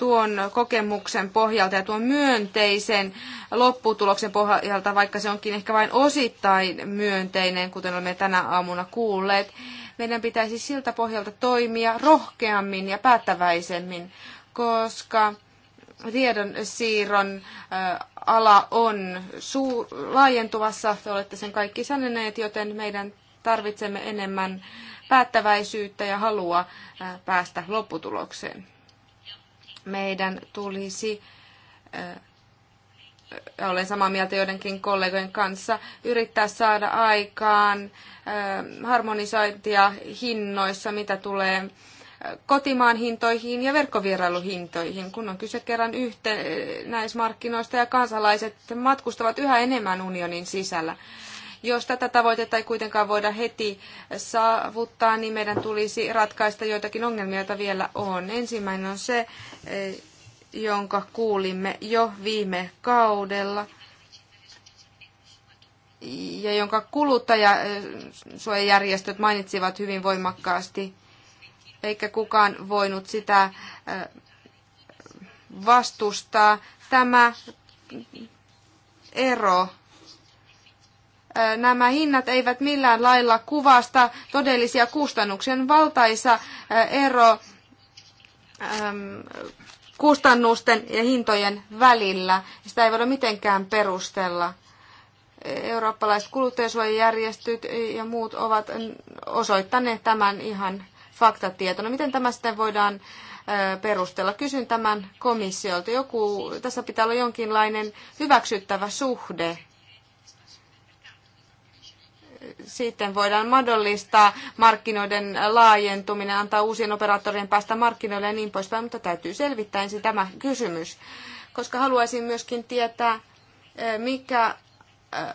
tuon kokemuksen pohjalta ja tuon myönteisen lopputuloksen pohjalta, vaikka se onkin ehkä vain osittain myönteinen, kuten olemme tänä aamuna kuulleet. Meidän pitäisi siltä pohjalta toimia rohkeammin ja päättäväisemmin, koska tiedon siirron äh, ala on suu- laajentuvassa, te olette sen kaikki sanoneet, joten meidän tarvitsemme enemmän päättäväisyyttä ja halua äh, päästä lopputulokseen meidän tulisi äh, olen samaa mieltä joidenkin kollegojen kanssa, yrittää saada aikaan harmonisointia hinnoissa, mitä tulee kotimaan hintoihin ja verkkovierailuhintoihin, kun on kyse kerran yhtenäismarkkinoista ja kansalaiset matkustavat yhä enemmän unionin sisällä. Jos tätä tavoitetta ei kuitenkaan voida heti saavuttaa, niin meidän tulisi ratkaista joitakin ongelmia, joita vielä on. Ensimmäinen on se, eh, jonka kuulimme jo viime kaudella ja jonka kuluttajasuojajärjestöt eh, mainitsivat hyvin voimakkaasti, eikä kukaan voinut sitä eh, vastustaa. Tämä ero nämä hinnat eivät millään lailla kuvasta todellisia kustannuksia. Valtaisa ero kustannusten ja hintojen välillä. Sitä ei voida mitenkään perustella. Eurooppalaiset kuluttajasuojajärjestöt ja muut ovat osoittaneet tämän ihan faktatietona. Miten tämä sitten voidaan perustella? Kysyn tämän komissiolta. Joku, tässä pitää olla jonkinlainen hyväksyttävä suhde sitten voidaan mahdollistaa markkinoiden laajentuminen, antaa uusien operaattorien päästä markkinoille ja niin poispäin, mutta täytyy selvittää ensin tämä kysymys, koska haluaisin myöskin tietää, eh, mikä eh,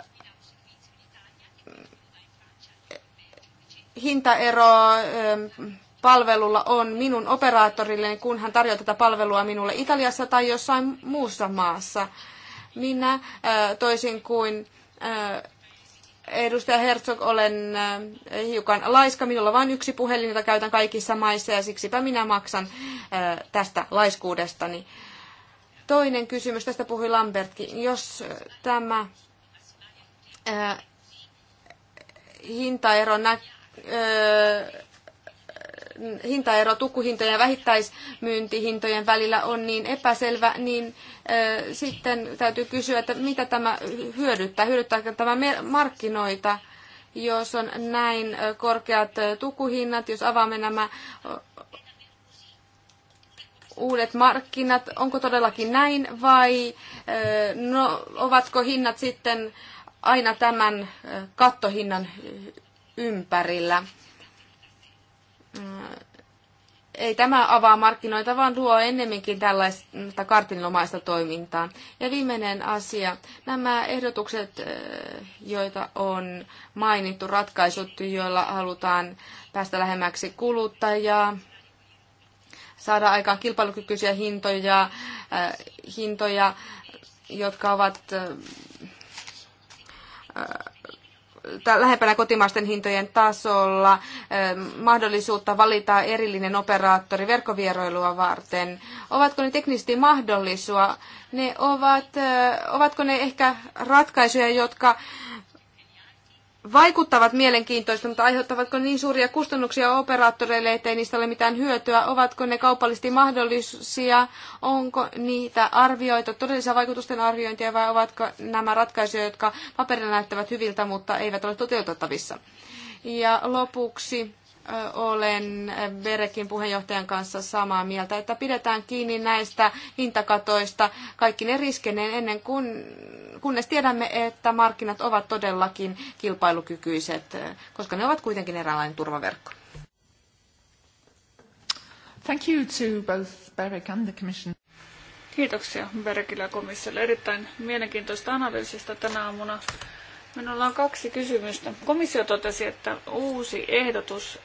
hintaero eh, palvelulla on minun operaattorille, kun hän tarjoaa tätä palvelua minulle Italiassa tai jossain muussa maassa. Minä toisin kuin Edustaja Herzog, olen äh, hiukan laiska. Minulla vain yksi puhelin, jota käytän kaikissa maissa ja siksipä minä maksan äh, tästä laiskuudestani. Toinen kysymys, tästä puhui Lambertkin. Jos äh, tämä hintaero nä- hintaero tukkuhintojen ja vähittäismyyntihintojen välillä on niin epäselvä, niin sitten täytyy kysyä, että mitä tämä hyödyttää. Hyödyttääkö tämä markkinoita, jos on näin korkeat tukuhinnat, jos avaamme nämä uudet markkinat, onko todellakin näin vai no, ovatko hinnat sitten aina tämän kattohinnan ympärillä? Äh, ei tämä avaa markkinoita, vaan luo ennemminkin tällaista kartinomaista toimintaa. Ja viimeinen asia, nämä ehdotukset, äh, joita on mainittu, ratkaisut, joilla halutaan päästä lähemmäksi kuluttajaa, saada aikaan kilpailukykyisiä hintoja, äh, hintoja jotka ovat lähempänä kotimaisten hintojen tasolla, mahdollisuutta valita erillinen operaattori verkkovieroilua varten. Ovatko ne teknisesti mahdollisua? Ne ovat, ovatko ne ehkä ratkaisuja, jotka vaikuttavat mielenkiintoista, mutta aiheuttavatko niin suuria kustannuksia operaattoreille, ettei niistä ole mitään hyötyä? Ovatko ne kaupallisesti mahdollisia? Onko niitä arvioita, todellisia vaikutusten arviointia vai ovatko nämä ratkaisuja, jotka paperilla näyttävät hyviltä, mutta eivät ole toteutettavissa? Ja lopuksi olen Berekin puheenjohtajan kanssa samaa mieltä, että pidetään kiinni näistä hintakatoista kaikki ne riskeneen ennen kuin kunnes tiedämme, että markkinat ovat todellakin kilpailukykyiset, koska ne ovat kuitenkin eräänlainen turvaverkko. Thank you to both Berek and the Commission. Kiitoksia Berekille ja komissiolle erittäin mielenkiintoista analyysistä tänä aamuna. Minulla on kaksi kysymystä. Komissio totesi, että uusi ehdotus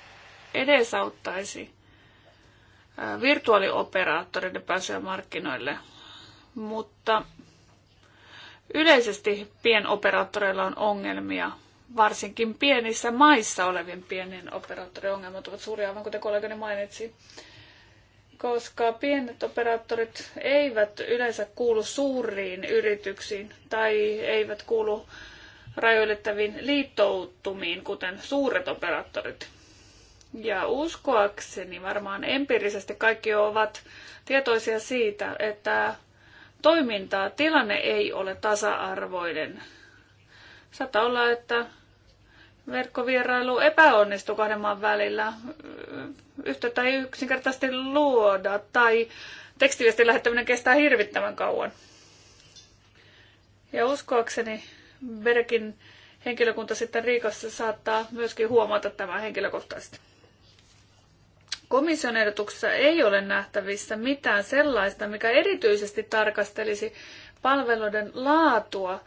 edesauttaisi virtuaalioperaattoreiden pääsyä markkinoille, mutta yleisesti pienoperaattoreilla on ongelmia. Varsinkin pienissä maissa olevien pienien operaattorien ongelmat ovat suuria, aivan kuten kollegani mainitsi koska pienet operaattorit eivät yleensä kuulu suuriin yrityksiin tai eivät kuulu rajoitettaviin liittoutumiin, kuten suuret operaattorit. Ja uskoakseni varmaan empiirisesti kaikki ovat tietoisia siitä, että toimintaa, tilanne ei ole tasa-arvoinen. Saattaa olla, että verkkovierailu epäonnistuu kahden maan välillä. Yhtä tai yksinkertaisesti luoda tai tekstiviestin lähettäminen kestää hirvittävän kauan. Ja uskoakseni Berkin henkilökunta sitten Riikassa saattaa myöskin huomata tämän henkilökohtaisesti. Komission ehdotuksessa ei ole nähtävissä mitään sellaista, mikä erityisesti tarkastelisi palveluiden laatua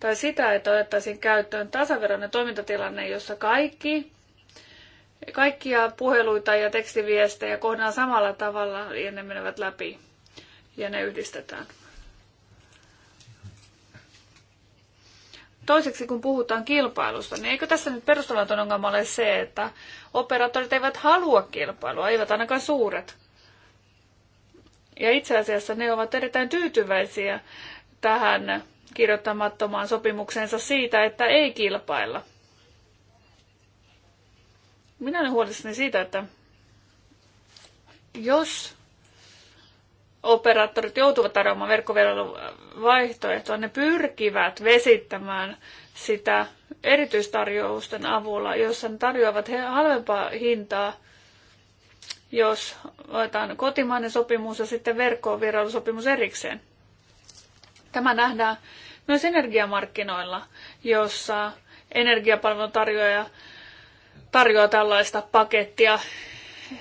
tai sitä, että otettaisiin käyttöön tasaveroinen toimintatilanne, jossa kaikki, kaikkia puheluita ja tekstiviestejä kohdellaan samalla tavalla ja ne menevät läpi ja ne yhdistetään. Toiseksi, kun puhutaan kilpailusta, niin eikö tässä nyt perustavaton ongelma ole se, että operaattorit eivät halua kilpailua, eivät ainakaan suuret. Ja itse asiassa ne ovat erittäin tyytyväisiä tähän kirjoittamattomaan sopimukseensa siitä, että ei kilpailla. Minä olen huolissani siitä, että jos operaattorit joutuvat tarjoamaan verkkoverkon ne pyrkivät vesittämään sitä erityistarjousten avulla, jossa ne tarjoavat halvempaa hintaa, jos otetaan kotimainen sopimus ja sitten verkkoon erikseen. Tämä nähdään myös energiamarkkinoilla, jossa energiapalvelutarjoaja tarjoaa tällaista pakettia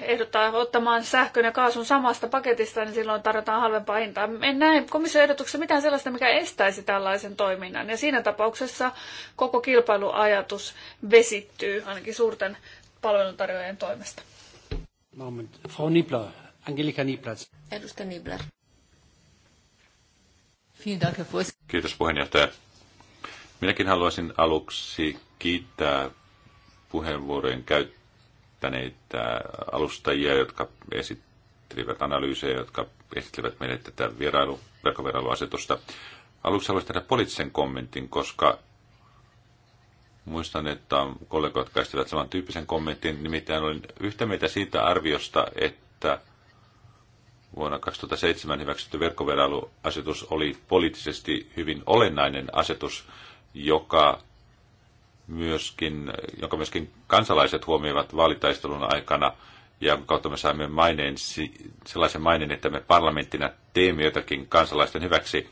ehdottaa ottamaan sähkön ja kaasun samasta paketista, niin silloin tarjotaan halvempaa hintaa. En näe komission ehdotuksessa mitään sellaista, mikä estäisi tällaisen toiminnan. Ja siinä tapauksessa koko kilpailuajatus vesittyy ainakin suurten palveluntarjoajien toimesta. Moment. Frau Nibler, Angelika Nibler. Edustaja Nibler. Kiitos puheenjohtaja. Minäkin haluaisin aluksi kiittää puheenvuorojen käyttöä esittäneitä alustajia, jotka esittelivät analyysejä, jotka esittelivät meille tätä vierailu, verkkovierailuasetusta. Aluksi haluaisin tehdä poliittisen kommentin, koska muistan, että kollegat, jotka esittivät tyyppisen kommentin, nimittäin olin yhtä mieltä siitä arviosta, että vuonna 2007 hyväksytty verkkovierailuasetus oli poliittisesti hyvin olennainen asetus, joka myöskin, jonka myöskin kansalaiset huomioivat vaalitaistelun aikana, ja kautta me saimme maineen, sellaisen maineen, että me parlamenttina teemme jotakin kansalaisten hyväksi.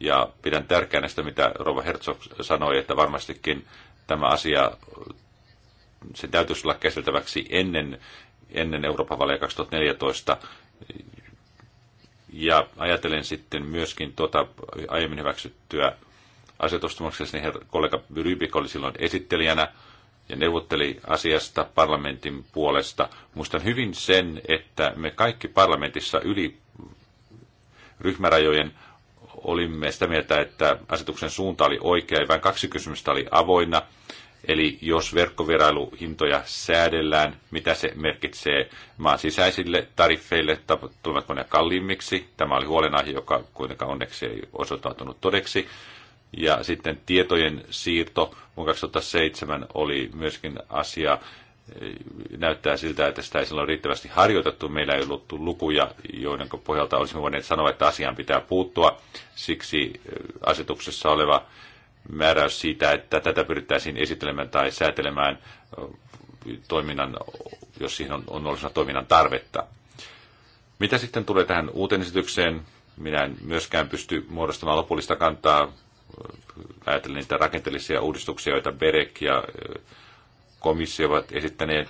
Ja pidän tärkeänä sitä, mitä Rova Herzog sanoi, että varmastikin tämä asia, sen täytyisi olla käsiteltäväksi ennen, ennen Euroopan vaaleja 2014. Ja ajatellen sitten myöskin tuota aiemmin hyväksyttyä asetustumuksessa, niin kollega Rybik oli silloin esittelijänä ja neuvotteli asiasta parlamentin puolesta. Muistan hyvin sen, että me kaikki parlamentissa yli ryhmärajojen olimme sitä mieltä, että asetuksen suunta oli oikea ja vain kaksi kysymystä oli avoinna. Eli jos verkkovierailuhintoja säädellään, mitä se merkitsee maan sisäisille tariffeille, tulevatko ne kalliimmiksi? Tämä oli huolenaihe, joka kuitenkaan onneksi ei osoittautunut todeksi. Ja sitten tietojen siirto vuonna 2007 oli myöskin asia, näyttää siltä, että sitä ei silloin riittävästi harjoitettu. Meillä ei ollut lukuja, joiden pohjalta olisimme voineet sanoa, että asiaan pitää puuttua. Siksi äh, asetuksessa oleva määräys siitä, että tätä pyrittäisiin esittelemään tai säätelemään äh, toiminnan, jos siihen on, on olemassa toiminnan tarvetta. Mitä sitten tulee tähän uuteen esitykseen? Minä en myöskään pysty muodostamaan lopullista kantaa ajatellen niitä rakenteellisia uudistuksia, joita BEREK ja komissio ovat esittäneet,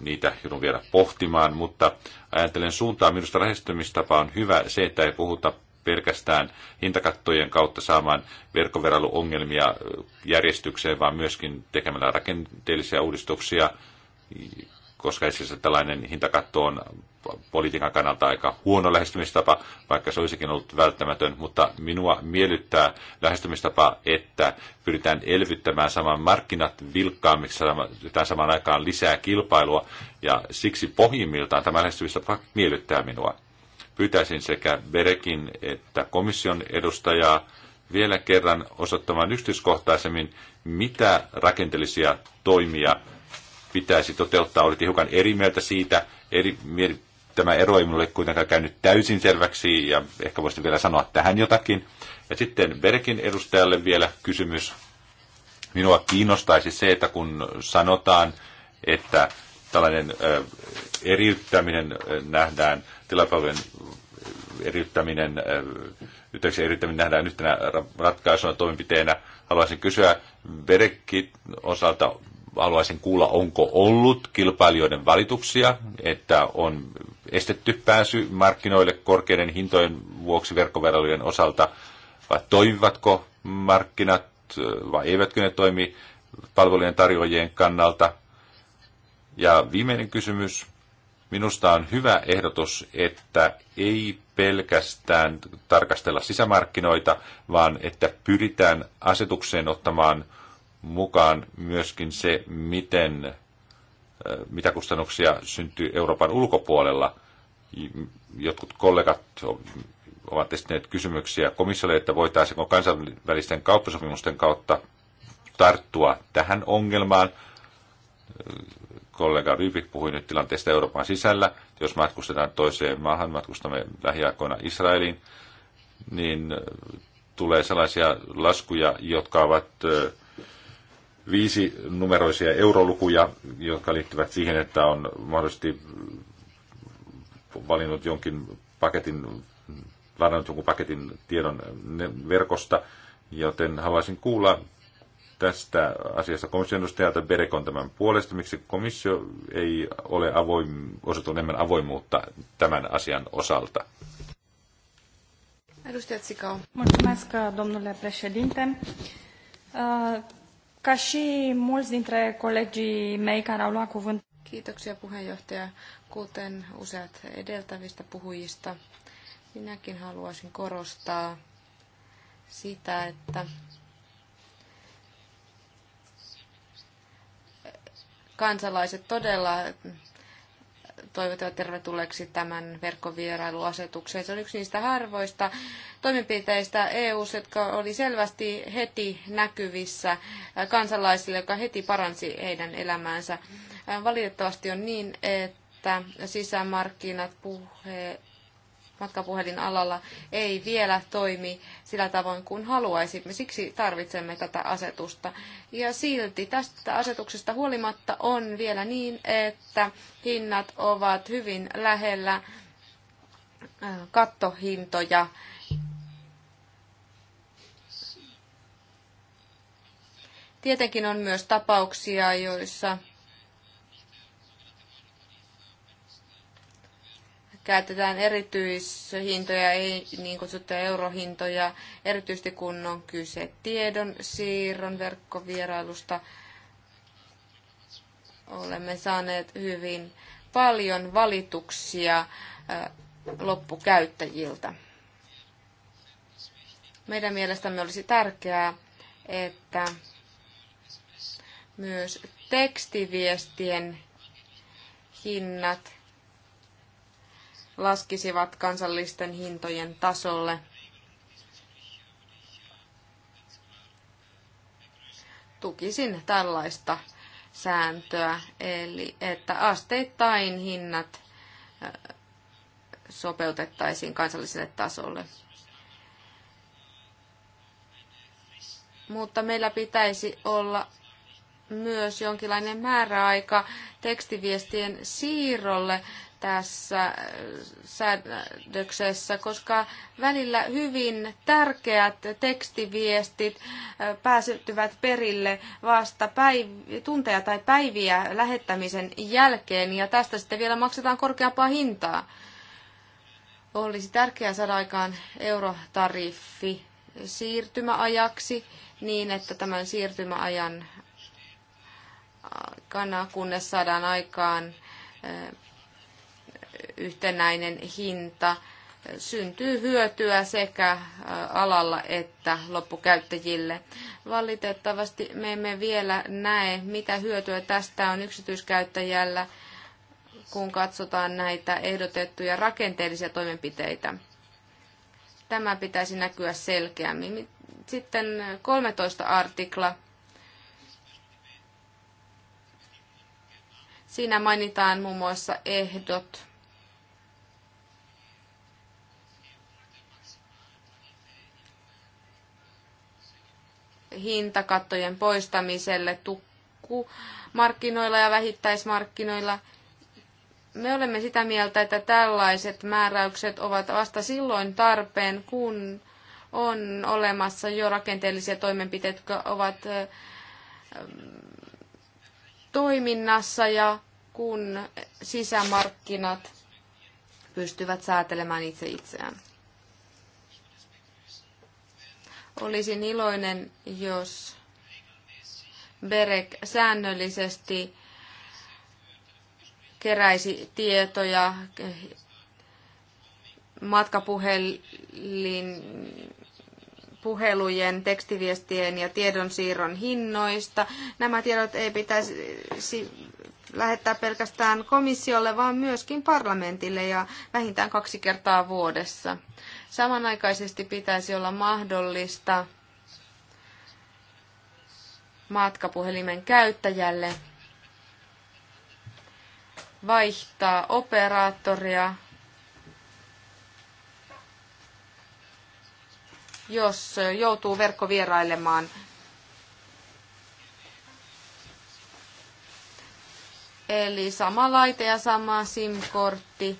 niitä joudun vielä pohtimaan, mutta ajatellen suuntaa minusta lähestymistapa on hyvä se, että ei puhuta pelkästään hintakattojen kautta saamaan verkkoveraluongelmia järjestykseen, vaan myöskin tekemällä rakenteellisia uudistuksia koska itse asiassa tällainen hintakatto on politiikan kannalta aika huono lähestymistapa, vaikka se olisikin ollut välttämätön, mutta minua miellyttää lähestymistapa, että pyritään elvyttämään saman markkinat vilkkaammiksi, pyritään samaan aikaan lisää kilpailua, ja siksi pohjimmiltaan tämä lähestymistapa miellyttää minua. Pyytäisin sekä Berekin että komission edustajaa vielä kerran osoittamaan yksityiskohtaisemmin, mitä rakenteellisia toimia pitäisi toteuttaa. Olit hiukan eri mieltä siitä. Eri, tämä ero ei minulle kuitenkaan käynyt täysin selväksi, ja ehkä voisin vielä sanoa tähän jotakin. Ja sitten Berkin edustajalle vielä kysymys. Minua kiinnostaisi se, että kun sanotaan, että tällainen eriyttäminen nähdään, tilapäivän eriyttäminen, yhteyksien eriyttäminen nähdään yhtenä ratkaisuna toimenpiteenä. Haluaisin kysyä Berekin osalta, haluaisin kuulla, onko ollut kilpailijoiden valituksia, että on estetty pääsy markkinoille korkeiden hintojen vuoksi verkkoveralujen osalta, vai toimivatko markkinat, vai eivätkö ne toimi palvelujen tarjoajien kannalta. Ja viimeinen kysymys. Minusta on hyvä ehdotus, että ei pelkästään tarkastella sisämarkkinoita, vaan että pyritään asetukseen ottamaan – mukaan myöskin se, miten, mitä kustannuksia syntyy Euroopan ulkopuolella. Jotkut kollegat ovat esittäneet kysymyksiä komissiolle, että voitaisiinko kansainvälisten kauppasopimusten kautta tarttua tähän ongelmaan. Kollega Rybik puhui nyt tilanteesta Euroopan sisällä. Jos matkustetaan toiseen maahan, matkustamme lähiaikoina Israeliin, niin tulee sellaisia laskuja, jotka ovat viisi numeroisia eurolukuja, jotka liittyvät siihen, että on mahdollisesti valinnut jonkin paketin, ladannut jonkun paketin tiedon verkosta, joten haluaisin kuulla tästä asiasta komission edustajalta Berekon on tämän puolesta. Miksi komissio ei ole avoim, osoittu enemmän avoimuutta tämän asian osalta? Edustaja Tsikau. Mulțumesc, domnule președinte. Ca și mulți dintre colegii mei care au luat cuvânt. Kiitoksia puheenjohtaja, kuten useat edeltävistä puhujista. Minäkin haluaisin korostaa sitä, että kansalaiset todella toivotetaan tervetulleeksi tämän verkkovierailuasetuksen. Se on yksi niistä harvoista toimenpiteistä eu jotka oli selvästi heti näkyvissä kansalaisille, joka heti paransi heidän elämäänsä. Valitettavasti on niin, että sisämarkkinat puhe, matkapuhelinalalla ei vielä toimi sillä tavoin kuin haluaisimme. Siksi tarvitsemme tätä asetusta. Ja silti tästä asetuksesta huolimatta on vielä niin, että hinnat ovat hyvin lähellä äh, kattohintoja. Tietenkin on myös tapauksia, joissa käytetään erityishintoja, ei niin kutsuttuja eurohintoja, erityisesti kun on kyse tiedon siirron verkkovierailusta. Olemme saaneet hyvin paljon valituksia äh, loppukäyttäjiltä. Meidän mielestämme olisi tärkeää, että myös tekstiviestien hinnat laskisivat kansallisten hintojen tasolle. Tukisin tällaista sääntöä, eli että asteittain hinnat sopeutettaisiin kansalliselle tasolle. Mutta meillä pitäisi olla myös jonkinlainen määräaika tekstiviestien siirrolle tässä äh, säädöksessä, koska välillä hyvin tärkeät tekstiviestit äh, pääsyttyvät perille vasta päiv- tunteja tai päiviä lähettämisen jälkeen, ja tästä sitten vielä maksetaan korkeampaa hintaa. Olisi tärkeää saada aikaan eurotariffi siirtymäajaksi, niin että tämän siirtymäajan aikana, äh, kunnes saadaan aikaan yhtenäinen hinta, syntyy hyötyä sekä alalla että loppukäyttäjille. Valitettavasti me emme vielä näe, mitä hyötyä tästä on yksityiskäyttäjällä, kun katsotaan näitä ehdotettuja rakenteellisia toimenpiteitä. Tämä pitäisi näkyä selkeämmin. Sitten 13 artikla. Siinä mainitaan muun muassa ehdot hintakattojen poistamiselle tukkumarkkinoilla ja vähittäismarkkinoilla. Me olemme sitä mieltä, että tällaiset määräykset ovat vasta silloin tarpeen, kun on olemassa jo rakenteellisia toimenpiteitä, jotka ovat toiminnassa ja kun sisämarkkinat pystyvät säätelemään itse itseään. Olisin iloinen, jos Berek säännöllisesti keräisi tietoja matkapuhelin puhelujen, tekstiviestien ja tiedonsiirron hinnoista. Nämä tiedot ei pitäisi lähettää pelkästään komissiolle, vaan myöskin parlamentille ja vähintään kaksi kertaa vuodessa. Samanaikaisesti pitäisi olla mahdollista matkapuhelimen käyttäjälle vaihtaa operaattoria, jos joutuu verkkovierailemaan. Eli sama laite ja sama SIM-kortti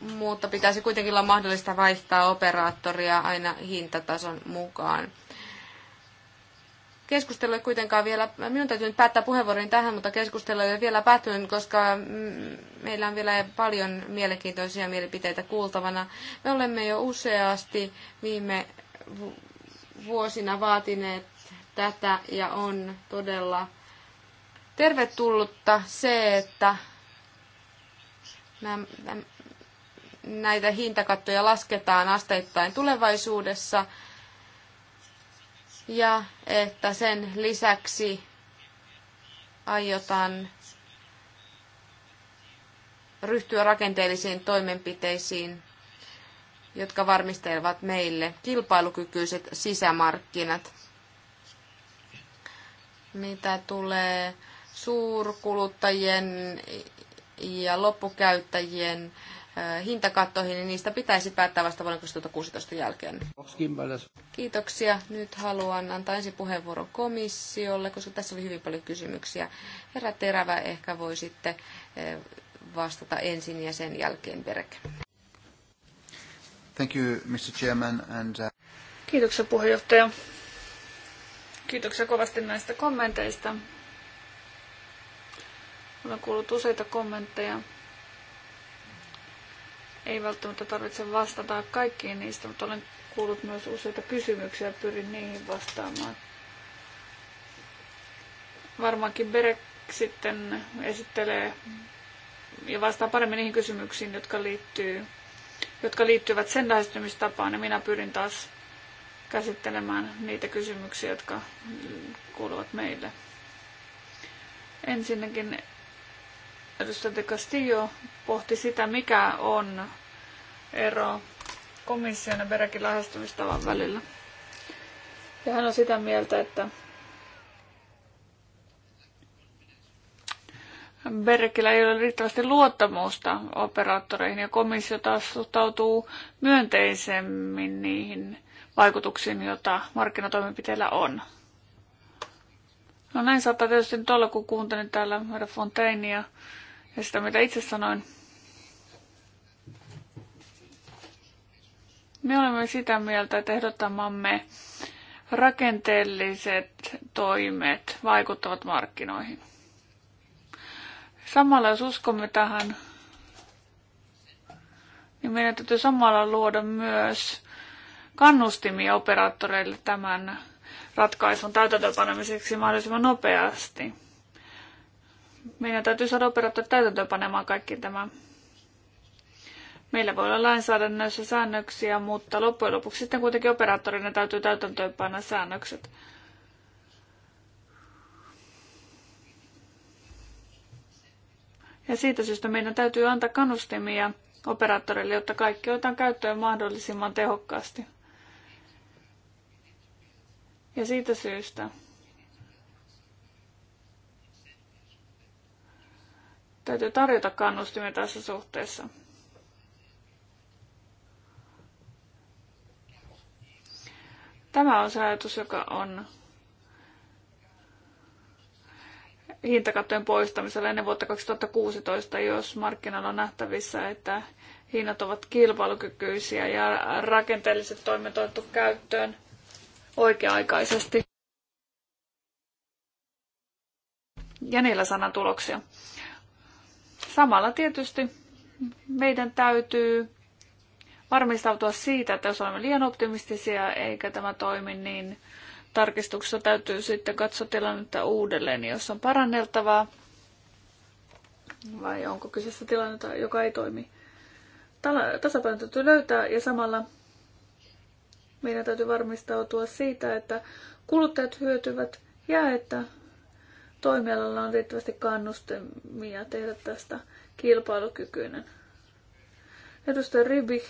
mutta pitäisi kuitenkin olla mahdollista vaihtaa operaattoria aina hintatason mukaan. Keskustelu ei kuitenkaan vielä, minun täytyy nyt päättää puheenvuoron tähän, mutta keskustelu ei vielä päättynyt, koska meillä on vielä paljon mielenkiintoisia mielipiteitä kuultavana. Me olemme jo useasti viime vuosina vaatineet tätä ja on todella tervetullutta se, että näitä hintakattoja lasketaan asteittain tulevaisuudessa ja että sen lisäksi aiotaan ryhtyä rakenteellisiin toimenpiteisiin, jotka varmistelevat meille kilpailukykyiset sisämarkkinat. Mitä tulee suurkuluttajien ja loppukäyttäjien hintakattoihin, niin niistä pitäisi päättää vasta vuoden 2016 jälkeen. Kiitoksia. Nyt haluan antaa ensin puheenvuoron komissiolle, koska tässä oli hyvin paljon kysymyksiä. Herra Terävä ehkä voi sitten vastata ensin ja sen jälkeen Berg. Thank you, Mr. Chairman, and, uh... Kiitoksia puheenjohtaja. Kiitoksia kovasti näistä kommenteista. Olen kuullut useita kommentteja. Ei välttämättä tarvitse vastata kaikkiin niistä, mutta olen kuullut myös useita kysymyksiä ja pyrin niihin vastaamaan. Varmaankin Berek sitten esittelee ja vastaa paremmin niihin kysymyksiin, jotka, liittyy, jotka liittyvät sen lähestymistapaan, ja minä pyrin taas käsittelemään niitä kysymyksiä, jotka kuuluvat meille. Ensinnäkin Edustaja de Castillo pohti sitä, mikä on ero komission ja Berekin lähestymistavan välillä. Ja hän on sitä mieltä, että Berekillä ei ole riittävästi luottamusta operaattoreihin ja komissio taas suhtautuu myönteisemmin niihin vaikutuksiin, joita markkinatoimenpiteillä on. No näin saattaa tietysti nyt olla, kun kuuntelin täällä herra Fontainia ja sitä, mitä itse sanoin. Me olemme sitä mieltä, että ehdottamamme rakenteelliset toimet vaikuttavat markkinoihin. Samalla jos uskomme tähän, niin meidän täytyy samalla luoda myös kannustimia operaattoreille tämän ratkaisun täytäntöönpanemiseksi mahdollisimman nopeasti meidän täytyy saada operaattorit täytäntöönpanemaan kaikki tämä. Meillä voi olla lainsäädännössä säännöksiä, mutta loppujen lopuksi sitten kuitenkin operaattorina täytyy täytäntöönpanna säännökset. Ja siitä syystä meidän täytyy antaa kannustimia operaattorille, jotta kaikki otetaan käyttöön mahdollisimman tehokkaasti. Ja siitä syystä Täytyy tarjota kannustimia tässä suhteessa. Tämä on se ajatus, joka on hintakattojen poistamisella ennen vuotta 2016, jos markkinoilla on nähtävissä, että hinnat ovat kilpailukykyisiä ja rakenteelliset toimet on otettu käyttöön oikea-aikaisesti. Ja niillä sanan tuloksia. Samalla tietysti meidän täytyy varmistautua siitä, että jos olemme liian optimistisia eikä tämä toimi, niin tarkistuksessa täytyy sitten katsoa tilannetta uudelleen, jos on paranneltavaa vai onko kyseessä tilanne, joka ei toimi. Tasapaino täytyy löytää ja samalla meidän täytyy varmistautua siitä, että kuluttajat hyötyvät ja että toimialalla on riittävästi kannustimia tehdä tästä kilpailukykyinen. Edustaja Rybik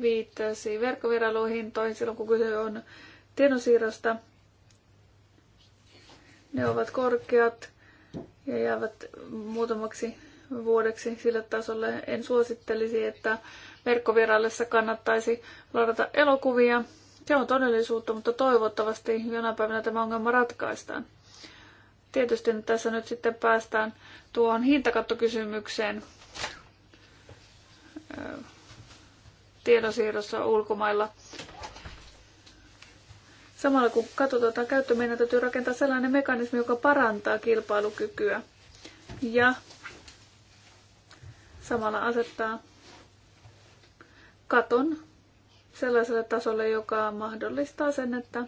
viittasi verkkoviraluhintoihin silloin, kun kyse on tiedonsiirrosta. Ne ovat korkeat ja jäävät muutamaksi vuodeksi sille tasolle. En suosittelisi, että verkkovirallessa kannattaisi ladata elokuvia, se on todellisuutta, mutta toivottavasti jonain päivänä tämä ongelma ratkaistaan. Tietysti tässä nyt sitten päästään tuohon hintakattokysymykseen tiedonsiirrossa ulkomailla. Samalla kun katsotaan käyttö, meidän täytyy rakentaa sellainen mekanismi, joka parantaa kilpailukykyä ja samalla asettaa katon sellaiselle tasolle, joka mahdollistaa sen, että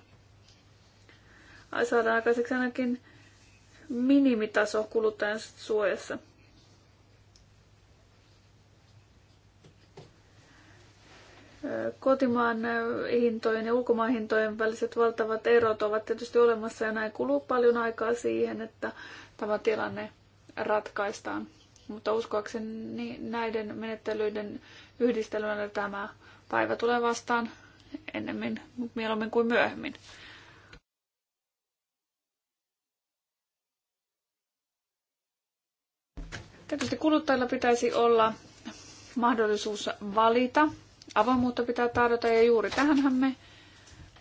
saadaan aikaiseksi ainakin minimitaso kuluttajan suojassa. Kotimaan hintojen ja ulkomaan hintojen väliset valtavat erot ovat tietysti olemassa ja näin kuluu paljon aikaa siihen, että tämä tilanne ratkaistaan. Mutta uskoakseni näiden menettelyiden yhdistelmällä tämä Päivä tulee vastaan ennemmin mieluummin kuin myöhemmin. Tietysti kuluttajilla pitäisi olla mahdollisuus valita. Avoimuutta pitää tarjota ja juuri tähänhän me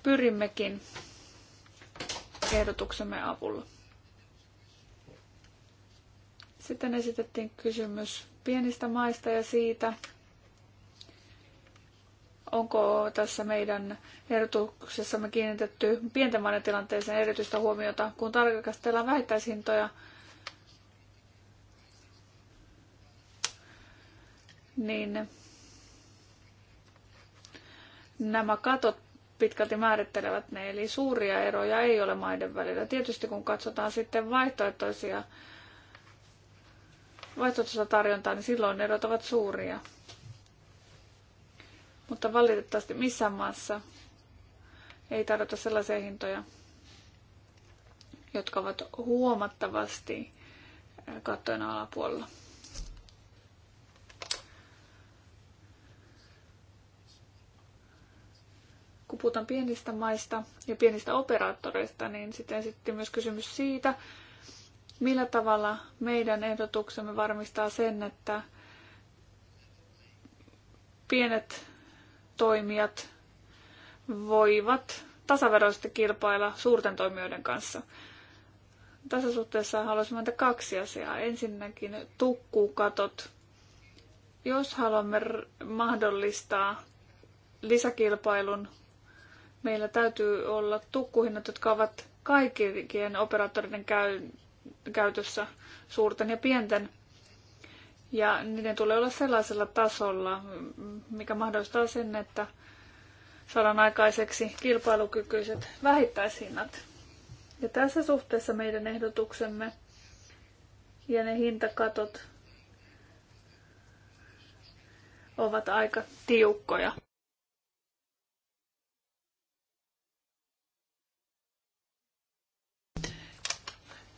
pyrimmekin ehdotuksemme avulla. Sitten esitettiin kysymys pienistä maista ja siitä, Onko tässä meidän ehdotuksessamme kiinnitetty pienten maiden tilanteeseen erityistä huomiota, kun tarkastellaan vähittäishintoja? Niin nämä katot pitkälti määrittelevät ne, eli suuria eroja ei ole maiden välillä. Tietysti kun katsotaan sitten vaihtoehtoisia vaihtoehtoista tarjontaa, niin silloin erot ovat suuria. Mutta valitettavasti missään maassa ei tarjota sellaisia hintoja, jotka ovat huomattavasti kattojen alapuolella. kun puhutaan pienistä maista ja pienistä operaattoreista, niin sitten sitten myös kysymys siitä, millä tavalla meidän ehdotuksemme varmistaa sen, että pienet toimijat voivat tasaveroisesti kilpailla suurten toimijoiden kanssa. Tässä suhteessa haluaisin mainita kaksi asiaa. Ensinnäkin tukkukatot. Jos haluamme mahdollistaa lisäkilpailun, meillä täytyy olla tukkuhinnat, jotka ovat kaikkien operaattoreiden käy- käytössä, suurten ja pienten ja niiden tulee olla sellaisella tasolla, mikä mahdollistaa sen, että saadaan aikaiseksi kilpailukykyiset vähittäishinnat. Ja tässä suhteessa meidän ehdotuksemme ja ne hintakatot ovat aika tiukkoja.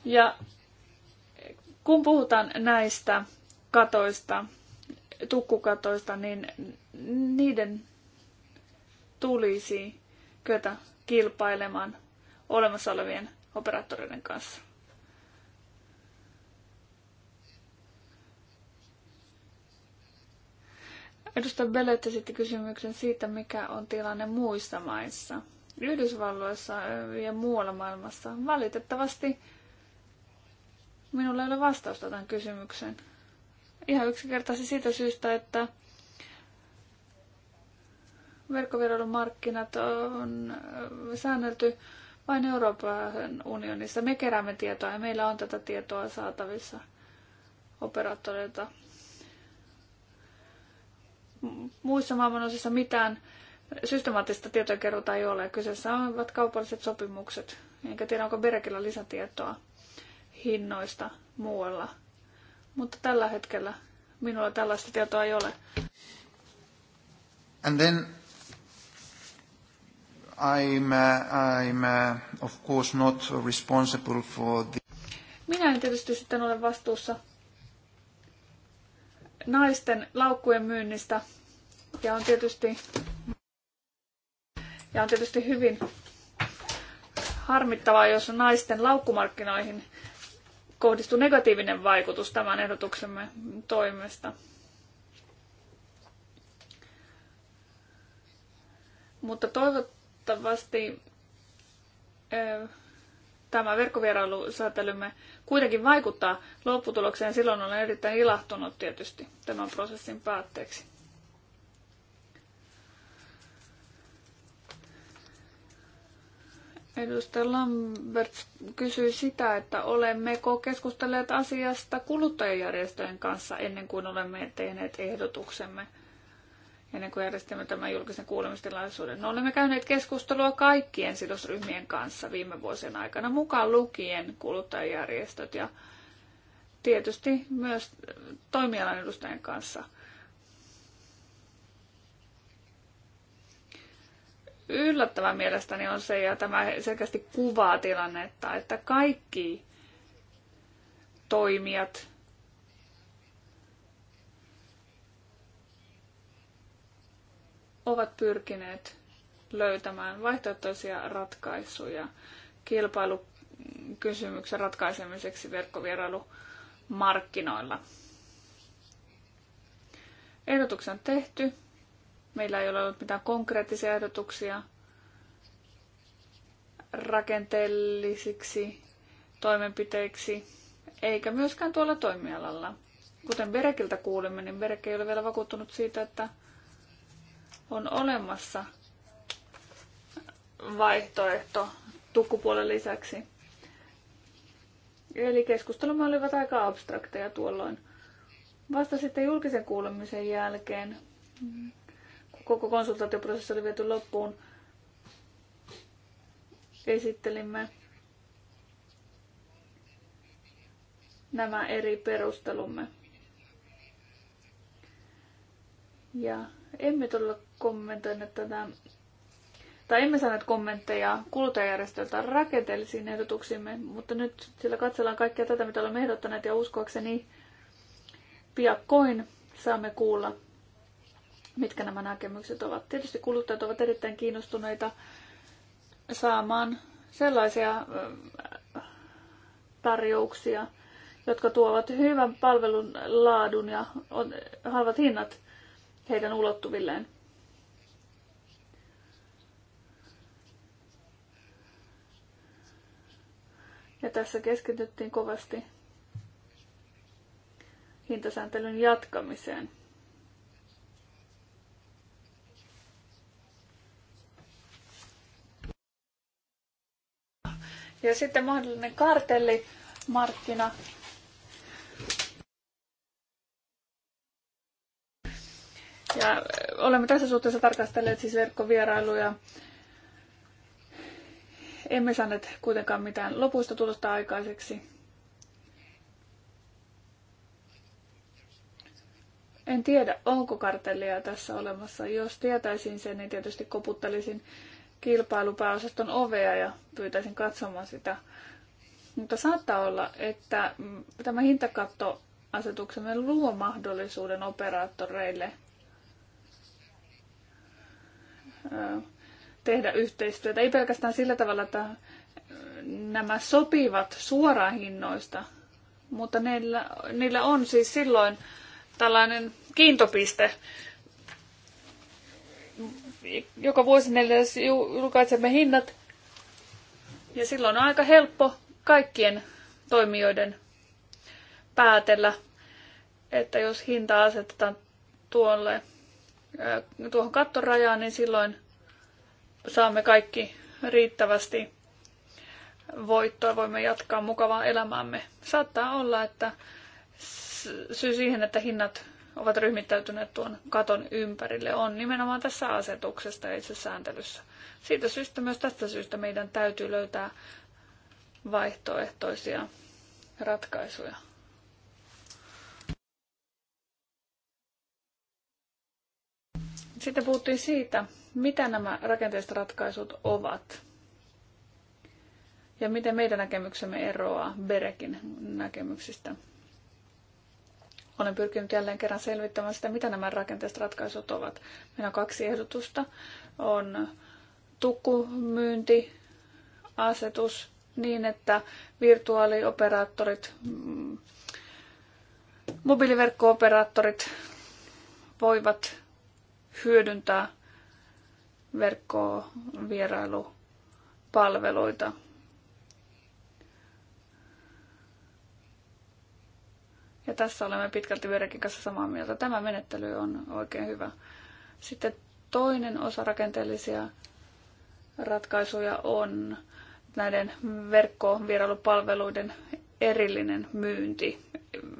Ja kun puhutaan näistä katoista, tukkukatoista, niin niiden tulisi kyetä kilpailemaan olemassa olevien operaattoreiden kanssa. Edustaja Bellet esitti kysymyksen siitä, mikä on tilanne muissa maissa. Yhdysvalloissa ja muualla maailmassa. Valitettavasti minulla ei ole vastausta tämän kysymykseen. Ihan yksinkertaisesti siitä syystä, että verkkoviralun markkinat on äh, säännelty vain Euroopan unionissa. Me keräämme tietoa ja meillä on tätä tietoa saatavissa operaattoreilta. Muissa maailmanosissa mitään systemaattista kerrota ei ole. Kyseessä ovat kaupalliset sopimukset. Enkä tiedä, onko Berekillä lisätietoa hinnoista muualla – mutta tällä hetkellä minulla tällaista tietoa ei ole. And then I'm, uh, I'm uh, of course not responsible for the... Minä en tietysti sitten ole vastuussa naisten laukkujen myynnistä ja on tietysti, ja on tietysti hyvin harmittavaa, jos naisten laukkumarkkinoihin kohdistuu negatiivinen vaikutus tämän ehdotuksemme toimesta. Mutta toivottavasti tämä verkkovierailusäätelymme kuitenkin vaikuttaa lopputulokseen. Silloin olen erittäin ilahtunut tietysti tämän prosessin päätteeksi. Edustaja Lambert kysyi sitä, että olemmeko keskustelleet asiasta kuluttajajärjestöjen kanssa ennen kuin olemme tehneet ehdotuksemme, ennen kuin järjestimme tämän julkisen kuulemistilaisuuden. No, olemme käyneet keskustelua kaikkien sidosryhmien kanssa viime vuosien aikana, mukaan lukien kuluttajajärjestöt ja tietysti myös toimialan edustajien kanssa – Yllättävän mielestäni on se, ja tämä selkeästi kuvaa tilannetta, että kaikki toimijat ovat pyrkineet löytämään vaihtoehtoisia ratkaisuja kilpailukysymyksen ratkaisemiseksi verkkovierailumarkkinoilla. Ehdotuksen tehty Meillä ei ole ollut mitään konkreettisia ehdotuksia rakenteellisiksi toimenpiteiksi, eikä myöskään tuolla toimialalla. Kuten Berekiltä kuulimme, niin Berek ei ole vielä vakuuttunut siitä, että on olemassa vaihtoehto tukkupuolen lisäksi. Eli keskustelumme olivat aika abstrakteja tuolloin. Vasta sitten julkisen kuulemisen jälkeen koko konsultaatioprosessi oli viety loppuun, esittelimme nämä eri perustelumme. Ja emme todella kommentoineet tätä, tai emme saaneet kommentteja kuluttajajärjestöltä rakenteellisiin ehdotuksimme, mutta nyt sillä katsellaan kaikkea tätä, mitä olemme ehdottaneet, ja uskoakseni piakkoin saamme kuulla mitkä nämä näkemykset ovat. Tietysti kuluttajat ovat erittäin kiinnostuneita saamaan sellaisia tarjouksia, jotka tuovat hyvän palvelun laadun ja halvat hinnat heidän ulottuvilleen. Ja tässä keskityttiin kovasti hintasääntelyn jatkamiseen. Ja sitten mahdollinen kartellimarkkina. Ja äh, olemme tässä suhteessa tarkastelleet siis verkkovierailuja. Emme saaneet kuitenkaan mitään lopuista tulosta aikaiseksi. En tiedä, onko kartellia tässä olemassa. Jos tietäisin sen, niin tietysti koputtelisin kilpailupääosaston ovea ja pyytäisin katsomaan sitä. Mutta saattaa olla, että tämä hintakattoasetuksemme luo mahdollisuuden operaattoreille tehdä yhteistyötä. Ei pelkästään sillä tavalla, että nämä sopivat suoraan hinnoista, mutta niillä, niillä on siis silloin tällainen kiintopiste joka vuosi neljäs julkaisemme hinnat. Ja silloin on aika helppo kaikkien toimijoiden päätellä, että jos hinta asetetaan tuolle, tuohon kattorajaan, niin silloin saamme kaikki riittävästi voittoa, voimme jatkaa mukavaa elämäämme. Saattaa olla, että syy siihen, että hinnat ovat ryhmittäytyneet tuon katon ympärille, on nimenomaan tässä asetuksessa ja itse sääntelyssä. Siitä syystä myös tästä syystä meidän täytyy löytää vaihtoehtoisia ratkaisuja. Sitten puhuttiin siitä, mitä nämä rakenteiset ratkaisut ovat ja miten meidän näkemyksemme eroaa Berekin näkemyksistä. Olen pyrkinyt jälleen kerran selvittämään sitä, mitä nämä rakenteiset ratkaisut ovat. Meillä on kaksi ehdotusta. On tukkumyyntiasetus niin, että virtuaalioperaattorit, mm, mobiiliverkkooperaattorit voivat hyödyntää verkkovierailupalveluita Ja tässä olemme pitkälti Verekin kanssa samaa mieltä. Tämä menettely on oikein hyvä. Sitten toinen osa rakenteellisia ratkaisuja on näiden verkkovierailupalveluiden erillinen myynti,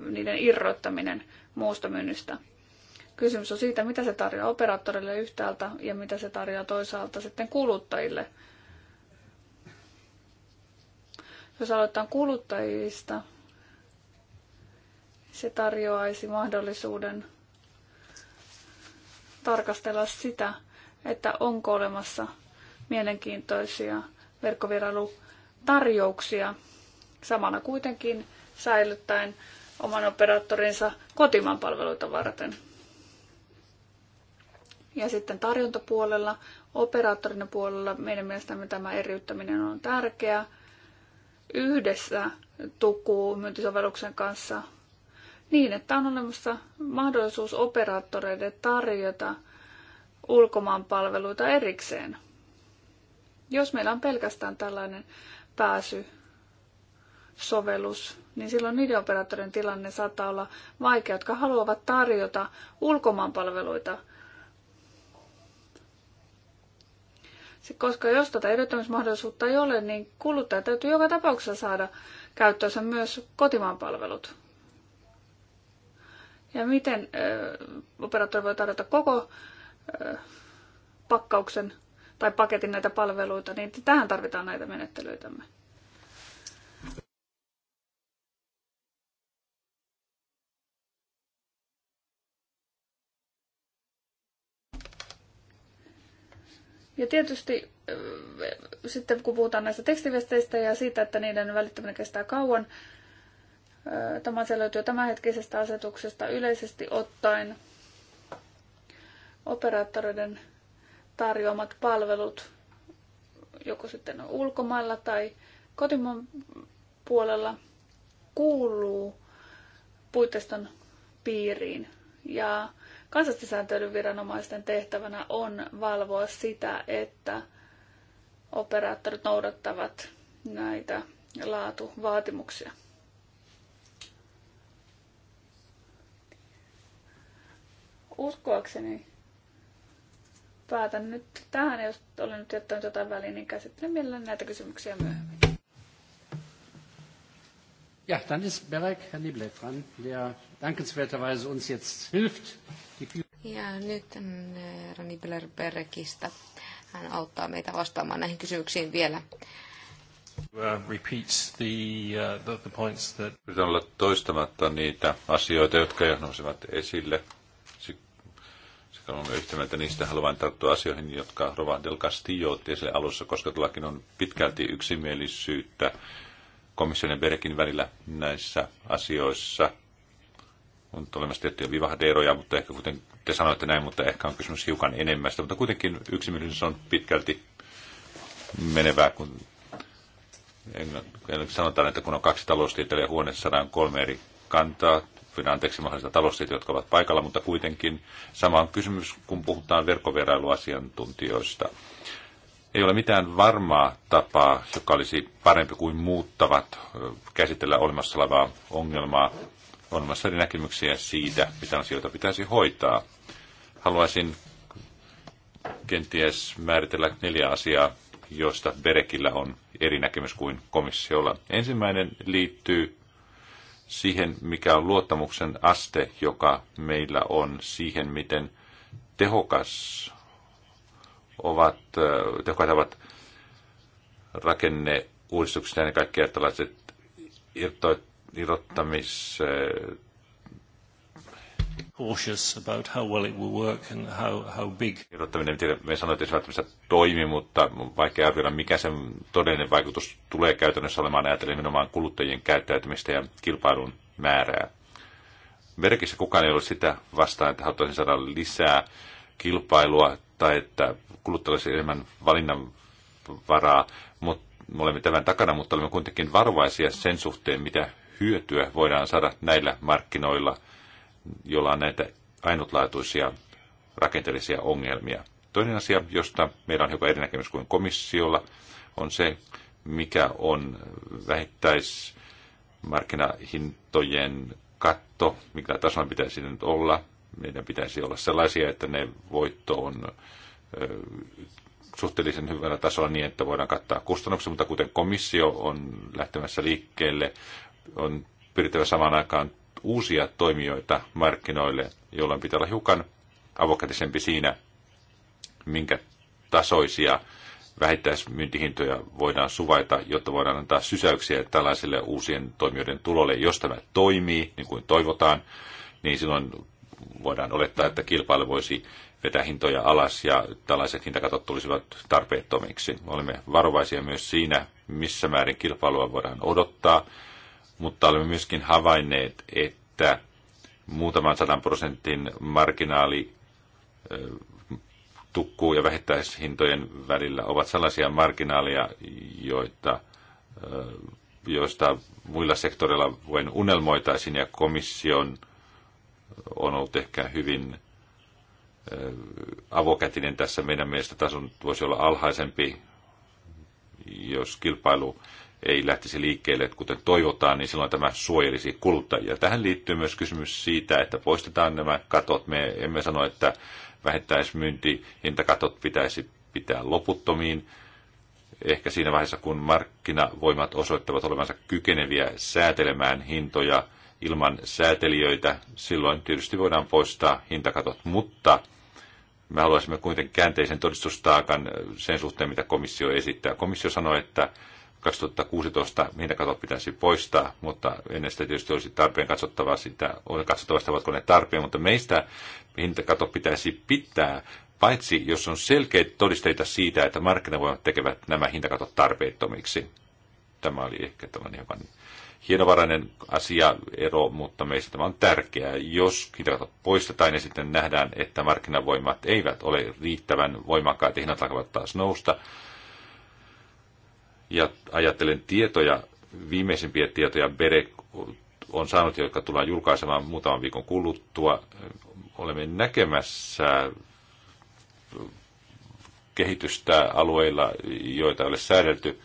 niiden irrottaminen muusta myynnistä. Kysymys on siitä, mitä se tarjoaa operaattorille yhtäältä ja mitä se tarjoaa toisaalta sitten kuluttajille. Jos aloitetaan kuluttajista, se tarjoaisi mahdollisuuden tarkastella sitä, että onko olemassa mielenkiintoisia verkkovierailutarjouksia samana kuitenkin säilyttäen oman operaattorinsa kotimaan palveluita varten. Ja sitten tarjontapuolella, operaattorin puolella meidän mielestämme tämä eriyttäminen on tärkeää. Yhdessä tukuu myyntisovelluksen kanssa niin, että on olemassa mahdollisuus operaattoreille tarjota ulkomaan palveluita erikseen. Jos meillä on pelkästään tällainen pääsy sovellus, niin silloin niiden operaattorien tilanne saattaa olla vaikea, jotka haluavat tarjota ulkomaan palveluita. Koska jos tätä edellyttämismahdollisuutta ei ole, niin kuluttaja täytyy joka tapauksessa saada käyttöönsä myös kotimaan palvelut ja miten operaattori voi tarjota koko pakkauksen tai paketin näitä palveluita, niin tähän tarvitaan näitä menettelyitämme. Ja tietysti sitten kun puhutaan näistä tekstiviesteistä ja siitä, että niiden välittäminen kestää kauan, Tämä se löytyy tämänhetkisestä asetuksesta yleisesti ottaen. Operaattoreiden tarjoamat palvelut, joko sitten ulkomailla tai kotimaan puolella, kuuluu puitteiston piiriin. Ja kansallisten viranomaisten tehtävänä on valvoa sitä, että operaattorit noudattavat näitä laatuvaatimuksia. Uskoakseni päätän nyt tähän, jos olen nyt jättänyt jotain väliin, niin käsittelen mielelläni näitä kysymyksiä myöhemmin. Ja, dann ist Berek, Herr Nibble, dran, der dankenswerterweise uns jetzt hilft. Ja nyt mm, Herr Nibble Berekistä. Hän auttaa meitä vastaamaan näihin kysymyksiin vielä. Uh, Pitää uh, olla toistamatta niitä asioita, jotka jo nousivat esille olemme yhtä mieltä niistä. Haluan tarttua asioihin, jotka Rova Del Castillo otti esille alussa, koska tuollakin on pitkälti yksimielisyyttä komission ja Berkin välillä näissä asioissa. On olemassa tiettyjä vivahdeeroja, mutta ehkä kuten te sanoitte näin, mutta ehkä on kysymys hiukan enemmästä. Mutta kuitenkin yksimielisyys on pitkälti menevää, kun sanotaan, että kun on kaksi taloustieteilijä huoneessa, saadaan kolme eri kantaa pyydän anteeksi mahdollista taloustietoja, jotka ovat paikalla, mutta kuitenkin sama on kysymys, kun puhutaan verkkovierailuasiantuntijoista. Ei ole mitään varmaa tapaa, joka olisi parempi kuin muuttavat käsitellä olemassa olevaa ongelmaa. On olemassa eri näkemyksiä siitä, mitä asioita pitäisi hoitaa. Haluaisin kenties määritellä neljä asiaa, joista Berekillä on eri näkemys kuin komissiolla. Ensimmäinen liittyy siihen, mikä on luottamuksen aste, joka meillä on, siihen, miten tehokas ovat, tehokas ovat rakenneuudistukset ja ennen kaikkea tällaiset irrottamis cautious about how well it will work and how, how big. Irrottaminen, me sanoit, että se välttämättä toimi, mutta on vaikea arvioida, mikä sen todellinen vaikutus tulee käytännössä olemaan ajatellen nimenomaan kuluttajien käyttäytymistä ja kilpailun määrää. Verkissä kukaan ei ole sitä vastaan, että haluaisin saada lisää kilpailua tai että kuluttajilla olisi enemmän valinnan varaa, mutta me olemme tämän takana, mutta olemme kuitenkin varovaisia sen suhteen, mitä hyötyä voidaan saada näillä markkinoilla – jolla on näitä ainutlaatuisia rakenteellisia ongelmia. Toinen asia, josta meillä on hiukan eri näkemys kuin komissiolla, on se, mikä on vähittäismarkkinahintojen katto, mikä tasolla pitäisi nyt olla. Meidän pitäisi olla sellaisia, että ne voitto on suhteellisen hyvällä tasolla niin, että voidaan kattaa kustannuksia, mutta kuten komissio on lähtemässä liikkeelle, on pyrittävä samaan aikaan uusia toimijoita markkinoille, jolloin pitää olla hiukan avokätisempi siinä, minkä tasoisia vähittäismyyntihintoja voidaan suvaita, jotta voidaan antaa sysäyksiä tällaisille uusien toimijoiden tulolle. Jos tämä toimii, niin kuin toivotaan, niin silloin voidaan olettaa, että kilpailu voisi vetää hintoja alas ja tällaiset hintakatot tulisivat tarpeettomiksi. Olemme varovaisia myös siinä, missä määrin kilpailua voidaan odottaa mutta olemme myöskin havainneet, että muutaman sadan prosentin marginaali tukkuu ja vähittäishintojen välillä ovat sellaisia marginaaleja, joita, joista muilla sektoreilla voin unelmoitaisin ja komission on ollut ehkä hyvin avokätinen tässä. Meidän mielestä tason voisi olla alhaisempi, jos kilpailu ei lähtisi liikkeelle, kuten toivotaan, niin silloin tämä suojelisi kuluttajia. Tähän liittyy myös kysymys siitä, että poistetaan nämä katot. Me emme sano, että vähittäismyyntihintakatot pitäisi pitää loputtomiin. Ehkä siinä vaiheessa, kun markkinavoimat osoittavat olevansa kykeneviä säätelemään hintoja ilman säätelijöitä, silloin tietysti voidaan poistaa hintakatot, mutta me haluaisimme kuitenkin käänteisen todistustaakan sen suhteen, mitä komissio esittää. Komissio sanoi, että 2016 katot pitäisi poistaa, mutta ennen sitä tietysti olisi tarpeen katsottava sitä, on katsottava sitä, ovatko ne tarpeen, mutta meistä katot pitäisi pitää, paitsi jos on selkeitä todisteita siitä, että markkinavoimat tekevät nämä hintakatot tarpeettomiksi. Tämä oli ehkä tällainen hiukan hienovarainen asiaero, mutta meistä tämä on tärkeää. Jos hintakatot poistetaan ja niin sitten nähdään, että markkinavoimat eivät ole riittävän voimakkaat ja hinnat alkavat taas nousta, ja ajattelen tietoja, viimeisimpiä tietoja Berek on saanut, jotka tullaan julkaisemaan muutaman viikon kuluttua. Olemme näkemässä kehitystä alueilla, joita ei ole säädelty.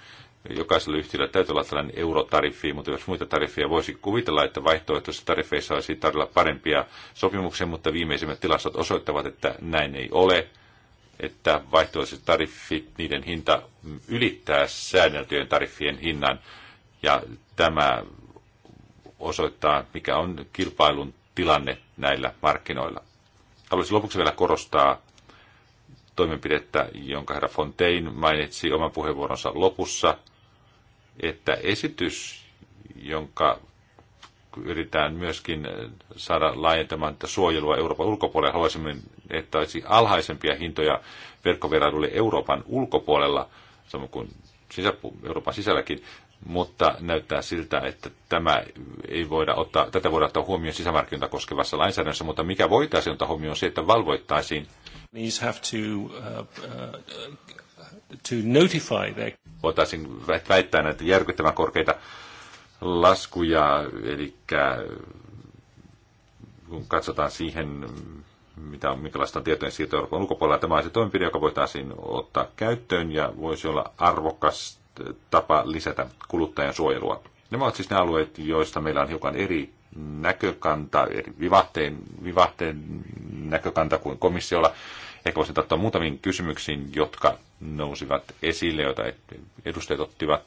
Jokaisella yhtiöllä täytyy olla tällainen eurotariffi, mutta jos muita tariffeja voisi kuvitella, että vaihtoehtoisissa tariffeissa olisi tarjolla parempia sopimuksia, mutta viimeisimmät tilastot osoittavat, että näin ei ole että vaihtoehtoiset tariffit, niiden hinta ylittää säänneltyjen tariffien hinnan. Ja tämä osoittaa, mikä on kilpailun tilanne näillä markkinoilla. Haluaisin lopuksi vielä korostaa toimenpidettä, jonka herra Fontaine mainitsi oman puheenvuoronsa lopussa, että esitys, jonka yritetään myöskin saada laajentamaan suojelua Euroopan ulkopuolella. Haluaisimme, että olisi alhaisempia hintoja verkkovierailuille Euroopan ulkopuolella, samoin kuin sisä, Euroopan sisälläkin, mutta näyttää siltä, että tämä ei voida ottaa, tätä voidaan ottaa huomioon sisämarkkinoita koskevassa lainsäädännössä, mutta mikä voitaisiin ottaa huomioon on se, että valvoittaisiin. Uh, uh, voitaisiin väittää näitä järkyttävän korkeita laskuja, eli kun katsotaan siihen, mitä, minkälaista on tietojen siirto Euroopan ulkopuolella, tämä se toimenpide, joka voitaisiin ottaa käyttöön ja voisi olla arvokas tapa lisätä kuluttajan suojelua. Nämä ovat siis ne alueet, joista meillä on hiukan eri näkökanta, eri vivahteen, vivahteen näkökanta kuin komissiolla. Ehkä voisin tarttua muutamiin kysymyksiin, jotka nousivat esille, joita edustajat ottivat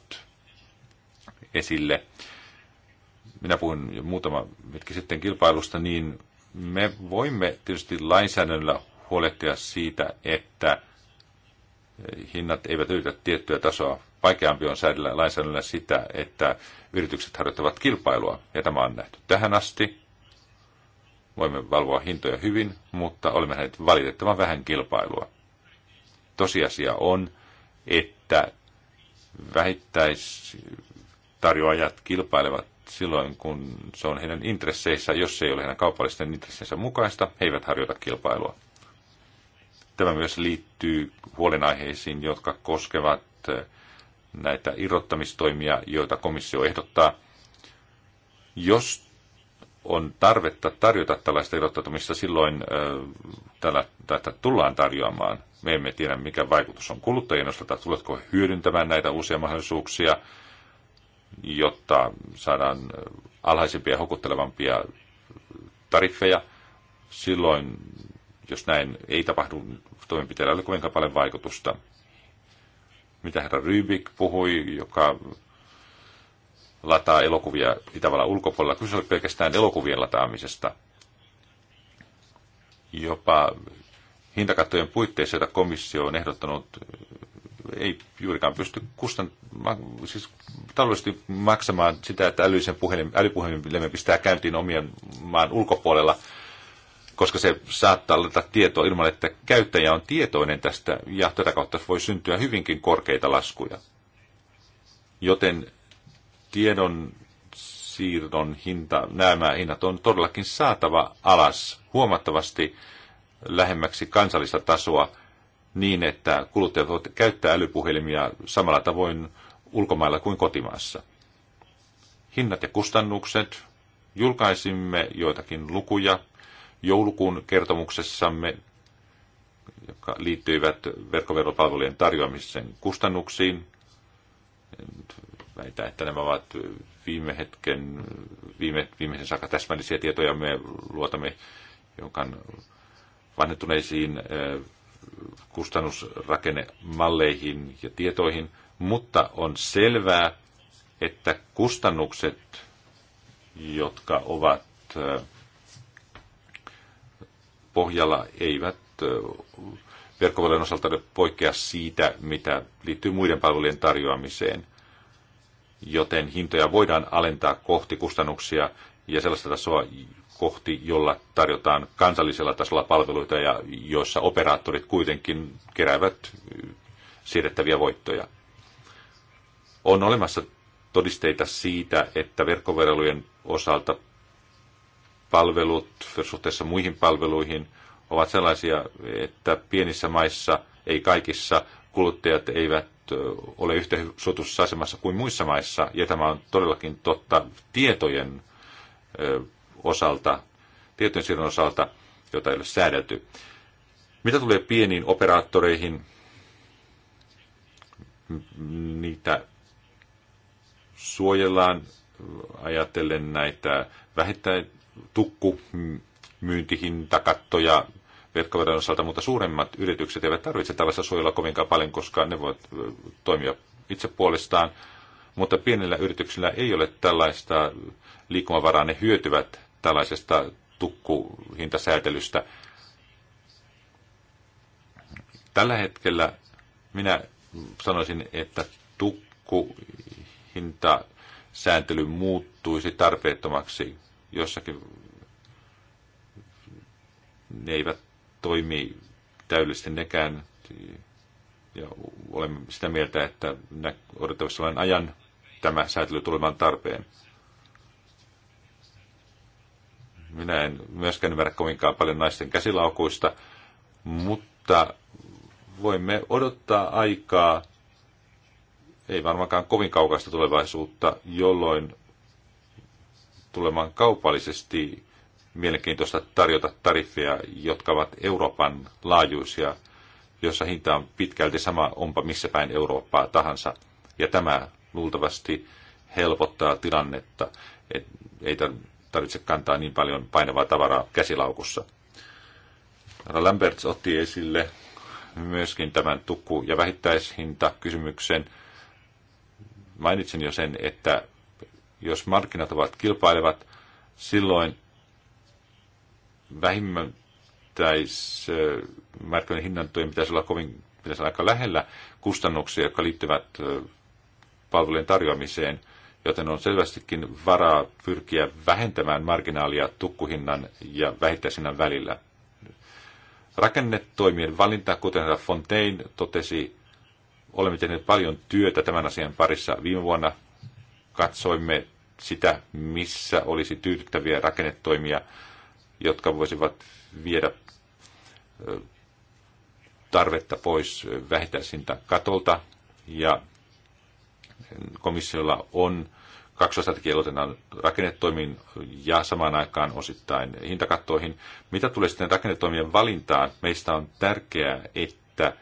esille. Minä puhun jo muutama hetki sitten kilpailusta, niin me voimme tietysti lainsäädännöllä huolehtia siitä, että hinnat eivät ylitä tiettyä tasoa. Vaikeampi on säädellä lainsäädännöllä sitä, että yritykset harjoittavat kilpailua, ja tämä on nähty tähän asti. Voimme valvoa hintoja hyvin, mutta olemme nähneet valitettavan vähän kilpailua. Tosiasia on, että vähittäis, tarjoajat kilpailevat silloin, kun se on heidän intresseissä. Jos se ei ole heidän kaupallisten intresseissä mukaista, he eivät harjoita kilpailua. Tämä myös liittyy huolenaiheisiin, jotka koskevat eh, näitä irrottamistoimia, joita komissio ehdottaa. Jos on tarvetta tarjota tällaista irrottamista, silloin eh, tällä, tätä tullaan tarjoamaan. Me emme tiedä, mikä vaikutus on kuluttajien osalta, tuletko hyödyntämään näitä uusia mahdollisuuksia – jotta saadaan alhaisempia ja houkuttelevampia tariffeja. Silloin, jos näin ei tapahdu, toimenpiteellä oli kovinkaan paljon vaikutusta. Mitä herra Rybik puhui, joka lataa elokuvia Itävallan ulkopuolella. Kyse oli pelkästään elokuvien lataamisesta. Jopa hintakattojen puitteissa, joita komissio on ehdottanut ei juurikaan pysty kustan, siis taloudellisesti maksamaan sitä, että älyisen puhelin, älypuhelimen pistää käyntiin omien maan ulkopuolella, koska se saattaa laittaa tietoa ilman, että käyttäjä on tietoinen tästä, ja tätä kautta voi syntyä hyvinkin korkeita laskuja. Joten tiedon siirron hinta, nämä hinnat on todellakin saatava alas huomattavasti lähemmäksi kansallista tasoa – niin, että kuluttajat voivat käyttää älypuhelimia samalla tavoin ulkomailla kuin kotimaassa. Hinnat ja kustannukset. Julkaisimme joitakin lukuja joulukuun kertomuksessamme, jotka liittyivät verkkoveropalvelujen tarjoamisen kustannuksiin. Väitän, että nämä ovat viime hetken, viime, viimeisen saakka täsmällisiä tietoja. Me luotamme jonkan vanhentuneisiin eh, kustannusrakennemalleihin ja tietoihin, mutta on selvää, että kustannukset, jotka ovat pohjalla, eivät verkkopalvelujen osalta poikkea siitä, mitä liittyy muiden palvelujen tarjoamiseen. Joten hintoja voidaan alentaa kohti kustannuksia ja sellaista tasoa, kohti, jolla tarjotaan kansallisella tasolla palveluita ja joissa operaattorit kuitenkin keräävät siirrettäviä voittoja. On olemassa todisteita siitä, että verkkoverolujen osalta palvelut suhteessa muihin palveluihin ovat sellaisia, että pienissä maissa, ei kaikissa, kuluttajat eivät ole yhtä suotuisessa asemassa kuin muissa maissa, ja tämä on todellakin totta tietojen osalta, tietojen siirron osalta, jota ei ole säädelty. Mitä tulee pieniin operaattoreihin, niitä suojellaan ajatellen näitä vähittäin tukku myyntihintakattoja verkkoveron osalta, mutta suuremmat yritykset eivät tarvitse tällaista suojella kovinkaan paljon, koska ne voivat toimia itse puolestaan. Mutta pienillä yrityksillä ei ole tällaista liikkumavaraa, ne hyötyvät tällaisesta tukkuhintasäätelystä. Tällä hetkellä minä sanoisin, että tukkuhintasääntely muuttuisi tarpeettomaksi jossakin. Ne eivät toimi täydellisesti nekään. Ja olemme sitä mieltä, että odotettavissa olen ajan tämä säätely tulemaan tarpeen. Minä en myöskään ymmärrä kovinkaan paljon naisten käsilaukuista, mutta voimme odottaa aikaa, ei varmaankaan kovin kaukaista tulevaisuutta, jolloin tulemaan kaupallisesti mielenkiintoista tarjota tariffeja, jotka ovat Euroopan laajuisia, jossa hinta on pitkälti sama, onpa missä päin Eurooppaa tahansa. Ja tämä luultavasti helpottaa tilannetta. Et, ei tar- tarvitse kantaa niin paljon painavaa tavaraa käsilaukussa. Lamberts otti esille myöskin tämän tukku- ja vähittäishintakysymyksen. Mainitsin jo sen, että jos markkinat ovat kilpailevat, silloin vähimmäismarkkinoiden hinnantojen pitäisi olla kovin pitäisi olla aika lähellä kustannuksia, jotka liittyvät palvelujen tarjoamiseen – joten on selvästikin varaa pyrkiä vähentämään marginaalia tukkuhinnan ja vähittäishinnan välillä. Rakennetoimien valinta, kuten herra Fontaine totesi, olemme tehneet paljon työtä tämän asian parissa. Viime vuonna katsoimme sitä, missä olisi tyydyttäviä rakennetoimia, jotka voisivat viedä tarvetta pois vähittäisintä katolta. Ja komissiolla on kaksoistrategia aloitetaan rakennetoimiin ja samaan aikaan osittain hintakattoihin. Mitä tulee sitten rakennetoimien valintaan, meistä on tärkeää, että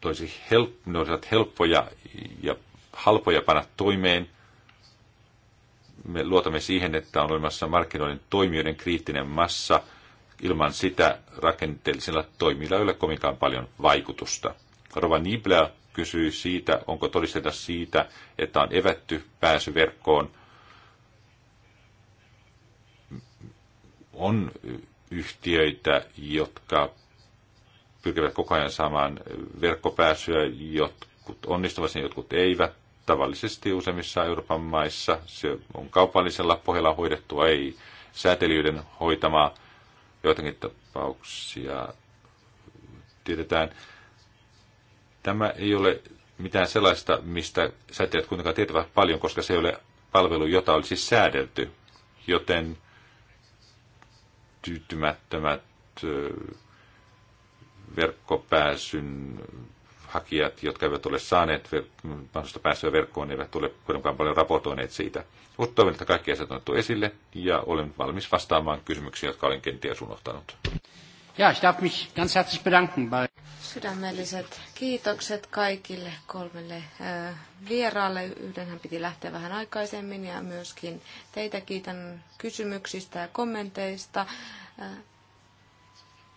toisi help, ne olisivat helppoja ja halpoja panna toimeen. Me luotamme siihen, että on olemassa markkinoiden toimijoiden kriittinen massa. Ilman sitä rakenteellisilla toimilla ei ole kovinkaan paljon vaikutusta. Rova Nibler kysyi siitä, onko todisteita siitä, että on evätty pääsy verkkoon. On yhtiöitä, jotka pyrkivät koko ajan saamaan verkkopääsyä, jotkut onnistuvat sen, jotkut eivät. Tavallisesti useimmissa Euroopan maissa se on kaupallisella pohjalla hoidettua, ei säätelijöiden hoitamaa. Joitakin tapauksia tiedetään Tämä ei ole mitään sellaista, mistä säätiöt kuitenkaan tietävät paljon, koska se ei ole palvelu, jota olisi säädelty. Joten tyytymättömät verkkopääsyn hakijat, jotka eivät ole saaneet mahdollista pääsyä verkkoon, eivät ole kuitenkaan paljon raportoineet siitä. Mutta toivon, että kaikki asiat on otettu esille ja olen valmis vastaamaan kysymyksiä, jotka olen kenties unohtanut. Ja, ich darf mich ganz herzlich bedanken bei Sydämelliset kiitokset kaikille kolmelle äh, vieraalle. Yhdenhän piti lähteä vähän aikaisemmin ja myöskin teitä kiitän kysymyksistä ja kommenteista. Äh,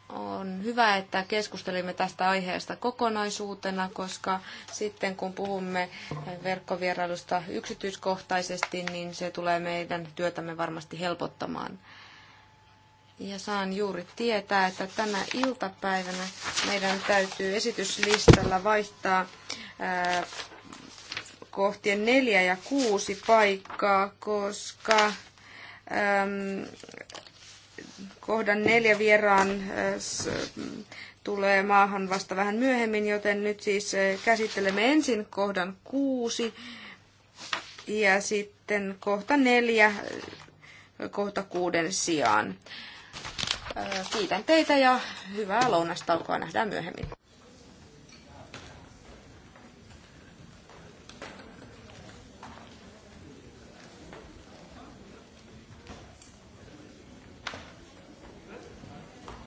on hyvä, että keskustelimme tästä aiheesta kokonaisuutena, koska sitten kun puhumme verkkovierailusta yksityiskohtaisesti, niin se tulee meidän työtämme varmasti helpottamaan. Ja saan juuri tietää, että tänä iltapäivänä meidän täytyy esityslistalla vaihtaa ää, kohtien neljä ja kuusi paikkaa, koska äm, kohdan neljä vieraan tulee maahan vasta vähän myöhemmin, joten nyt siis käsittelemme ensin kohdan kuusi ja sitten kohta neljä kohta kuuden sijaan. Kiitän teitä ja hyvää lounastaukoa. Nähdään myöhemmin.